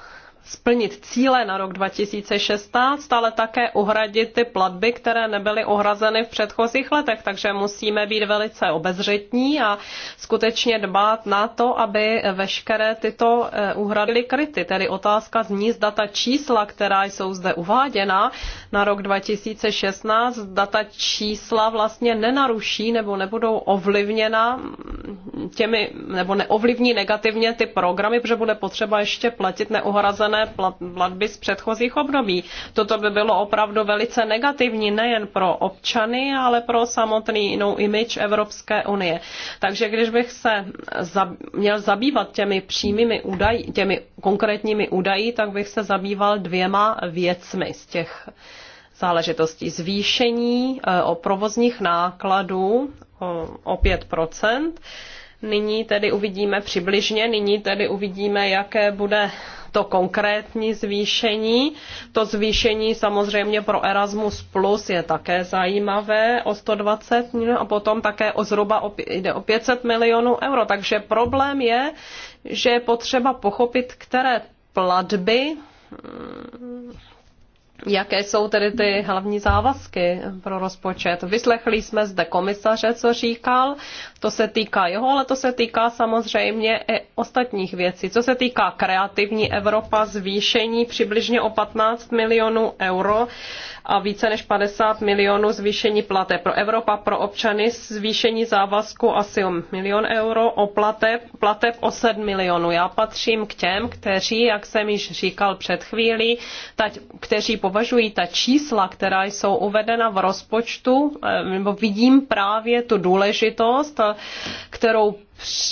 splnit cíle na rok 2016, ale také uhradit ty platby, které nebyly uhrazeny v předchozích letech. Takže musíme být velice obezřetní a skutečně dbát na to, aby veškeré tyto uhrady eh, byly kryty. Tedy otázka zní, zda ta čísla, která jsou zde uváděna, na rok 2016 data čísla vlastně nenaruší nebo nebudou ovlivněna těmi, nebo neovlivní negativně ty programy, protože bude potřeba ještě platit neuhrazené platby z předchozích období. Toto by bylo opravdu velice negativní nejen pro občany, ale pro samotný jinou image Evropské unie. Takže když bych se zab, měl zabývat těmi přímými údaji, těmi konkrétními údaji, tak bych se zabýval dvěma věcmi z těch záležitosti zvýšení eh, o provozních nákladů o 5 Nyní tedy uvidíme přibližně, nyní tedy uvidíme, jaké bude to konkrétní zvýšení. To zvýšení samozřejmě pro Erasmus Plus je také zajímavé o 120 a potom také o zhruba o, jde o 500 milionů euro. Takže problém je, že je potřeba pochopit, které platby Jaké jsou tedy ty hlavní závazky pro rozpočet? Vyslechli jsme zde komisaře, co říkal. To se týká jeho, ale to se týká samozřejmě i ostatních věcí. Co se týká kreativní Evropa, zvýšení přibližně o 15 milionů euro a více než 50 milionů zvýšení plate pro Evropa, pro občany zvýšení závazku asi o milion euro, o plateb, plateb o 7 milionů. Já patřím k těm, kteří, jak jsem již říkal před chvílí, tať, kteří považuji ta čísla, která jsou uvedena v rozpočtu, eh, nebo vidím právě tu důležitost, eh, kterou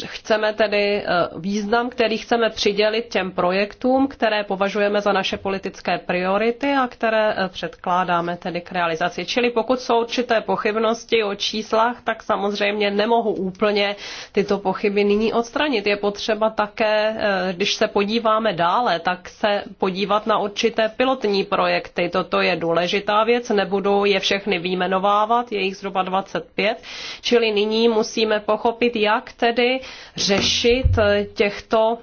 chceme tedy eh, význam, který chceme přidělit těm projektům, které považujeme za naše politické priority a které eh, předkládáme tedy k realizaci. Čili pokud jsou určité pochybnosti o číslech, tak samozřejmě nemohu úplně tyto pochyby nyní odstranit. Je potřeba také, eh, když se podíváme dále, tak se podívat na určité pilotní projekty. Toto je důležitá věc, nebudu je všechny výjmenovávat, je jich zhruba 25, čili nyní musíme pochopit, jak tedy tedy řešit eh, těchto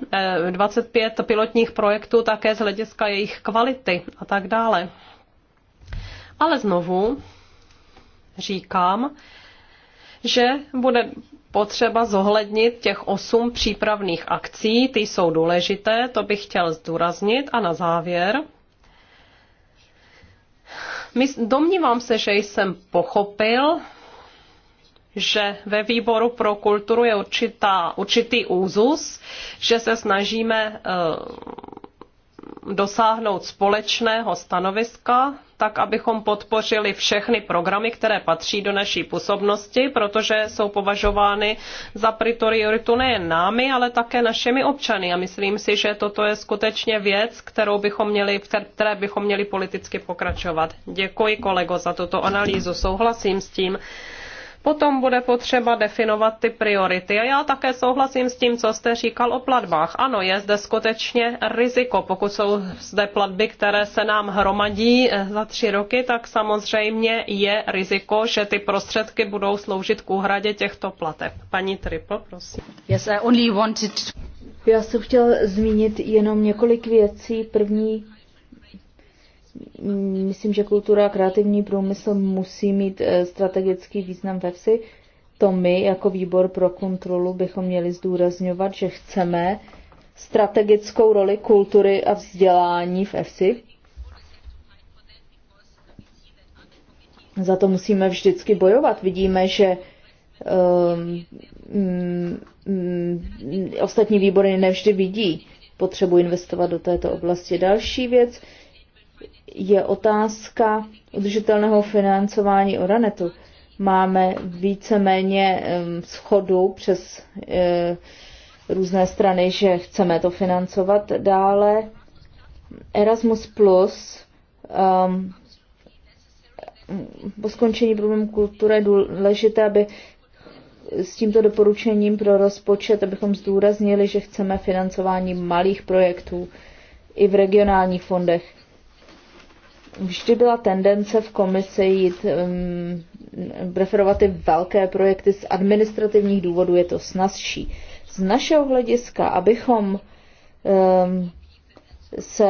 25 eh, pilotních projektů také z hlediska jejich kvality a tak dále. Ale znovu říkám, že bude potřeba zohlednit těch osm přípravných akcí, ty jsou důležité, to bych chtěl zdůraznit. A na závěr, domnívám se, že jsem pochopil že ve výboru pro kulturu je určitá, určitý úzus, že se snažíme eh, dosáhnout společného stanoviska, tak abychom podpořili všechny programy, které patří do naší působnosti, protože jsou považovány za prioritu nejen námi, ale také našimi občany. A myslím si, že toto je skutečně věc, kterou bychom měli, které bychom měli politicky pokračovat. Děkuji kolego za tuto analýzu, souhlasím s tím. Potom bude potřeba definovat ty priority. A já také souhlasím s tím, co jste říkal o platbách. Ano, je zde skutečně riziko. Pokud jsou zde platby, které se nám hromadí eh, za tři roky, tak samozřejmě je riziko, že ty prostředky budou sloužit k úhradě těchto plateb. Paní Triple, prosím. Yes, I only wanted Já jsem chtěl zmínit jenom několik věcí. První myslím, že kultura a kreativní průmysl musí mít eh, strategický význam ve vsi. To my jako výbor pro kontrolu bychom měli zdůrazňovat, že chceme strategickou roli kultury a vzdělání v EFSI. Za to musíme vždycky bojovat. Vidíme, že um, um, ostatní výbory nevždy vidí potřebu investovat do této oblasti. Další věc, je otázka udržitelného financování Oranetu. Máme víceméně schodu přes e, různé strany, že chceme to financovat. Dále Erasmus Plus um, po skončení problému kultury je důležité, aby s tímto doporučením pro rozpočet, abychom zdůraznili, že chceme financování malých projektů i v regionálních fondech vždy byla tendence v komisi jít um, preferovat ty velké projekty z administrativních důvodů, je to snazší. Z našeho hlediska, abychom um, se,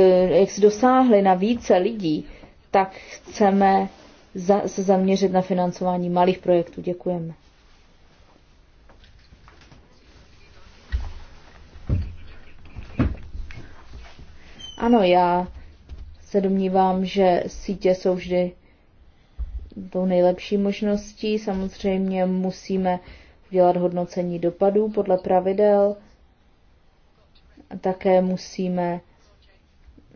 uh, jak si dosáhli na více lidí, tak chceme za, se zaměřit na financování malých projektů. Děkujeme. Ano, já se domnívám, že sítě jsou vždy tou nejlepší možností. Samozřejmě musíme udělat hodnocení dopadů podle pravidel. A také musíme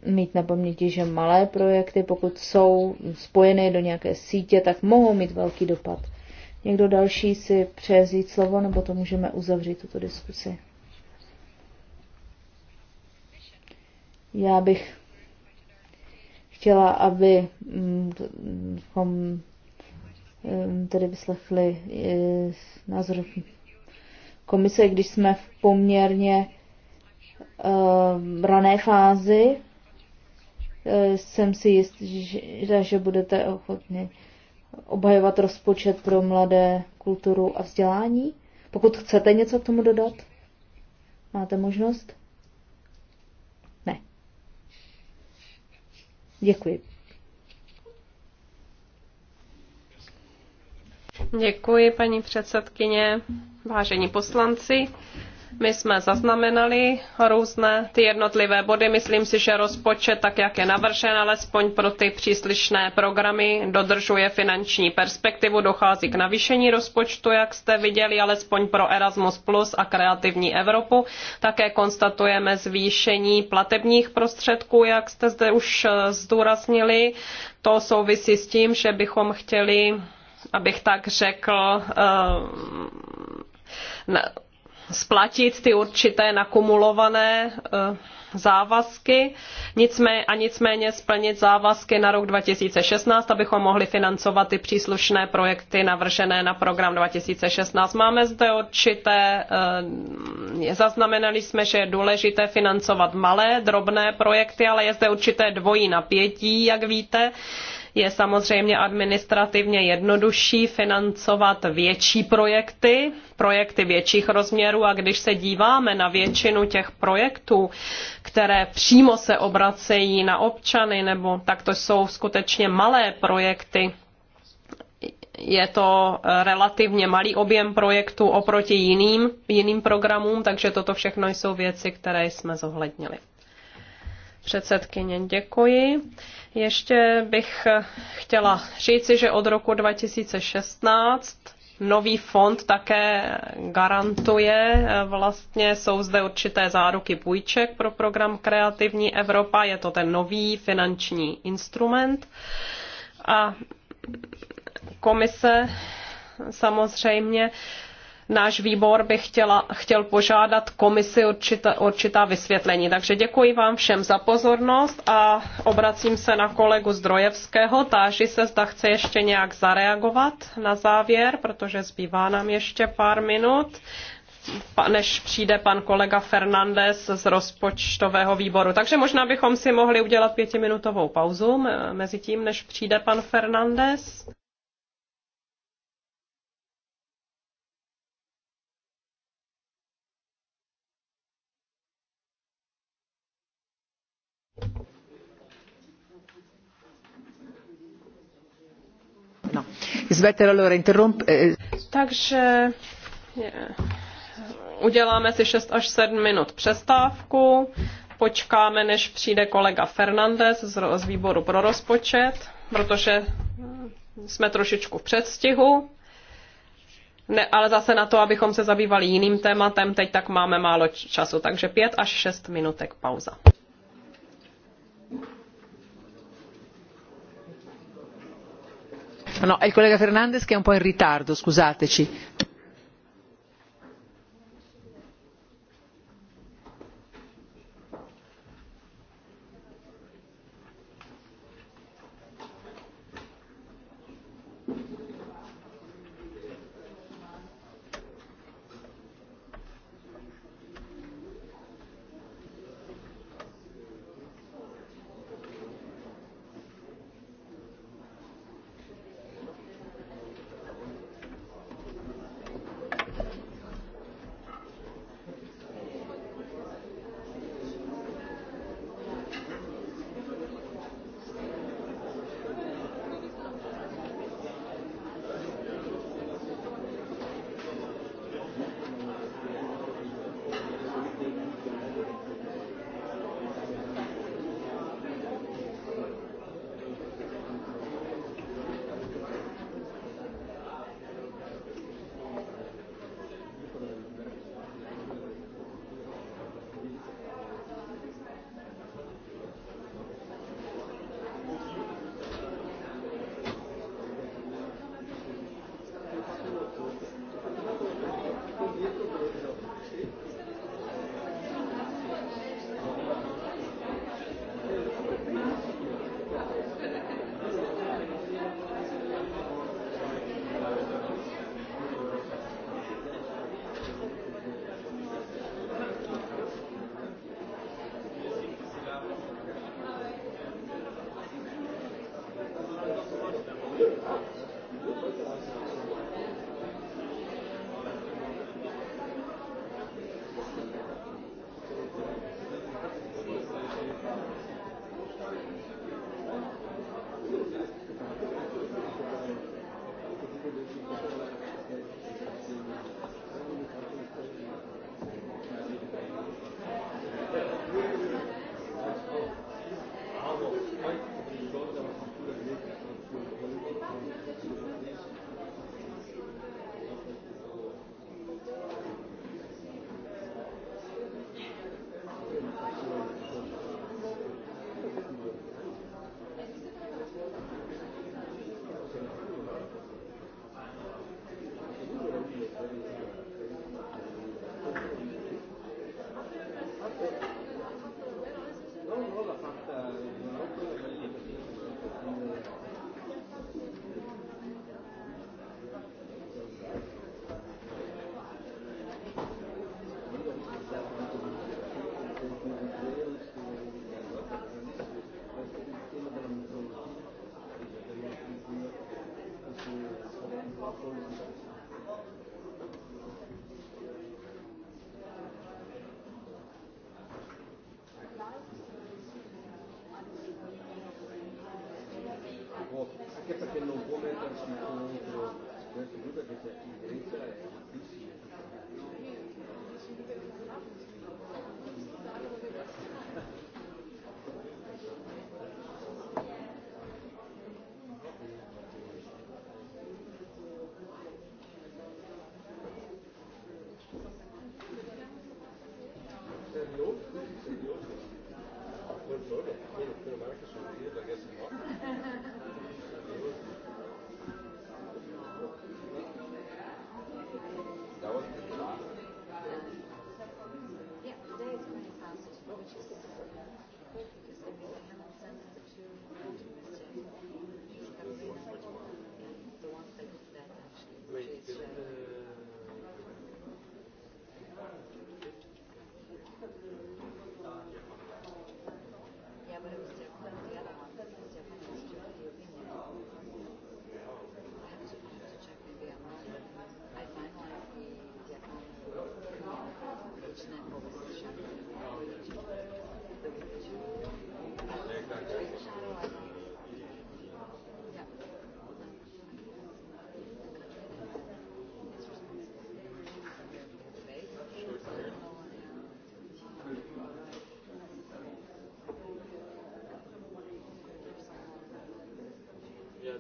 mít na paměti, že malé projekty, pokud jsou spojeny do nějaké sítě, tak mohou mít velký dopad. Někdo další si přeje slovo, nebo to můžeme uzavřít, tuto diskusi. Já bych chtěla, aby hm, tedy vyslechli e, názor komise, když jsme v poměrně uh, rané fázi. Uh, jsem si jist, že, že budete ochotni obhajovat rozpočet pro mladé kulturu a vzdělání. Pokud chcete něco k tomu dodat, máte možnost. Děkuji. Děkuji, paní předsedkyně, vážení poslanci. My jsme zaznamenali různé ty jednotlivé body. Myslím si, že rozpočet, tak jak je navržen, alespoň pro ty příslušné programy, dodržuje finanční perspektivu, dochází k navýšení rozpočtu, jak jste viděli, alespoň pro Erasmus Plus a Kreativní Evropu. Také konstatujeme zvýšení platebních prostředků, jak jste zde už eh, zdůraznili. To souvisí s tím, že bychom chtěli, abych tak řekl, eh, na splatit ty určité nakumulované eh, závazky nicméně, a nicméně splnit závazky na rok 2016, abychom mohli financovat ty příslušné projekty navržené na program 2016. Máme zde určité, eh, zaznamenali jsme, že je důležité financovat malé, drobné projekty, ale je zde určité dvojí napětí, jak víte je samozřejmě administrativně jednodušší financovat větší projekty, projekty větších rozměrů a když se díváme na většinu těch projektů, které přímo se obracejí na občany, nebo tak to jsou skutečně malé projekty, je to eh, relativně malý objem projektu oproti jiným, jiným programům, takže toto všechno jsou věci, které jsme zohlednili. Předsedkyně, děkuji. Ještě bych chtěla říci, že od roku 2016 nový fond také garantuje, eh, vlastně jsou zde určité záruky půjček pro program Kreativní Evropa, je to ten nový finanční instrument. A komise samozřejmě náš výbor by chtěla, chtěl požádat komisi určitá, určitá vysvětlení. Takže děkuji vám všem za pozornost a obracím se na kolegu Zdrojevského. Táži se, zda chce ještě nějak zareagovat na závěr, protože zbývá nám ještě pár minut než přijde pan kolega Fernandez z rozpočtového výboru. Takže možná bychom si mohli udělat pětiminutovou pauzu mezi tím, než přijde pan Fernandez. Eh, takže eh, uděláme si 6 až 7 minut přestávku, počkáme, než přijde kolega Fernandez z, z výboru pro rozpočet, protože hm, jsme trošičku v předstihu. Ne, ale zase na to, abychom se zabývali jiným tématem, teď tak máme málo času, takže 5 až 6 minutek pauza. no è il collega fernandes che è un po' in ritardo scusateci.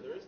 there is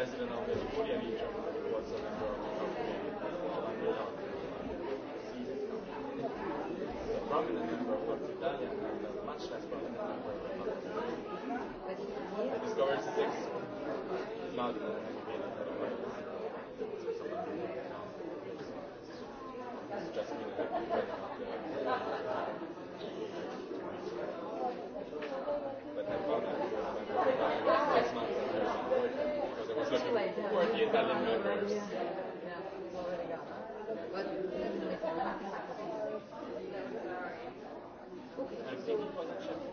president of the Polya region was a member of the prominent member of Italian a much less prominent member of I discovered six. like a word the Italian members. And Dini was a chef.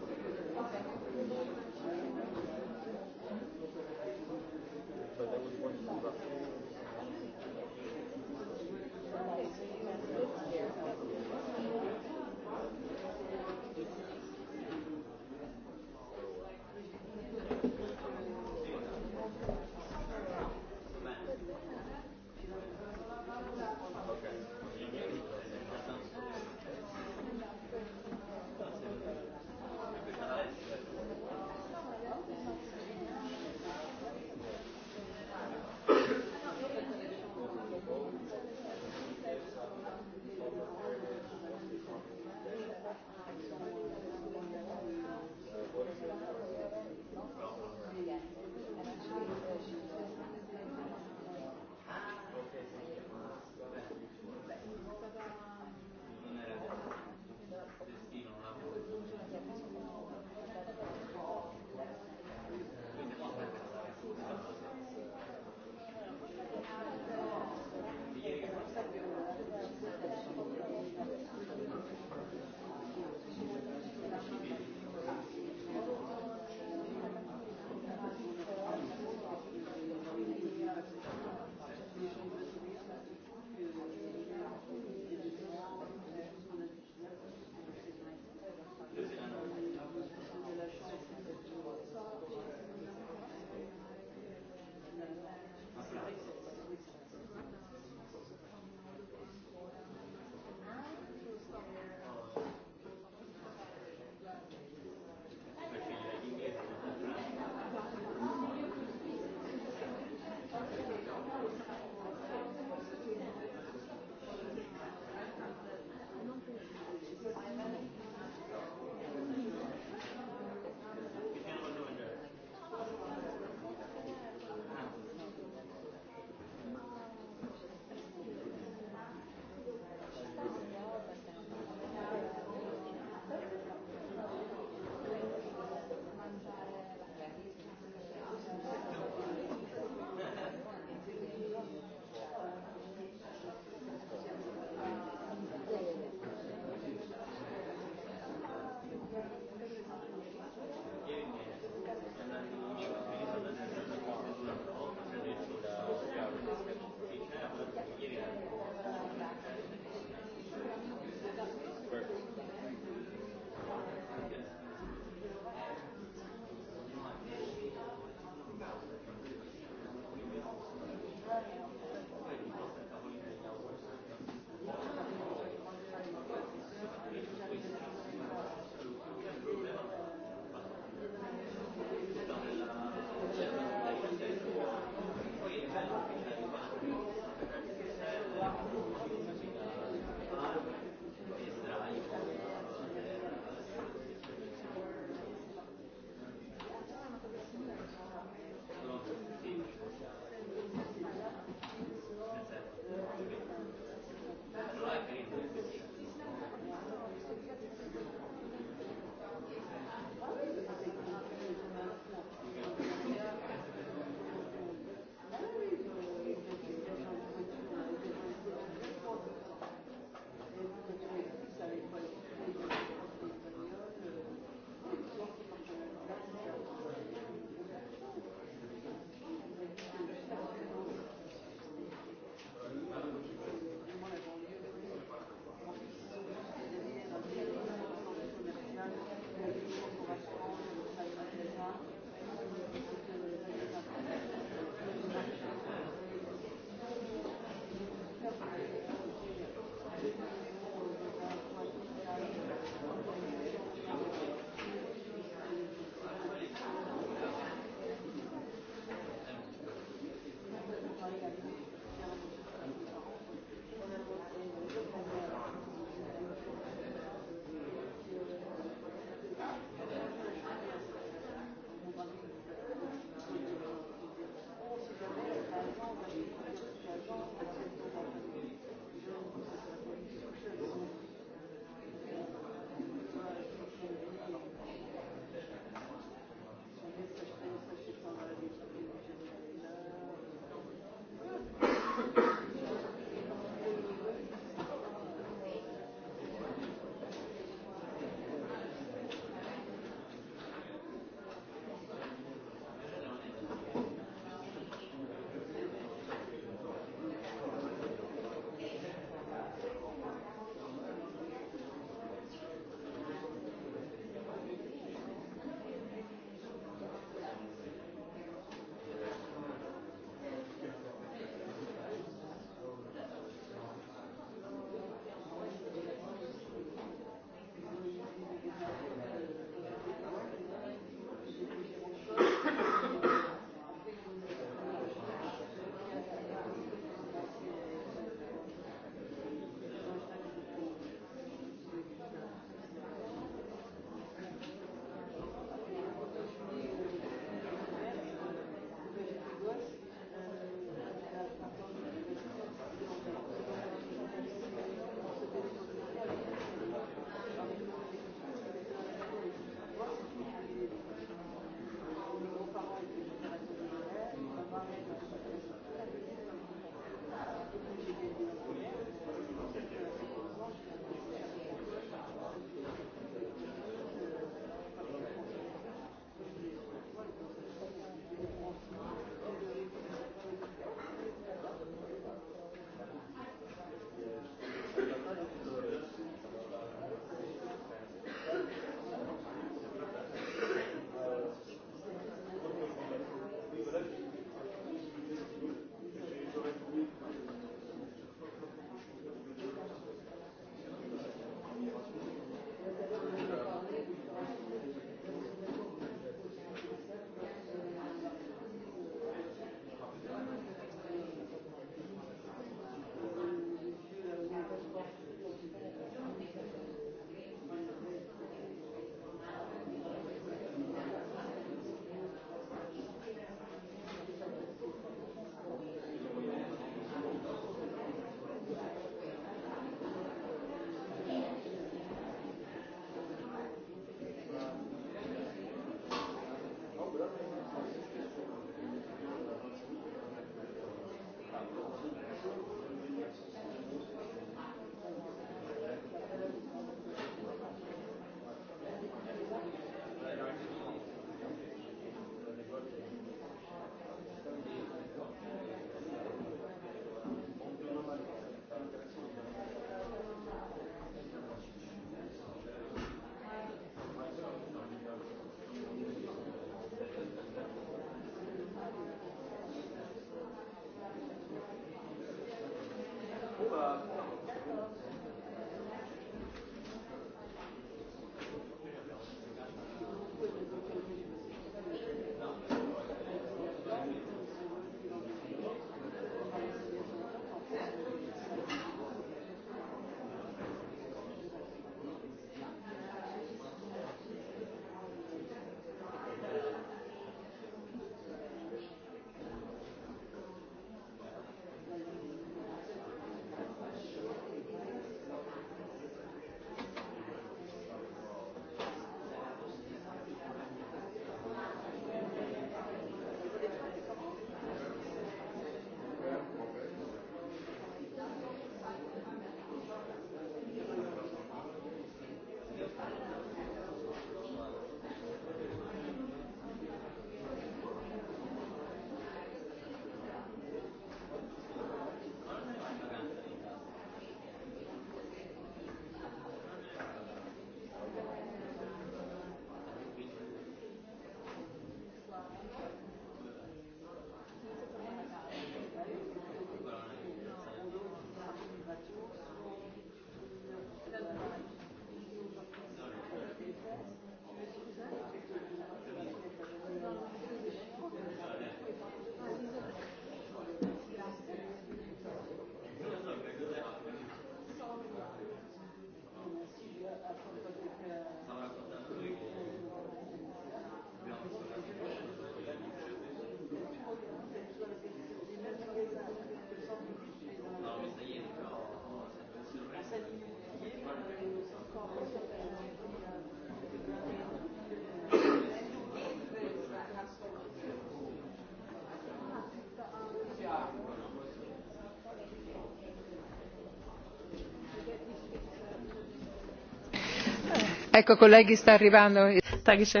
Takže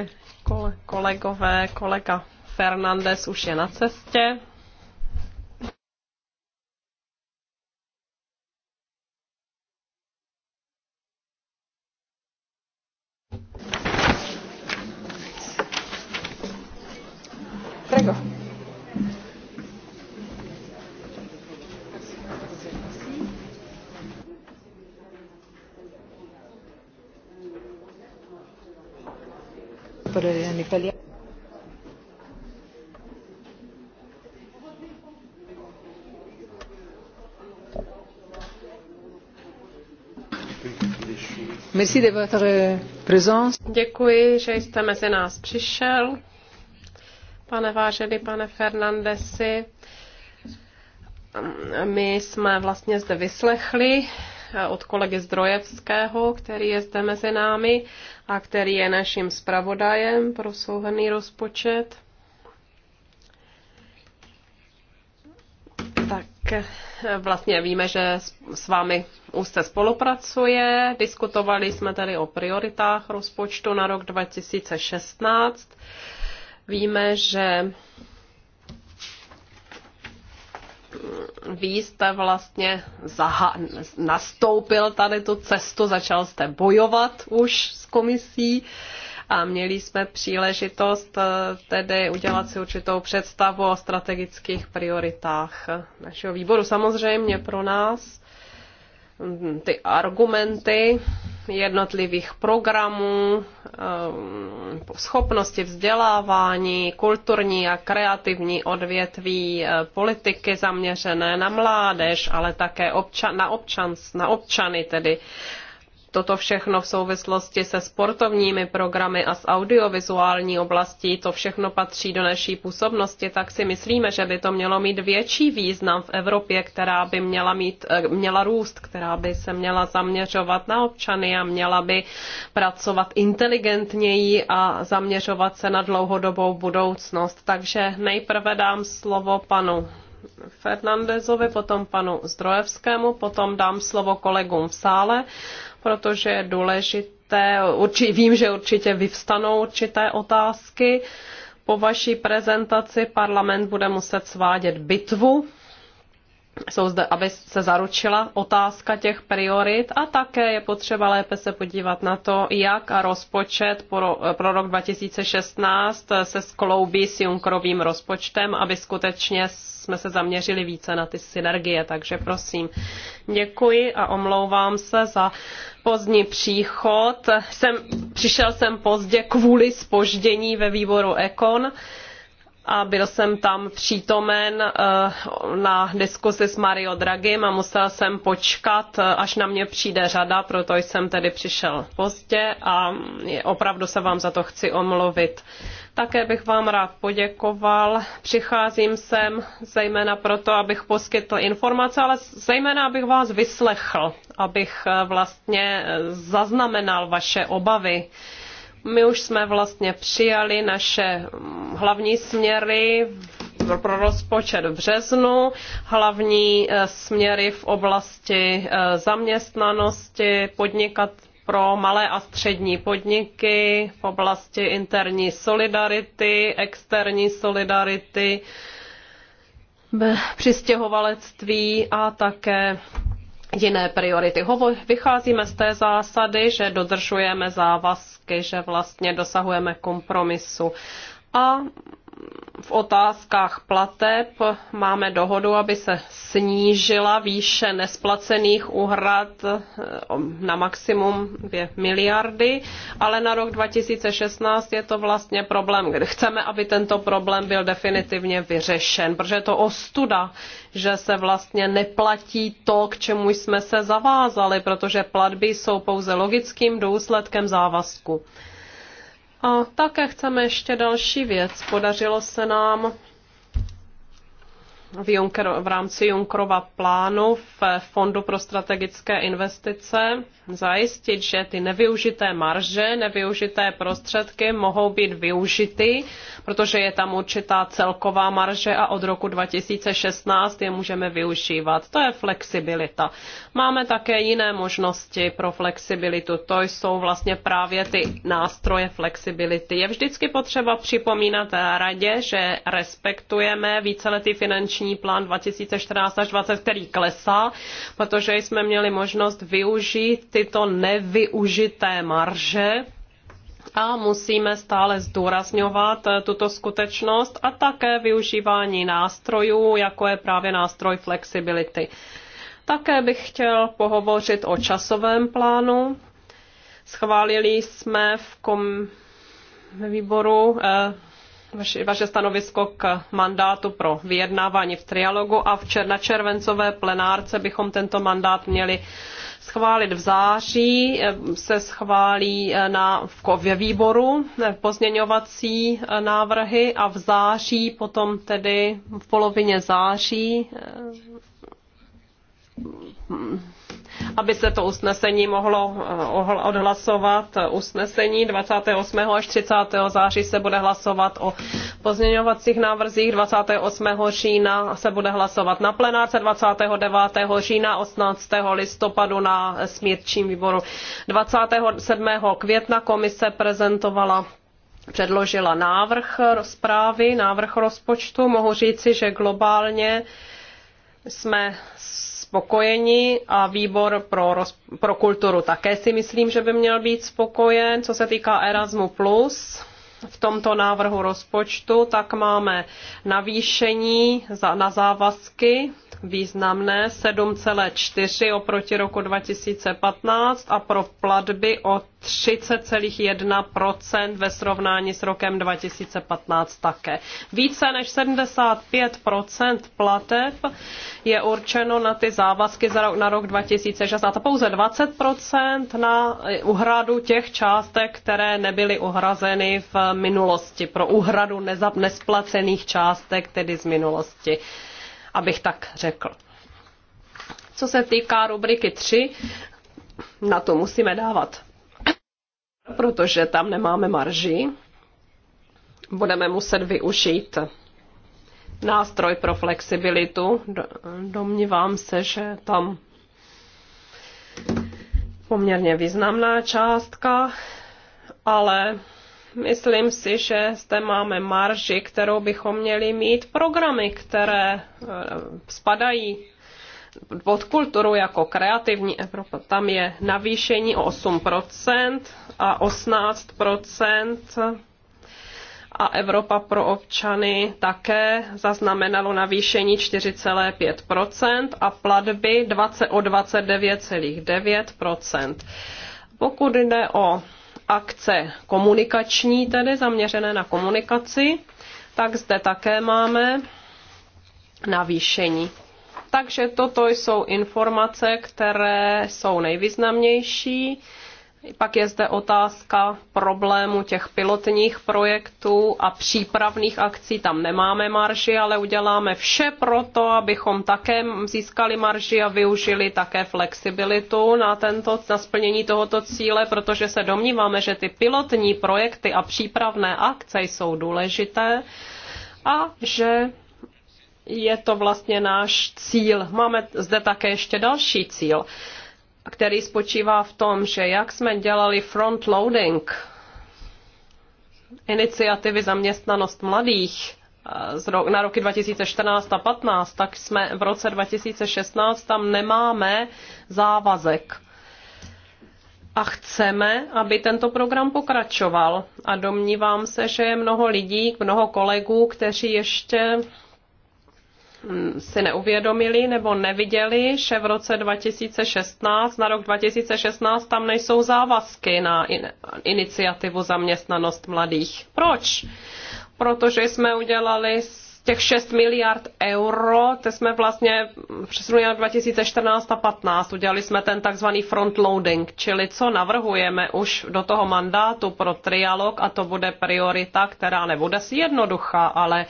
kolegové, kolega Fernandes už je na cestě. Merci de votre présence. Děkuji, že jste mezi nás přišel, pane vážený pane Fernandesi. My jsme vlastně zde vyslechli eh, od kolegy Zdrojevského, který je zde mezi námi a který je naším zpravodajem pro souhrný rozpočet. Tak eh, vlastně víme, že s vámi úzce spolupracuje. Diskutovali jsme tady o prioritách rozpočtu na rok 2016. Víme, že vy jste vlastně zaha- nastoupil tady tu cestu, začal jste bojovat už s komisí. Uh, a měli jsme příležitost eh, tedy udělat si určitou představu o strategických prioritách našeho výboru. Samozřejmě pro nás mm, ty argumenty jednotlivých programů, eh, schopnosti vzdělávání, kulturní a kreativní odvětví, eh, politiky zaměřené na mládež, ale také občan, na, občans, na občany, tedy toto všechno v souvislosti se sportovními programy a s audiovizuální oblastí, to všechno patří do naší působnosti, tak si myslíme, že by to mělo mít větší význam v Evropě, která by měla, mít, eh, měla růst, která by se měla zaměřovat na občany a měla by pracovat inteligentněji a zaměřovat se na dlouhodobou budoucnost. Takže nejprve dám slovo panu Fernandezovi, potom panu Zdrojevskému, potom dám slovo kolegům v sále, protože je důležité, urči, vím, že určitě vyvstanou určité otázky. Po vaší prezentaci parlament bude muset svádět bitvu jsou zde, aby se zaručila otázka těch priorit a také je potřeba lépe se podívat na to, jak rozpočet pro, pro rok 2016 se skloubí s Junkrovým rozpočtem, aby skutečně jsme se zaměřili více na ty synergie. Takže prosím, děkuji a omlouvám se za pozdní příchod. Jsem, přišel jsem pozdě kvůli spoždění ve výboru Ekon a byl jsem tam přítomen eh, na diskusi s Mario Dragim a musel jsem počkat, eh, až na mě přijde řada, proto jsem tedy přišel pozdě a mm, opravdu se vám za to chci omluvit. Také bych vám rád poděkoval. Přicházím sem zejména proto, abych poskytl informace, ale zejména abych vás vyslechl, abych eh, vlastně zaznamenal vaše obavy my už jsme vlastně přijali naše hlavní směry pro rozpočet v březnu, hlavní eh, směry v oblasti eh, zaměstnanosti, podnikat pro malé a střední podniky v oblasti interní solidarity, externí solidarity, přistěhovalectví a také jiné priority. Hovo, vycházíme z té zásady, že dodržujeme závazky, že vlastně dosahujeme kompromisu. A v otázkách plateb máme dohodu, aby se snížila výše nesplacených úhrad eh, na maximum 2 miliardy, ale na rok 2016 je to vlastně problém, kde chceme, aby tento problém byl definitivně vyřešen, protože je to ostuda, že se vlastně neplatí to, k čemu jsme se zavázali, protože platby jsou pouze logickým důsledkem závazku. A také chceme ještě další věc. Podařilo se nám v, Juncker, v rámci Junkrova plánu v Fondu pro strategické investice zajistit, že ty nevyužité marže, nevyužité prostředky mohou být využity, protože je tam určitá celková marže a od roku 2016 je můžeme využívat. To je flexibilita. Máme také jiné možnosti pro flexibilitu. To jsou vlastně právě ty nástroje flexibility. Je vždycky potřeba připomínat radě, že respektujeme víceletý finanční akční plán 2014 až který klesá, protože jsme měli možnost využít tyto nevyužité marže a musíme stále zdůrazňovat tuto skutečnost a také využívání nástrojů, jako je právě nástroj flexibility. Také bych chtěl pohovořit o časovém plánu. Schválili jsme v kom výboru eh, vaše stanovisko k mandátu pro vyjednávání v trialogu a v červencové plenárce bychom tento mandát měli schválit v září, se schválí eh, na, v ve výboru eh, pozměňovací eh, návrhy a v září potom tedy v polovině září aby se to usnesení mohlo eh, odhlasovat. Usnesení 28. až 30. září se bude hlasovat o pozměňovacích návrzích, 28. října se bude hlasovat na plenárce, 29. října, 18. listopadu na smírčím výboru. 27. května komise prezentovala předložila návrh zprávy, návrh rozpočtu. Mohu říci, že globálně jsme spokojeni a výbor pro, pro kulturu také si myslím, že by měl být spokojen. Co se týká Erasmu+, v tomto návrhu rozpočtu, tak máme navýšení za, na závazky významné 7,4 oproti roku 2015 a pro platby o 30,1 ve srovnání s rokem 2015 také. Více než 75 plateb je určeno na ty závazky za na rok 2016 a pouze 20 na uhradu těch částek, které nebyly uhrazeny v minulosti, pro uhradu nesplacených částek, tedy z minulosti abych tak řekl. Co se týká rubriky 3, na to musíme dávat, protože tam nemáme marži. Budeme muset využít nástroj pro flexibilitu. Domnívám se, že tam poměrně významná částka, ale Myslím si, že zde máme marži, kterou bychom měli mít programy, které eh, spadají pod kulturu jako kreativní Evropa. Tam je navýšení o 8% a 18% a Evropa pro občany také zaznamenalo navýšení 4,5% a platby 20 o 29,9%. Pokud jde o akce komunikační, tedy zaměřené na komunikaci, tak zde také máme navýšení. Takže toto jsou informace, které jsou nejvýznamnější. Pak je zde otázka problému těch pilotních projektů a přípravných akcí. Tam nemáme marži, ale uděláme vše pro to, abychom také získali marži a využili také flexibilitu na, tento, na splnění tohoto cíle, protože se domníváme, že ty pilotní projekty a přípravné akce jsou důležité a že je to vlastně náš cíl. Máme zde také ještě další cíl který spočívá v tom, že jak jsme dělali frontloading iniciativy zaměstnanost mladých, eh, na roky 2014 a 2015, tak jsme v roce 2016 tam nemáme závazek. A chceme, aby tento program pokračoval. A domnívám se, že je mnoho lidí, mnoho kolegů, kteří ještě si neuvědomili nebo neviděli, že v roce 2016, na rok 2016 tam nejsou závazky na in, iniciativu zaměstnanost mladých. Proč? Protože jsme udělali těch 6 miliard euro, to jsme vlastně přesunuli na 2014 a 15. Udělali jsme ten takzvaný frontloading, čili co navrhujeme už do toho mandátu pro trialog a to bude priorita, která nebude si jednoduchá, ale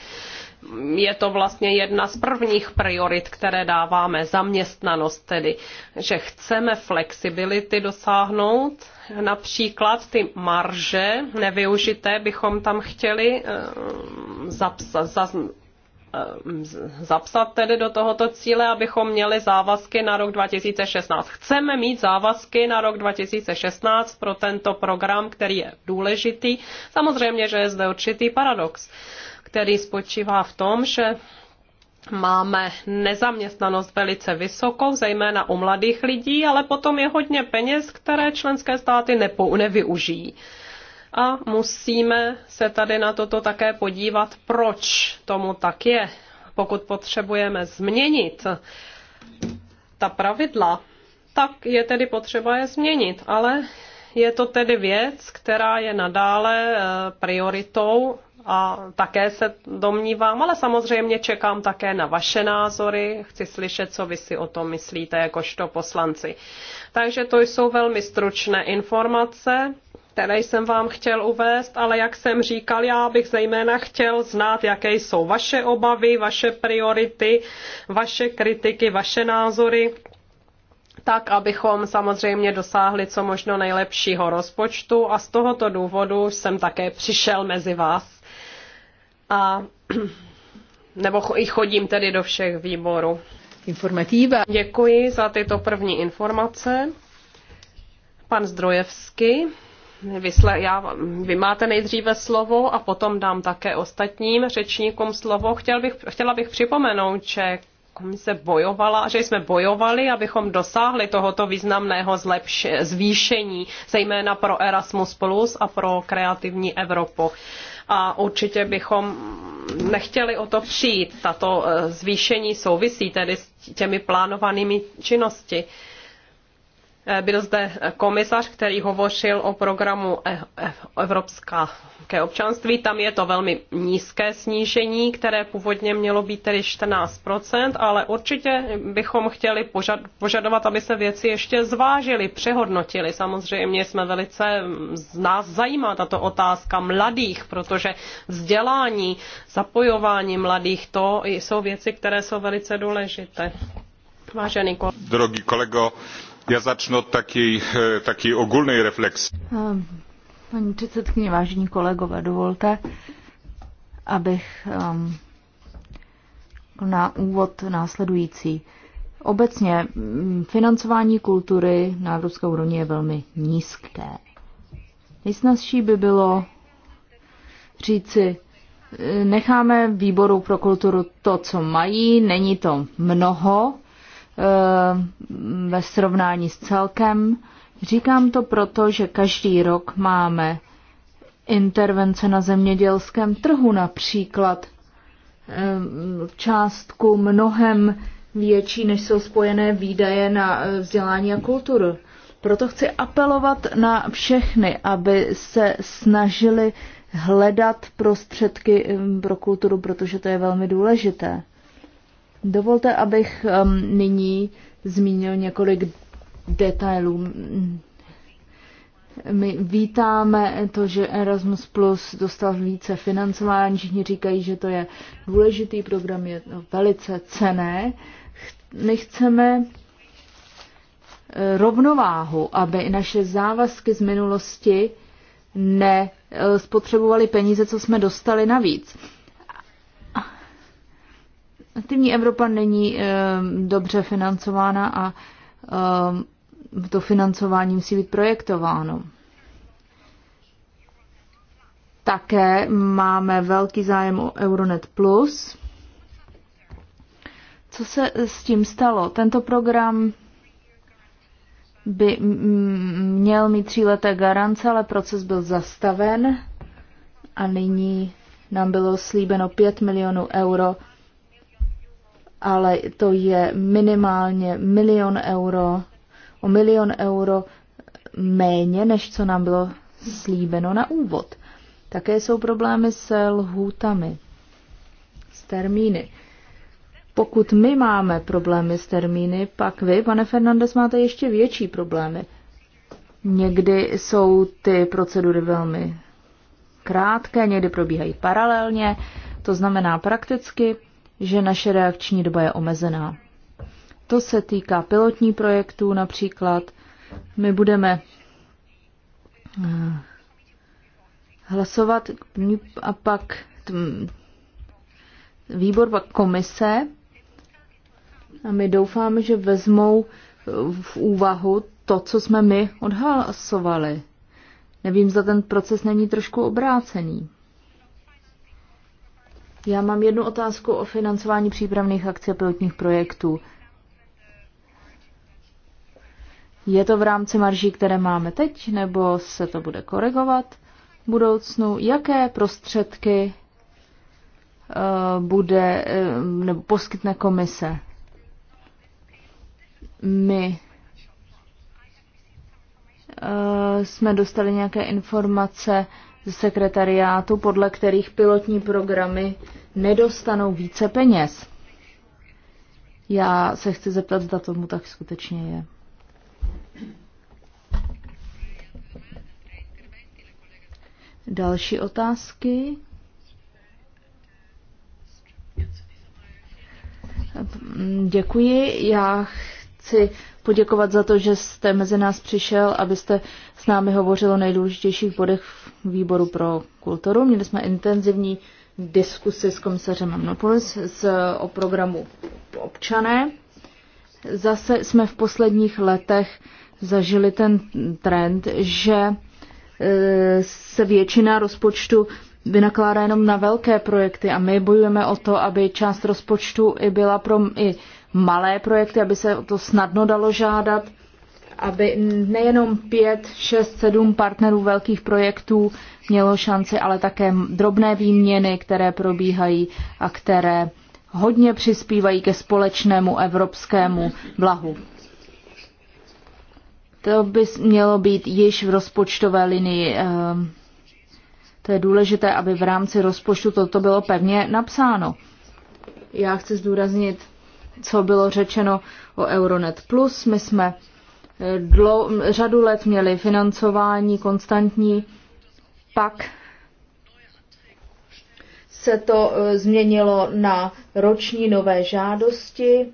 je to vlastně jedna z prvních priorit, které dáváme, zaměstnanost tedy, že chceme flexibility dosáhnout, například ty marže nevyužité bychom tam chtěli eh, zapsat, zaz, eh, zapsat tedy do tohoto cíle, abychom měli závazky na rok 2016. Chceme mít závazky na rok 2016 pro tento program, který je důležitý. Samozřejmě, že je zde určitý paradox který spočívá v tom, že máme nezaměstnanost velice vysokou, zejména u mladých lidí, ale potom je hodně peněz, které členské státy nepou, nevyužijí. A musíme se tady na toto také podívat, proč tomu tak je. Pokud potřebujeme změnit ta pravidla, tak je tedy potřeba je změnit. Ale je to tedy věc, která je nadále eh, prioritou a také se domnívám, ale samozřejmě čekám také na vaše názory, chci slyšet, co vy si o tom myslíte jakožto poslanci. Takže to jsou velmi stručné informace, které jsem vám chtěl uvést, ale jak jsem říkal, já bych zejména chtěl znát, jaké jsou vaše obavy, vaše priority, vaše kritiky, vaše názory tak, abychom samozřejmě dosáhli co možno nejlepšího rozpočtu a z tohoto důvodu jsem také přišel mezi vás. A (clears throat) nebo i chodím tedy do všech výborů. Informativa. Děkuji za tyto první informace. Pan Zdrojevský, vysle, já, vy máte nejdříve slovo a potom dám také ostatním řečníkům slovo. Chtěl bych, chtěla bych připomenout, že komise bojovala, že jsme bojovali, abychom dosáhli tohoto významného zlepš- zvýšení, zejména pro Erasmus Plus a pro kreativní Evropu a určitě bychom nechtěli o to přijít. Tato eh, zvýšení souvisí tedy s těmi plánovanými činnosti. Eh, byl zde komisař, který hovořil o programu e- e- Evropská občanství. Tam je to velmi nízké snížení, které původně mělo být tedy 14%, ale určitě bychom chtěli požadovat, aby se věci ještě zvážily, přehodnotily. Samozřejmě jsme velice, z nás zajímá tato otázka mladých, protože vzdělání, zapojování mladých, to jsou věci, které jsou velice důležité. Vážený kolego. Drogý kolego, já začnu od taky, eh, taky reflexy. Paní předsedkyně, vážení kolegové, dovolte, abych um, na úvod následující. Obecně mm, financování kultury na evropské úrovni je velmi nízké. Nejsnazší by bylo říci, eh, necháme výboru pro kulturu to, co mají, není to mnoho, Eh, ve srovnání s celkem. Říkám to proto, že každý rok máme intervence na zemědělském trhu například eh, částku mnohem větší, než jsou spojené výdaje na eh, vzdělání a kulturu. Proto chci apelovat na všechny, aby se snažili hledat prostředky pro kulturu, protože to je velmi důležité. Dovolte, abych um, nyní zmínil několik detailů. My vítáme to, že Erasmus Plus dostal více financování. Všichni říkají, že to je důležitý program, je velice cené. My chceme eh, rovnováhu, aby naše závazky z minulosti nespotřebovaly eh, peníze, co jsme dostali navíc. Aktivní Evropa není eh, dobře financována a eh, to financování musí být projektováno. Také máme velký zájem o Euronet Plus. Co se s tím stalo? Tento program by měl mít tříleté garance, ale proces byl zastaven a nyní nám bylo slíbeno 5 milionů euro ale to je minimálně milion euro, o milion euro méně, než co nám bylo slíbeno na úvod. Také jsou problémy s lhůtami, s termíny. Pokud my máme problémy s termíny, pak vy, pane Fernandez, máte ještě větší problémy. Někdy jsou ty procedury velmi krátké, někdy probíhají paralelně, to znamená prakticky že naše reakční doba je omezená. To se týká pilotní projektů například. My budeme eh, hlasovat a pak výbor, pak komise a my doufáme, že vezmou eh, v úvahu to, co jsme my odhlasovali. Nevím, za ten proces není trošku obrácený. Já mám jednu otázku o financování přípravných akcí a pilotních projektů. Je to v rámci marží, které máme teď, nebo se to bude korigovat v budoucnu? Jaké prostředky uh, bude uh, nebo poskytne komise? My uh, jsme dostali nějaké informace ze sekretariátu, podle kterých pilotní programy nedostanou více peněz. Já se chci zeptat, zda tomu tak skutečně je. Další otázky? Děkuji. Já chci poděkovat za to, že jste mezi nás přišel, abyste s námi hovořil o nejdůležitějších bodech výboru pro kulturu. Měli jsme intenzivní diskusi s komisařem Amnopolis z, o programu Občané. Zase jsme v posledních letech zažili ten trend, že e, se většina rozpočtu vynakládá jenom na velké projekty a my bojujeme o to, aby část rozpočtu i byla pro i malé projekty, aby se to snadno dalo žádat, aby nejenom pět, šest, sedm partnerů velkých projektů mělo šanci, ale také drobné výměny, které probíhají a které hodně přispívají ke společnému evropskému blahu. To by mělo být již v rozpočtové linii. Ehm, to je důležité, aby v rámci rozpočtu toto bylo pevně napsáno. Já chci zdůraznit co bylo řečeno o Euronet Plus. My jsme eh, dlou, řadu let měli financování konstantní, pak se to eh, změnilo na roční nové žádosti,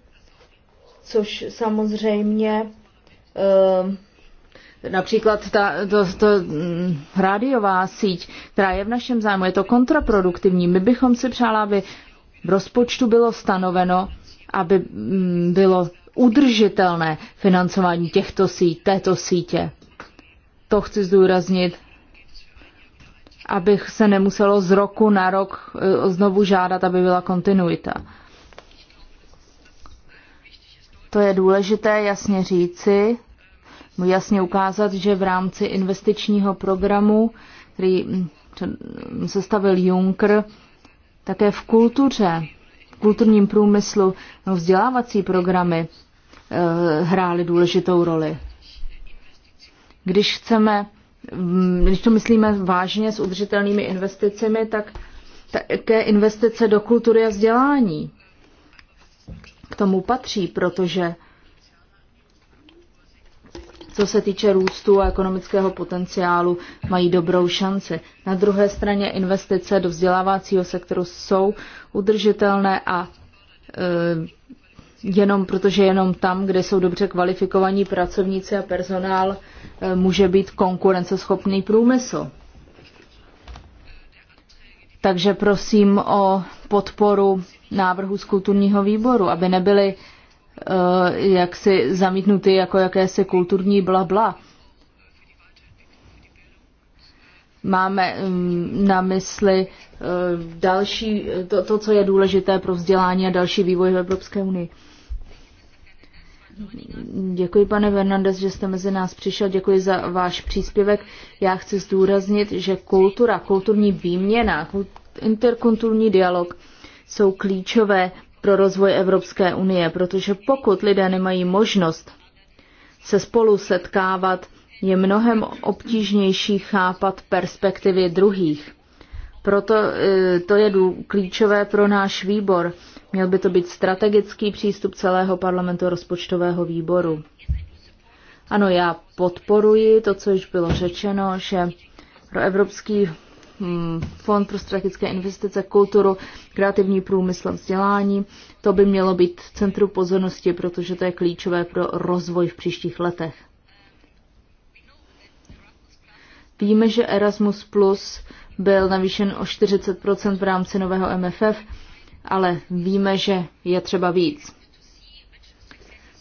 což samozřejmě eh, například ta to, to, mm, rádiová síť, která je v našem zájmu, je to kontraproduktivní. My bychom si přála, aby v rozpočtu bylo stanoveno, aby mm, bylo udržitelné financování těchto sítí, této sítě. To chci zdůraznit, abych se nemuselo z roku na rok eh, znovu žádat, aby byla kontinuita. To je důležité jasně říci, jasně ukázat, že v rámci investičního programu, který mm, sestavil Juncker, také v kultuře kulturním průmyslu, no, vzdělávací programy e, hrály důležitou roli. Když chceme, mm, když to myslíme vážně s udržitelnými investicemi, tak také investice do kultury a vzdělání k tomu patří, protože co se týče růstu a ekonomického potenciálu, mají dobrou šanci. Na druhé straně investice do vzdělávacího sektoru jsou udržitelné a eh, jenom protože jenom tam, kde jsou dobře kvalifikovaní pracovníci a personál, eh, může být konkurenceschopný průmysl. Takže prosím o podporu návrhu z kulturního výboru, aby nebyly Eh, jaksi zamítnuty jako jakési kulturní blabla. Máme mm, na mysli eh, další, to, to, co je důležité pro vzdělání a další vývoj v Evropské unii. Děkuji, pane Fernandez, že jste mezi nás přišel. Děkuji za váš příspěvek. Já chci zdůraznit, že kultura, kulturní výměna, interkulturní dialog jsou klíčové pro rozvoj Evropské unie, protože pokud lidé nemají možnost se spolu setkávat, je mnohem obtížnější chápat perspektivy druhých. Proto e, to je klíčové pro náš výbor. Měl by to být strategický přístup celého parlamentu rozpočtového výboru. Ano, já podporuji to, co již bylo řečeno, že pro Evropský Hmm, Fond pro strategické investice, kulturu, kreativní průmysl, a vzdělání. To by mělo být centru pozornosti, protože to je klíčové pro rozvoj v příštích letech. Víme, že Erasmus Plus byl navýšen o 40 v rámci nového MFF, ale víme, že je třeba víc.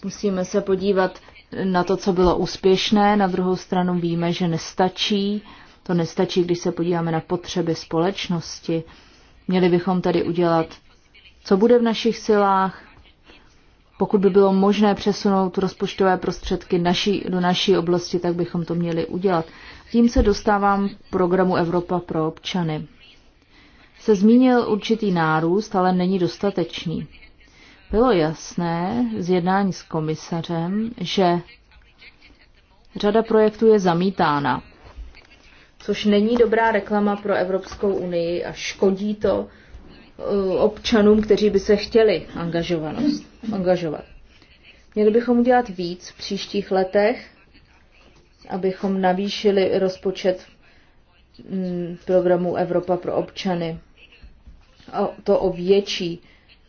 Musíme se podívat na to, co bylo úspěšné, na druhou stranu víme, že nestačí to nestačí, když se podíváme na potřeby společnosti. Měli bychom tady udělat, co bude v našich silách, pokud by bylo možné přesunout rozpočtové prostředky naší, do naší oblasti, tak bychom to měli udělat. Tím se dostávám k programu Evropa pro občany. Se zmínil určitý nárůst, ale není dostatečný. Bylo jasné z jednání s komisařem, že řada projektů je zamítána což není dobrá reklama pro Evropskou unii a škodí to uh, občanům, kteří by se chtěli angažovanost, angažovat. Měli bychom udělat víc v příštích letech, abychom navýšili rozpočet mm, programu Evropa pro občany. A to o větší,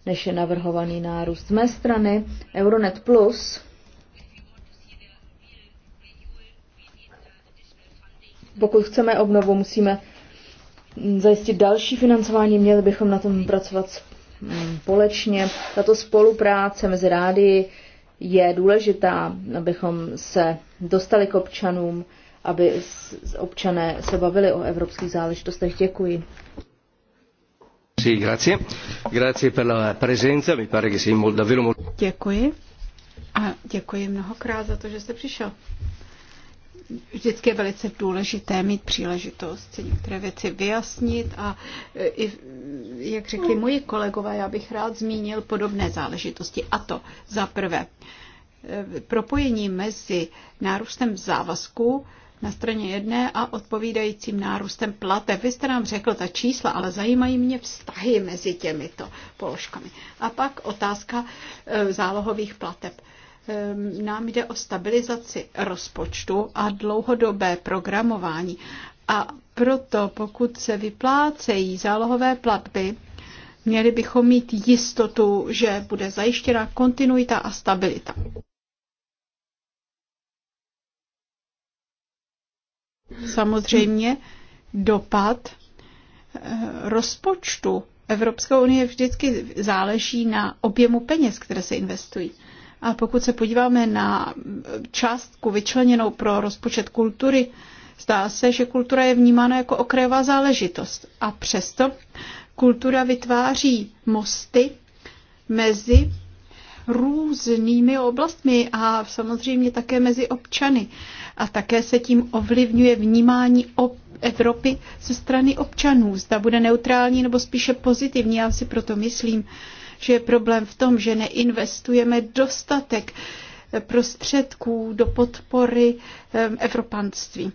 než je navrhovaný nárůst. Z mé strany Euronet Plus pokud chceme obnovu, musíme zajistit další financování, měli bychom na tom pracovat mm, společně. Tato spolupráce mezi rády je důležitá, abychom se dostali k občanům, aby občané se bavili o evropských záležitostech. Děkuji. Děkuji. A děkuji mnohokrát za to, že jste přišel vždycky je velice důležité mít příležitost si některé věci vyjasnit a e, i, jak řekli moji kolegové, já bych rád zmínil podobné záležitosti. A to za prvé e, propojení mezi nárůstem závazků na straně jedné a odpovídajícím nárůstem plate. Vy jste nám řekl ta čísla, ale zajímají mě vztahy mezi těmito položkami. A pak otázka e, zálohových plateb Ehm, nám jde o stabilizaci rozpočtu a dlouhodobé programování. A proto, pokud se vyplácejí zálohové platby, měli bychom mít jistotu, že bude zajištěna kontinuita a stabilita. Samozřejmě dopad eh, rozpočtu Evropské unie vždycky záleží na objemu peněz, které se investují. A pokud se podíváme na částku vyčleněnou pro rozpočet kultury, zdá se, že kultura je vnímána jako okrajová záležitost. A přesto kultura vytváří mosty mezi různými oblastmi a samozřejmě také mezi občany. A také se tím ovlivňuje vnímání ob Evropy ze strany občanů. Zda bude neutrální nebo spíše pozitivní, já si proto myslím, že je problém v tom, že neinvestujeme dostatek prostředků do podpory evropanství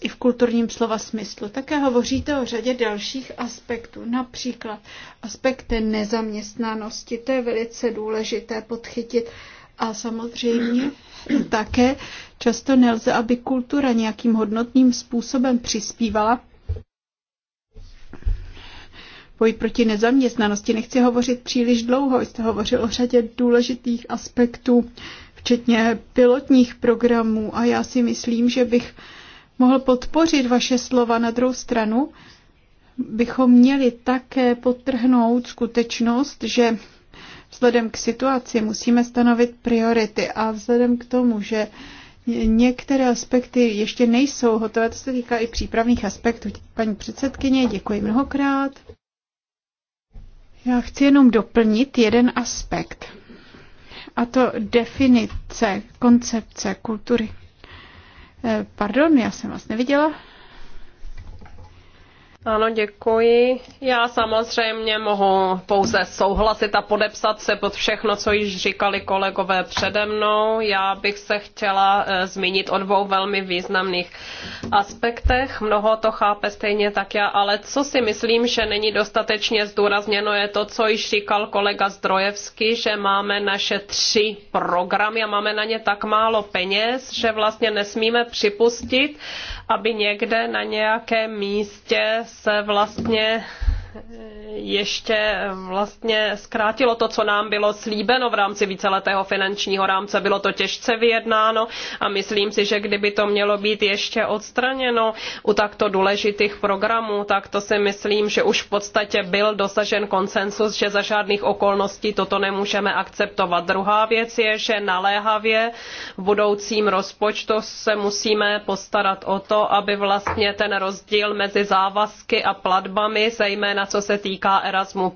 i v kulturním slova smyslu. Také hovoříte o řadě dalších aspektů, například aspekty nezaměstnanosti, to je velice důležité podchytit. A samozřejmě (clears throat) také často nelze, aby kultura nějakým hodnotným způsobem přispívala boj proti nezaměstnanosti. Nechci hovořit příliš dlouho, jste hovořil o řadě důležitých aspektů, včetně pilotních programů a já si myslím, že bych mohl podpořit vaše slova na druhou stranu, bychom měli také potrhnout skutečnost, že vzhledem k situaci musíme stanovit priority a vzhledem k tomu, že některé aspekty ještě nejsou hotové, to se týká i přípravných aspektů. Paní předsedkyně, děkuji mnohokrát. Já chci jenom doplnit jeden aspekt, a to definice, koncepce kultury. Eh, pardon, já jsem vás neviděla. Ano, děkuji. Já samozřejmě mohu pouze souhlasit a podepsat se pod všechno, co již říkali kolegové přede mnou. Já bych se chtěla eh, zmínit o dvou velmi významných aspektech. Mnoho to chápe stejně tak já, ale co si myslím, že není dostatečně zdůrazněno, je to, co již říkal kolega Zdrojevský, že máme naše tři programy a máme na ně tak málo peněz, že vlastně nesmíme připustit, aby někde na nějakém místě se vlastně ještě eh, vlastně zkrátilo to, co nám bylo slíbeno v rámci víceletého finančního rámce. Bylo to těžce vyjednáno a myslím si, že kdyby to mělo být ještě odstraněno u takto důležitých programů, tak to si myslím, že už v podstatě byl dosažen konsensus, že za žádných okolností toto nemůžeme akceptovat. Druhá věc je, že naléhavě v budoucím rozpočtu se musíme postarat o to, aby vlastně ten rozdíl mezi závazky a platbami, zejména zejména co se týká Erasmu+,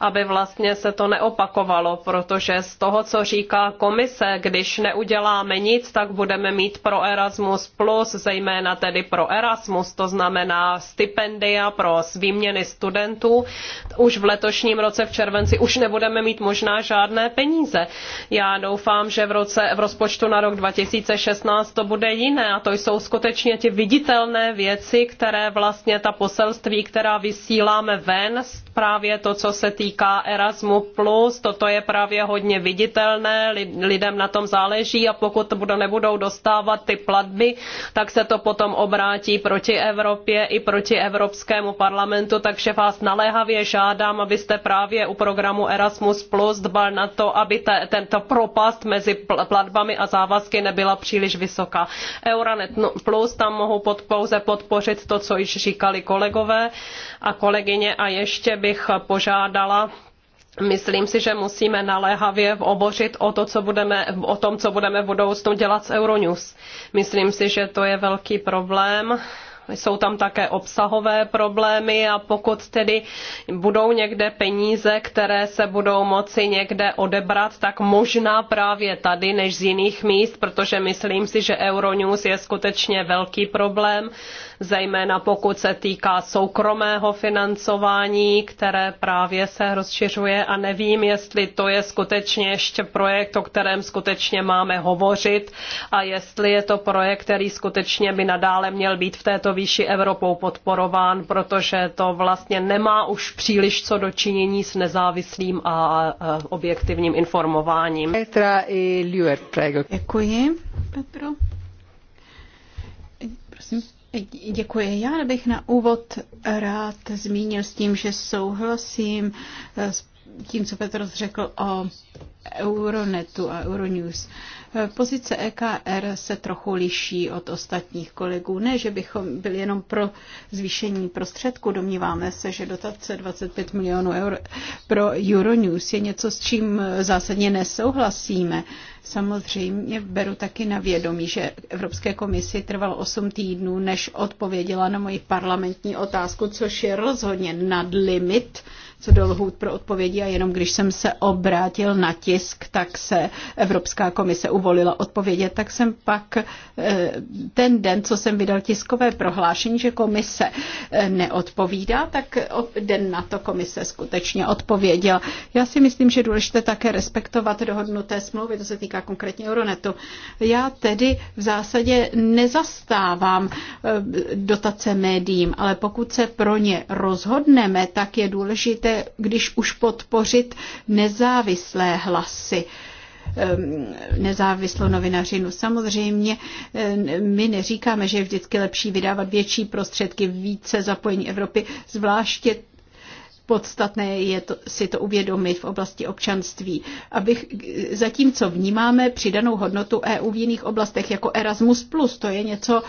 aby vlastně se to neopakovalo, protože z toho, co říká komise, když neuděláme nic, tak budeme mít pro Erasmus+, zejména tedy pro Erasmus, to znamená stipendia pro výměny studentů, už v letošním roce v červenci už nebudeme mít možná žádné peníze. Já doufám, že v, roce, v rozpočtu na rok 2016 to bude jiné a to jsou skutečně ty viditelné věci, které vlastně ta poselství, která vysílá vysíláme ven právě to, co se týká Erasmu+, toto je právě hodně viditelné, lidem na tom záleží a pokud nebudou dostávat ty platby, tak se to potom obrátí proti Evropě i proti Evropskému parlamentu, takže vás naléhavě žádám, abyste právě u programu Erasmus Plus dbal na to, aby te, tento propast mezi platbami a závazky nebyla příliš vysoká. Euronet Plus, tam mohu pod, pouze podpořit to, co již říkali kolegové a kolegyně kolegyně a ještě bych požádala Myslím si, že musíme naléhavě obořit o, to, co budeme, o tom, co budeme v budoucnu dělat s Euronews. Myslím si, že to je velký problém. Jsou tam také obsahové problémy a pokud tedy budou někde peníze, které se budou moci někde odebrat, tak možná právě tady než z jiných míst, protože myslím si, že Euronews je skutečně velký problém zejména pokud se týká soukromého financování, které právě se rozšiřuje a nevím, jestli to je skutečně ještě projekt, o kterém skutečně máme hovořit a jestli je to projekt, který skutečně by nadále měl být v této výši Evropou podporován, protože to vlastně nemá už příliš co dočinění s nezávislým a objektivním informováním. Petra i Liuer, prego. Děkuji, Petro. Děkuji. Já bych na úvod rád zmínil s tím, že souhlasím eh, s tím, co Petr řekl o Euronetu a Euronews. Pozice EKR se trochu liší od ostatních kolegů. Ne, že bychom byli jenom pro zvýšení prostředku. Domníváme se, že dotace 25 milionů eur pro Euronews je něco, s čím zásadně nesouhlasíme. Samozřejmě beru taky na vědomí, že Evropské komisi trvalo 8 týdnů, než odpověděla na moji parlamentní otázku, což je rozhodně nad limit co do lhůt pro odpovědi a jenom když jsem se obrátil na ti, tisk, tak se Evropská komise uvolila odpovědět, tak jsem pak eh, ten den, co jsem vydal tiskové prohlášení, že komise eh, neodpovídá, tak den na to komise skutečně odpověděla. Já si myslím, že důležité také respektovat dohodnuté smlouvy, to se týká konkrétně Euronetu. Já tedy v zásadě nezastávám eh, dotace médiím, ale pokud se pro ně rozhodneme, tak je důležité, když už podpořit nezávislé hlasy hlasy ehm, nezávislou novinařinu. Samozřejmě ehm, my neříkáme, že je vždycky lepší vydávat větší prostředky, více zapojení Evropy, zvláště podstatné je to, si to uvědomit v oblasti občanství. Abych, zatímco vnímáme přidanou hodnotu EU v jiných oblastech jako Erasmus+, to je něco,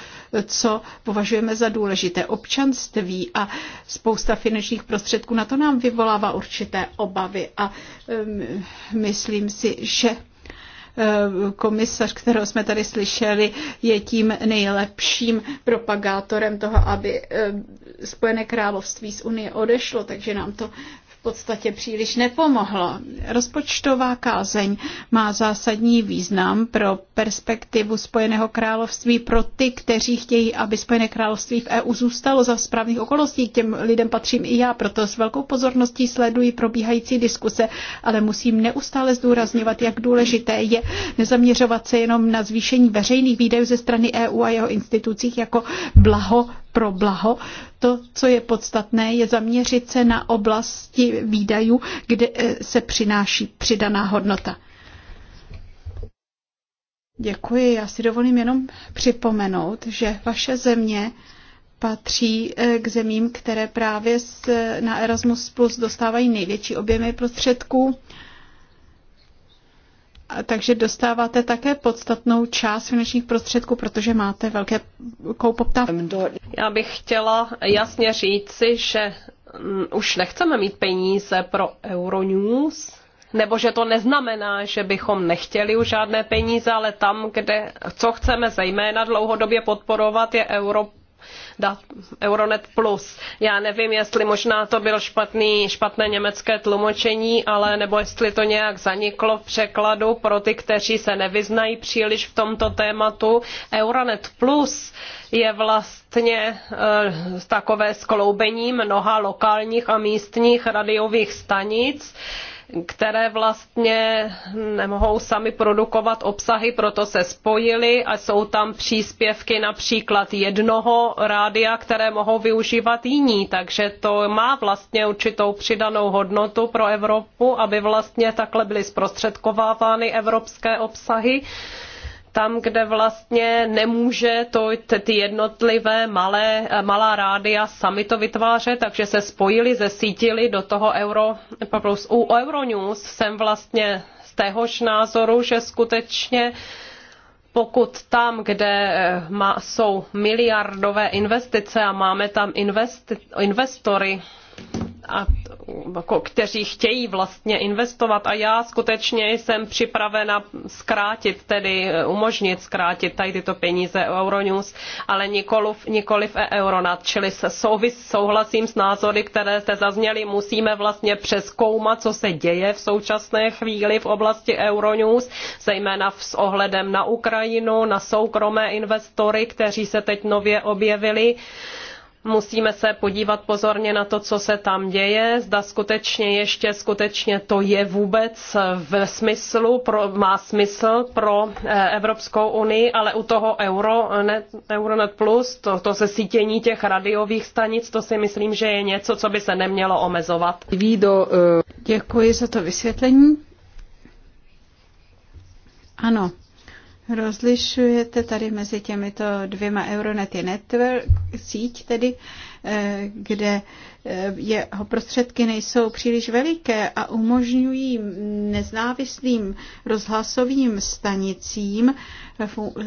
co považujeme za důležité. Občanství a spousta finančních prostředků, na to nám vyvolává určité obavy a um, myslím si, že Eh, komisař, kterého jsme tady slyšeli, je tím nejlepším propagátorem toho, aby eh, Spojené království z Unie odešlo, takže nám to podstatě příliš nepomohlo. Rozpočtová kázeň má zásadní význam pro perspektivu Spojeného království pro ty, kteří chtějí, aby Spojené království v EU zůstalo za správných okolností. K těm lidem patřím i já, proto s velkou pozorností sleduji probíhající diskuse, ale musím neustále zdůrazňovat, jak důležité je nezaměřovat se jenom na zvýšení veřejných výdajů ze strany EU a jeho institucích jako blaho pro blaho, to, co je podstatné, je zaměřit se na oblasti výdajů, kde eh, se přináší přidaná hodnota. Děkuji. Já si dovolím jenom připomenout, že vaše země patří eh, k zemím, které právě na Erasmus Plus dostávají největší objemy prostředků takže dostáváte také podstatnou část finančních prostředků, protože máte velké poptávku. Já bych chtěla jasně říci, že mm, už nechceme mít peníze pro Euronews, nebo že to neznamená, že bychom nechtěli už žádné peníze, ale tam, kde, co chceme zejména dlouhodobě podporovat, je Europa dat, Euronet Plus. Já nevím, jestli možná to bylo špatný, špatné německé tlumočení, ale nebo jestli to nějak zaniklo v překladu pro ty, kteří se nevyznají příliš v tomto tématu. Euronet Plus je vlastně e, takové skloubení mnoha lokálních a místních radiových stanic. E, které vlastně nemohou sami produkovat obsahy, proto se spojili a jsou tam příspěvky například jednoho rádia, které mohou využívat jiní. Takže to má vlastně určitou přidanou hodnotu pro Evropu, aby vlastně takhle byly zprostředkovávány evropské obsahy tam, kde vlastně nemůže to, ty jednotlivé malé, malá rádia sami to vytvářet, takže se spojili, zesítili do toho Euro, plus u Euronews jsem vlastně z téhož názoru, že skutečně pokud tam, kde eh, má, jsou miliardové investice a máme tam investi, investory, a, jako, kteří chtějí vlastně investovat a já skutečně jsem připravena zkrátit, tedy eh, umožnit zkrátit tady tyto peníze Euronews, ale nikoliv, nikoliv e Euronat, čili se souvis, souhlasím s názory, které jste zazněli, musíme vlastně přeskoumat, co se děje v současné chvíli v oblasti Euronews, zejména s ohledem na Ukrajinu, na soukromé investory, kteří se teď nově objevili Musíme se podívat pozorně na to, co se tam děje, zda skutečně ještě skutečně to je vůbec v smyslu, pro, má smysl pro eh, Evropskou unii, ale u toho Euronet, Euronet Plus, to, to se sítění těch radiových stanic, to si myslím, že je něco, co by se nemělo omezovat. Vído, eh, děkuji za to vysvětlení. Ano, rozlišujete tady mezi těmito dvěma Euronet je network, síť tedy, eh, kde Eh, jeho prostředky nejsou příliš veliké a umožňují nezávislým rozhlasovým stanicím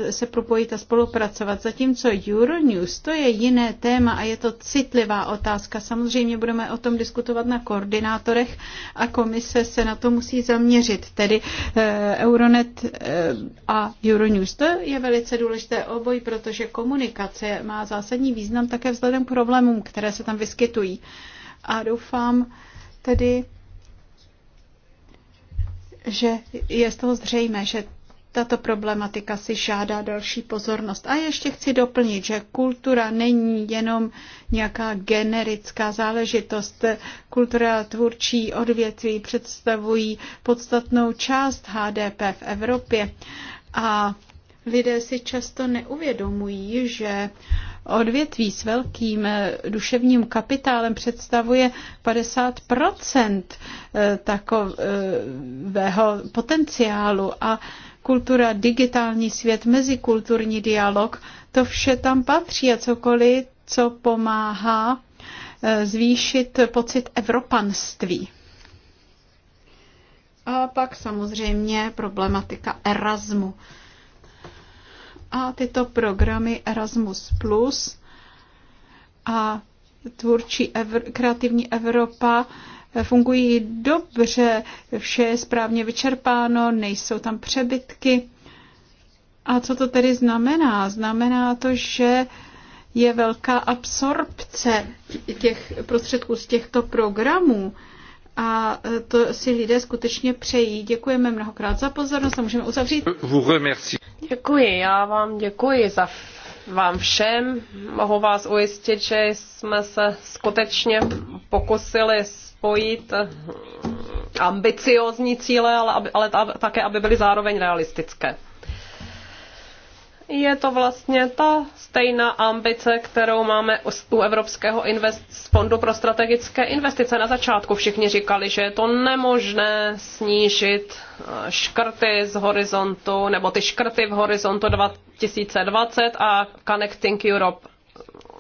eh, se propojit a spolupracovat. Zatímco Euronews, to je jiné téma a je to citlivá otázka. Samozřejmě budeme o tom diskutovat na koordinátorech a komise se na to musí zaměřit, tedy eh, Euronet a Euronews. To je velice důležité oboj, protože komunikace má zásadní význam také vzhledem k problémům, které se tam vyskytují. A doufám tedy, že je z toho zřejmé, že tato problematika si žádá další pozornost. A ještě chci doplnit, že kultura není jenom nějaká generická záležitost. Kultura tvůrčí odvětví představují podstatnou část HDP v Evropě. A lidé si často neuvědomují, že odvětví s velkým eh, duševním kapitálem představuje 50 eh, takového potenciálu a kultura, digitální svět, mezikulturní dialog, to vše tam patří a cokoliv, co pomáhá eh, zvýšit pocit evropanství. A pak samozřejmě problematika Erasmu a tyto programy Erasmus+, Plus a tvůrčí Evr- kreativní Evropa eh, fungují dobře, vše je správně vyčerpáno, nejsou tam přebytky. A co to tedy znamená? Znamená to, že je velká absorpce těch prostředků z těchto programů a e, to si lidé skutečně přejí. Děkujeme mnohokrát za pozornost a můžeme uzavřít. Děkuji, já vám děkuji za vám všem. Mohu vás ujistit, že jsme se skutečně pokusili spojit e, ambiciozní cíle, ale, ale, ale také, aby byly zároveň realistické je to vlastně ta stejná ambice, kterou máme u Evropského invest, fondu pro strategické investice. Na začátku všichni říkali, že je to nemožné snížit eh, škrty z horizontu, nebo ty škrty v horizontu 2020 a Connecting Europe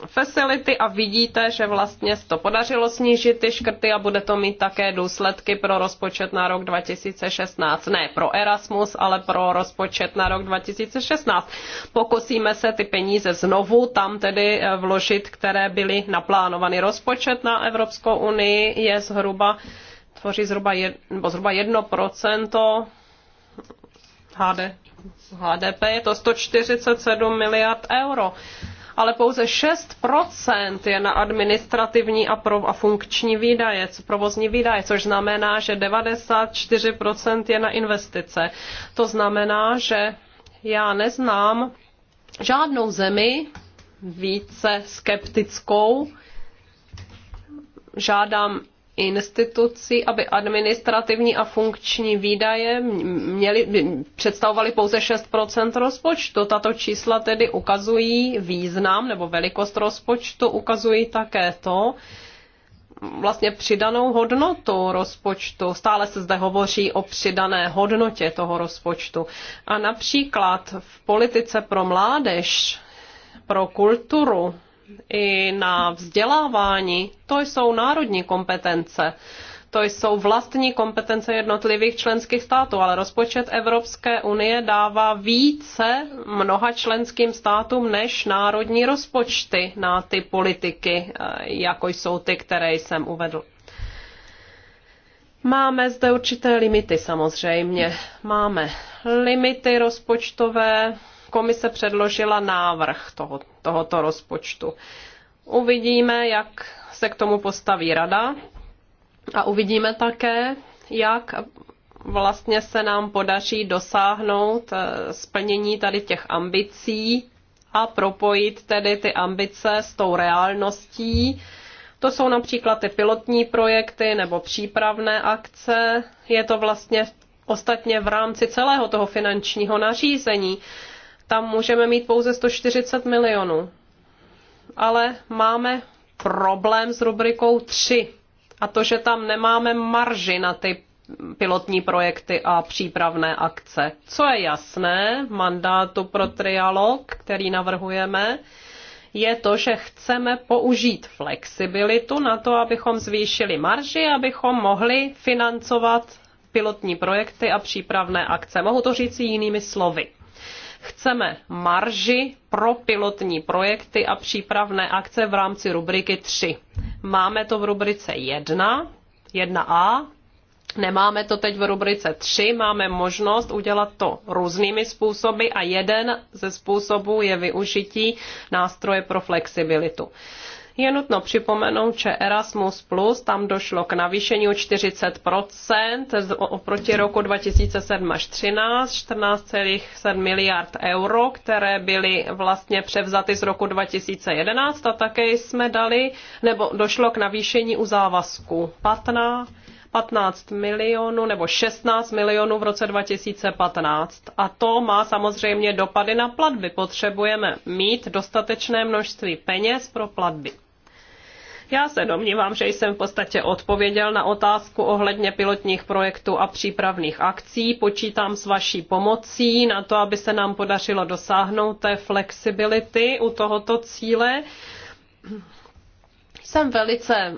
facility a vidíte, že vlastně se to podařilo snížit ty škrty a bude to mít také důsledky pro rozpočet na rok 2016. Ne pro Erasmus, ale pro rozpočet na rok 2016. Pokusíme se ty peníze znovu tam tedy eh, vložit, které byly naplánovány. Rozpočet na Evropskou unii je zhruba tvoří zhruba, jed, nebo zhruba 1% HD, HDP, je to 147 miliard euro ale pouze 6% je na administrativní a, pro, a funkční výdaje, provozní výdaje, což znamená, že 94% je na investice. To znamená, že já neznám žádnou zemi více skeptickou, žádám institucí, aby administrativní a funkční výdaje měly, představovaly pouze 6 rozpočtu. Tato čísla tedy ukazují význam nebo velikost rozpočtu, ukazují také to, vlastně přidanou hodnotu rozpočtu. Stále se zde hovoří o přidané hodnotě toho rozpočtu. A například v politice pro mládež, pro kulturu, i na vzdělávání, to jsou národní kompetence. To jsou vlastní kompetence jednotlivých členských států, ale rozpočet Evropské unie dává více mnoha členským státům než národní rozpočty na ty politiky, eh, jako jsou ty, které jsem uvedl. Máme zde určité limity samozřejmě. Máme limity rozpočtové, komise předložila návrh toho, tohoto rozpočtu. Uvidíme, jak se k tomu postaví rada a uvidíme také, jak vlastně se nám podaří dosáhnout eh, splnění tady těch ambicí a propojit tedy ty ambice s tou reálností. To jsou například ty pilotní projekty nebo přípravné akce. Je to vlastně ostatně v rámci celého toho finančního nařízení tam můžeme mít pouze 140 milionů. Ale máme problém s rubrikou 3 a to, že tam nemáme marži na ty pilotní projekty a přípravné akce. Co je jasné mandátu pro trialog, který navrhujeme, je to, že chceme použít flexibilitu na to, abychom zvýšili marži, abychom mohli financovat pilotní projekty a přípravné akce. Mohu to říct jinými slovy. Chceme marži pro pilotní projekty a přípravné akce v rámci rubriky 3. Máme to v rubrice 1, 1a, Nemáme to teď v rubrice 3, máme možnost udělat to různými způsoby a jeden ze způsobů je využití nástroje pro flexibilitu. Je nutno připomenout, že Erasmus Plus tam došlo k navýšení o 40% oproti roku 2007 až 13, 14,7 miliard euro, které byly vlastně převzaty z roku 2011 a také jsme dali, nebo došlo k navýšení u závazku 15, 15 milionů nebo 16 milionů v roce 2015. A to má samozřejmě dopady na platby. Potřebujeme mít dostatečné množství peněz pro platby. Já se domnívám, že jsem v podstatě odpověděl na otázku ohledně pilotních projektů a přípravných akcí. Počítám s vaší pomocí na to, aby se nám podařilo dosáhnout té flexibility u tohoto cíle jsem velice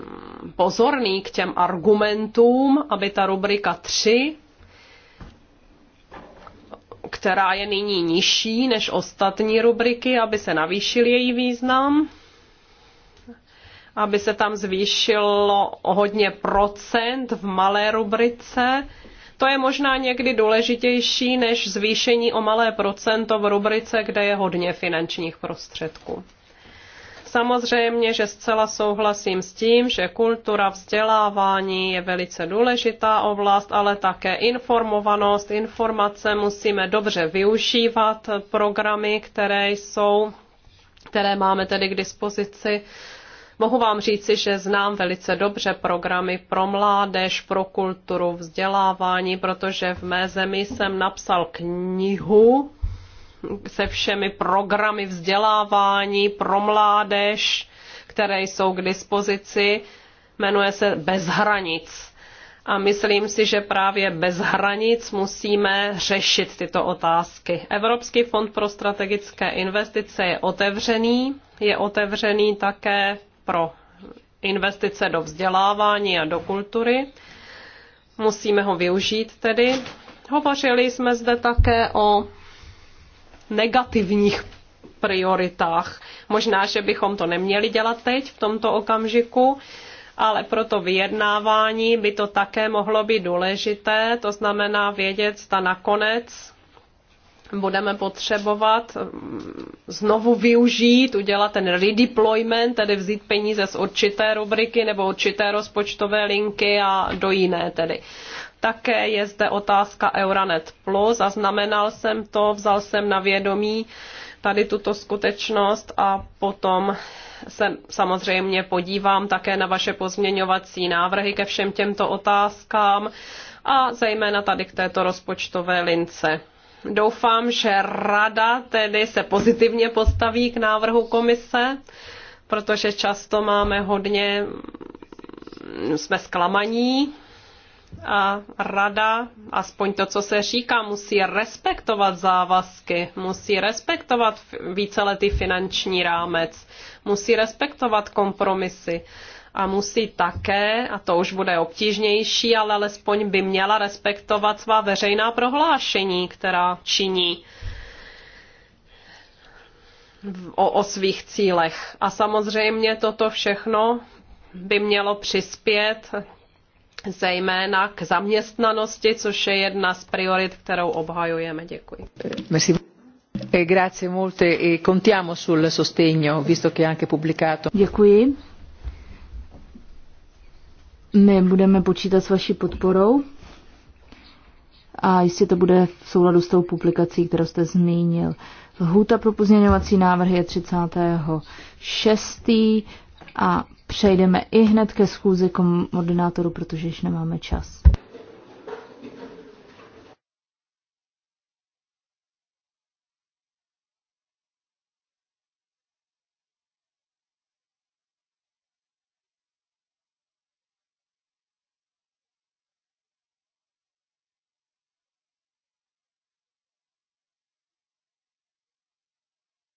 pozorný k těm argumentům, aby ta rubrika 3, která je nyní nižší než ostatní rubriky, aby se navýšil její význam aby se tam zvýšilo o hodně procent v malé rubrice. To je možná někdy důležitější než zvýšení o malé procento v rubrice, kde je hodně finančních prostředků. Samozřejmě, že zcela souhlasím s tím, že kultura vzdělávání je velice důležitá oblast, ale také informovanost, informace musíme dobře využívat, programy, které jsou které máme tedy k dispozici Mohu vám říci, že znám velice dobře programy pro mládež, pro kulturu, vzdělávání, protože v mé zemi jsem napsal knihu se všemi programy vzdělávání pro mládež, které jsou k dispozici. Jmenuje se Bez hranic. A myslím si, že právě bez hranic musíme řešit tyto otázky. Evropský fond pro strategické investice je otevřený, je otevřený také pro investice do vzdělávání a do kultury. Musíme ho využít tedy. Hovořili jsme zde také o negativních prioritách. Možná, že bychom to neměli dělat teď, v tomto okamžiku, ale pro to vyjednávání by to také mohlo být důležité, to znamená vědět, zda nakonec budeme potřebovat mm, znovu využít, udělat ten redeployment, tedy vzít peníze z určité rubriky nebo určité rozpočtové linky a do jiné tedy. Také je zde otázka Euronet Plus, a znamenal jsem to, vzal jsem na vědomí tady tuto skutečnost a potom se samozřejmě podívám také na vaše pozměňovací návrhy ke všem těmto otázkám a zejména tady k této rozpočtové lince. Doufám, že rada tedy se pozitivně postaví k návrhu komise, protože často máme hodně, jsme zklamaní a rada, aspoň to, co se říká, musí respektovat závazky, musí respektovat víceletý finanční rámec, musí respektovat kompromisy a musí také, a to už bude obtížnější, ale alespoň by měla respektovat svá veřejná prohlášení, která činí o, o svých cílech. A samozřejmě toto všechno by mělo přispět zejména k zaměstnanosti, což je jedna z priorit, kterou obhajujeme. Děkuji. Merci. E grazie molte e contiamo sul sostegno, visto che è anche pubblicato. Děkuji. My budeme počítat s vaší podporou a jistě to bude v souladu s tou publikací, kterou jste zmínil. Lhůta pro pozměňovací návrhy je 36. a přejdeme i hned ke schůzi koordinátoru, protože již nemáme čas.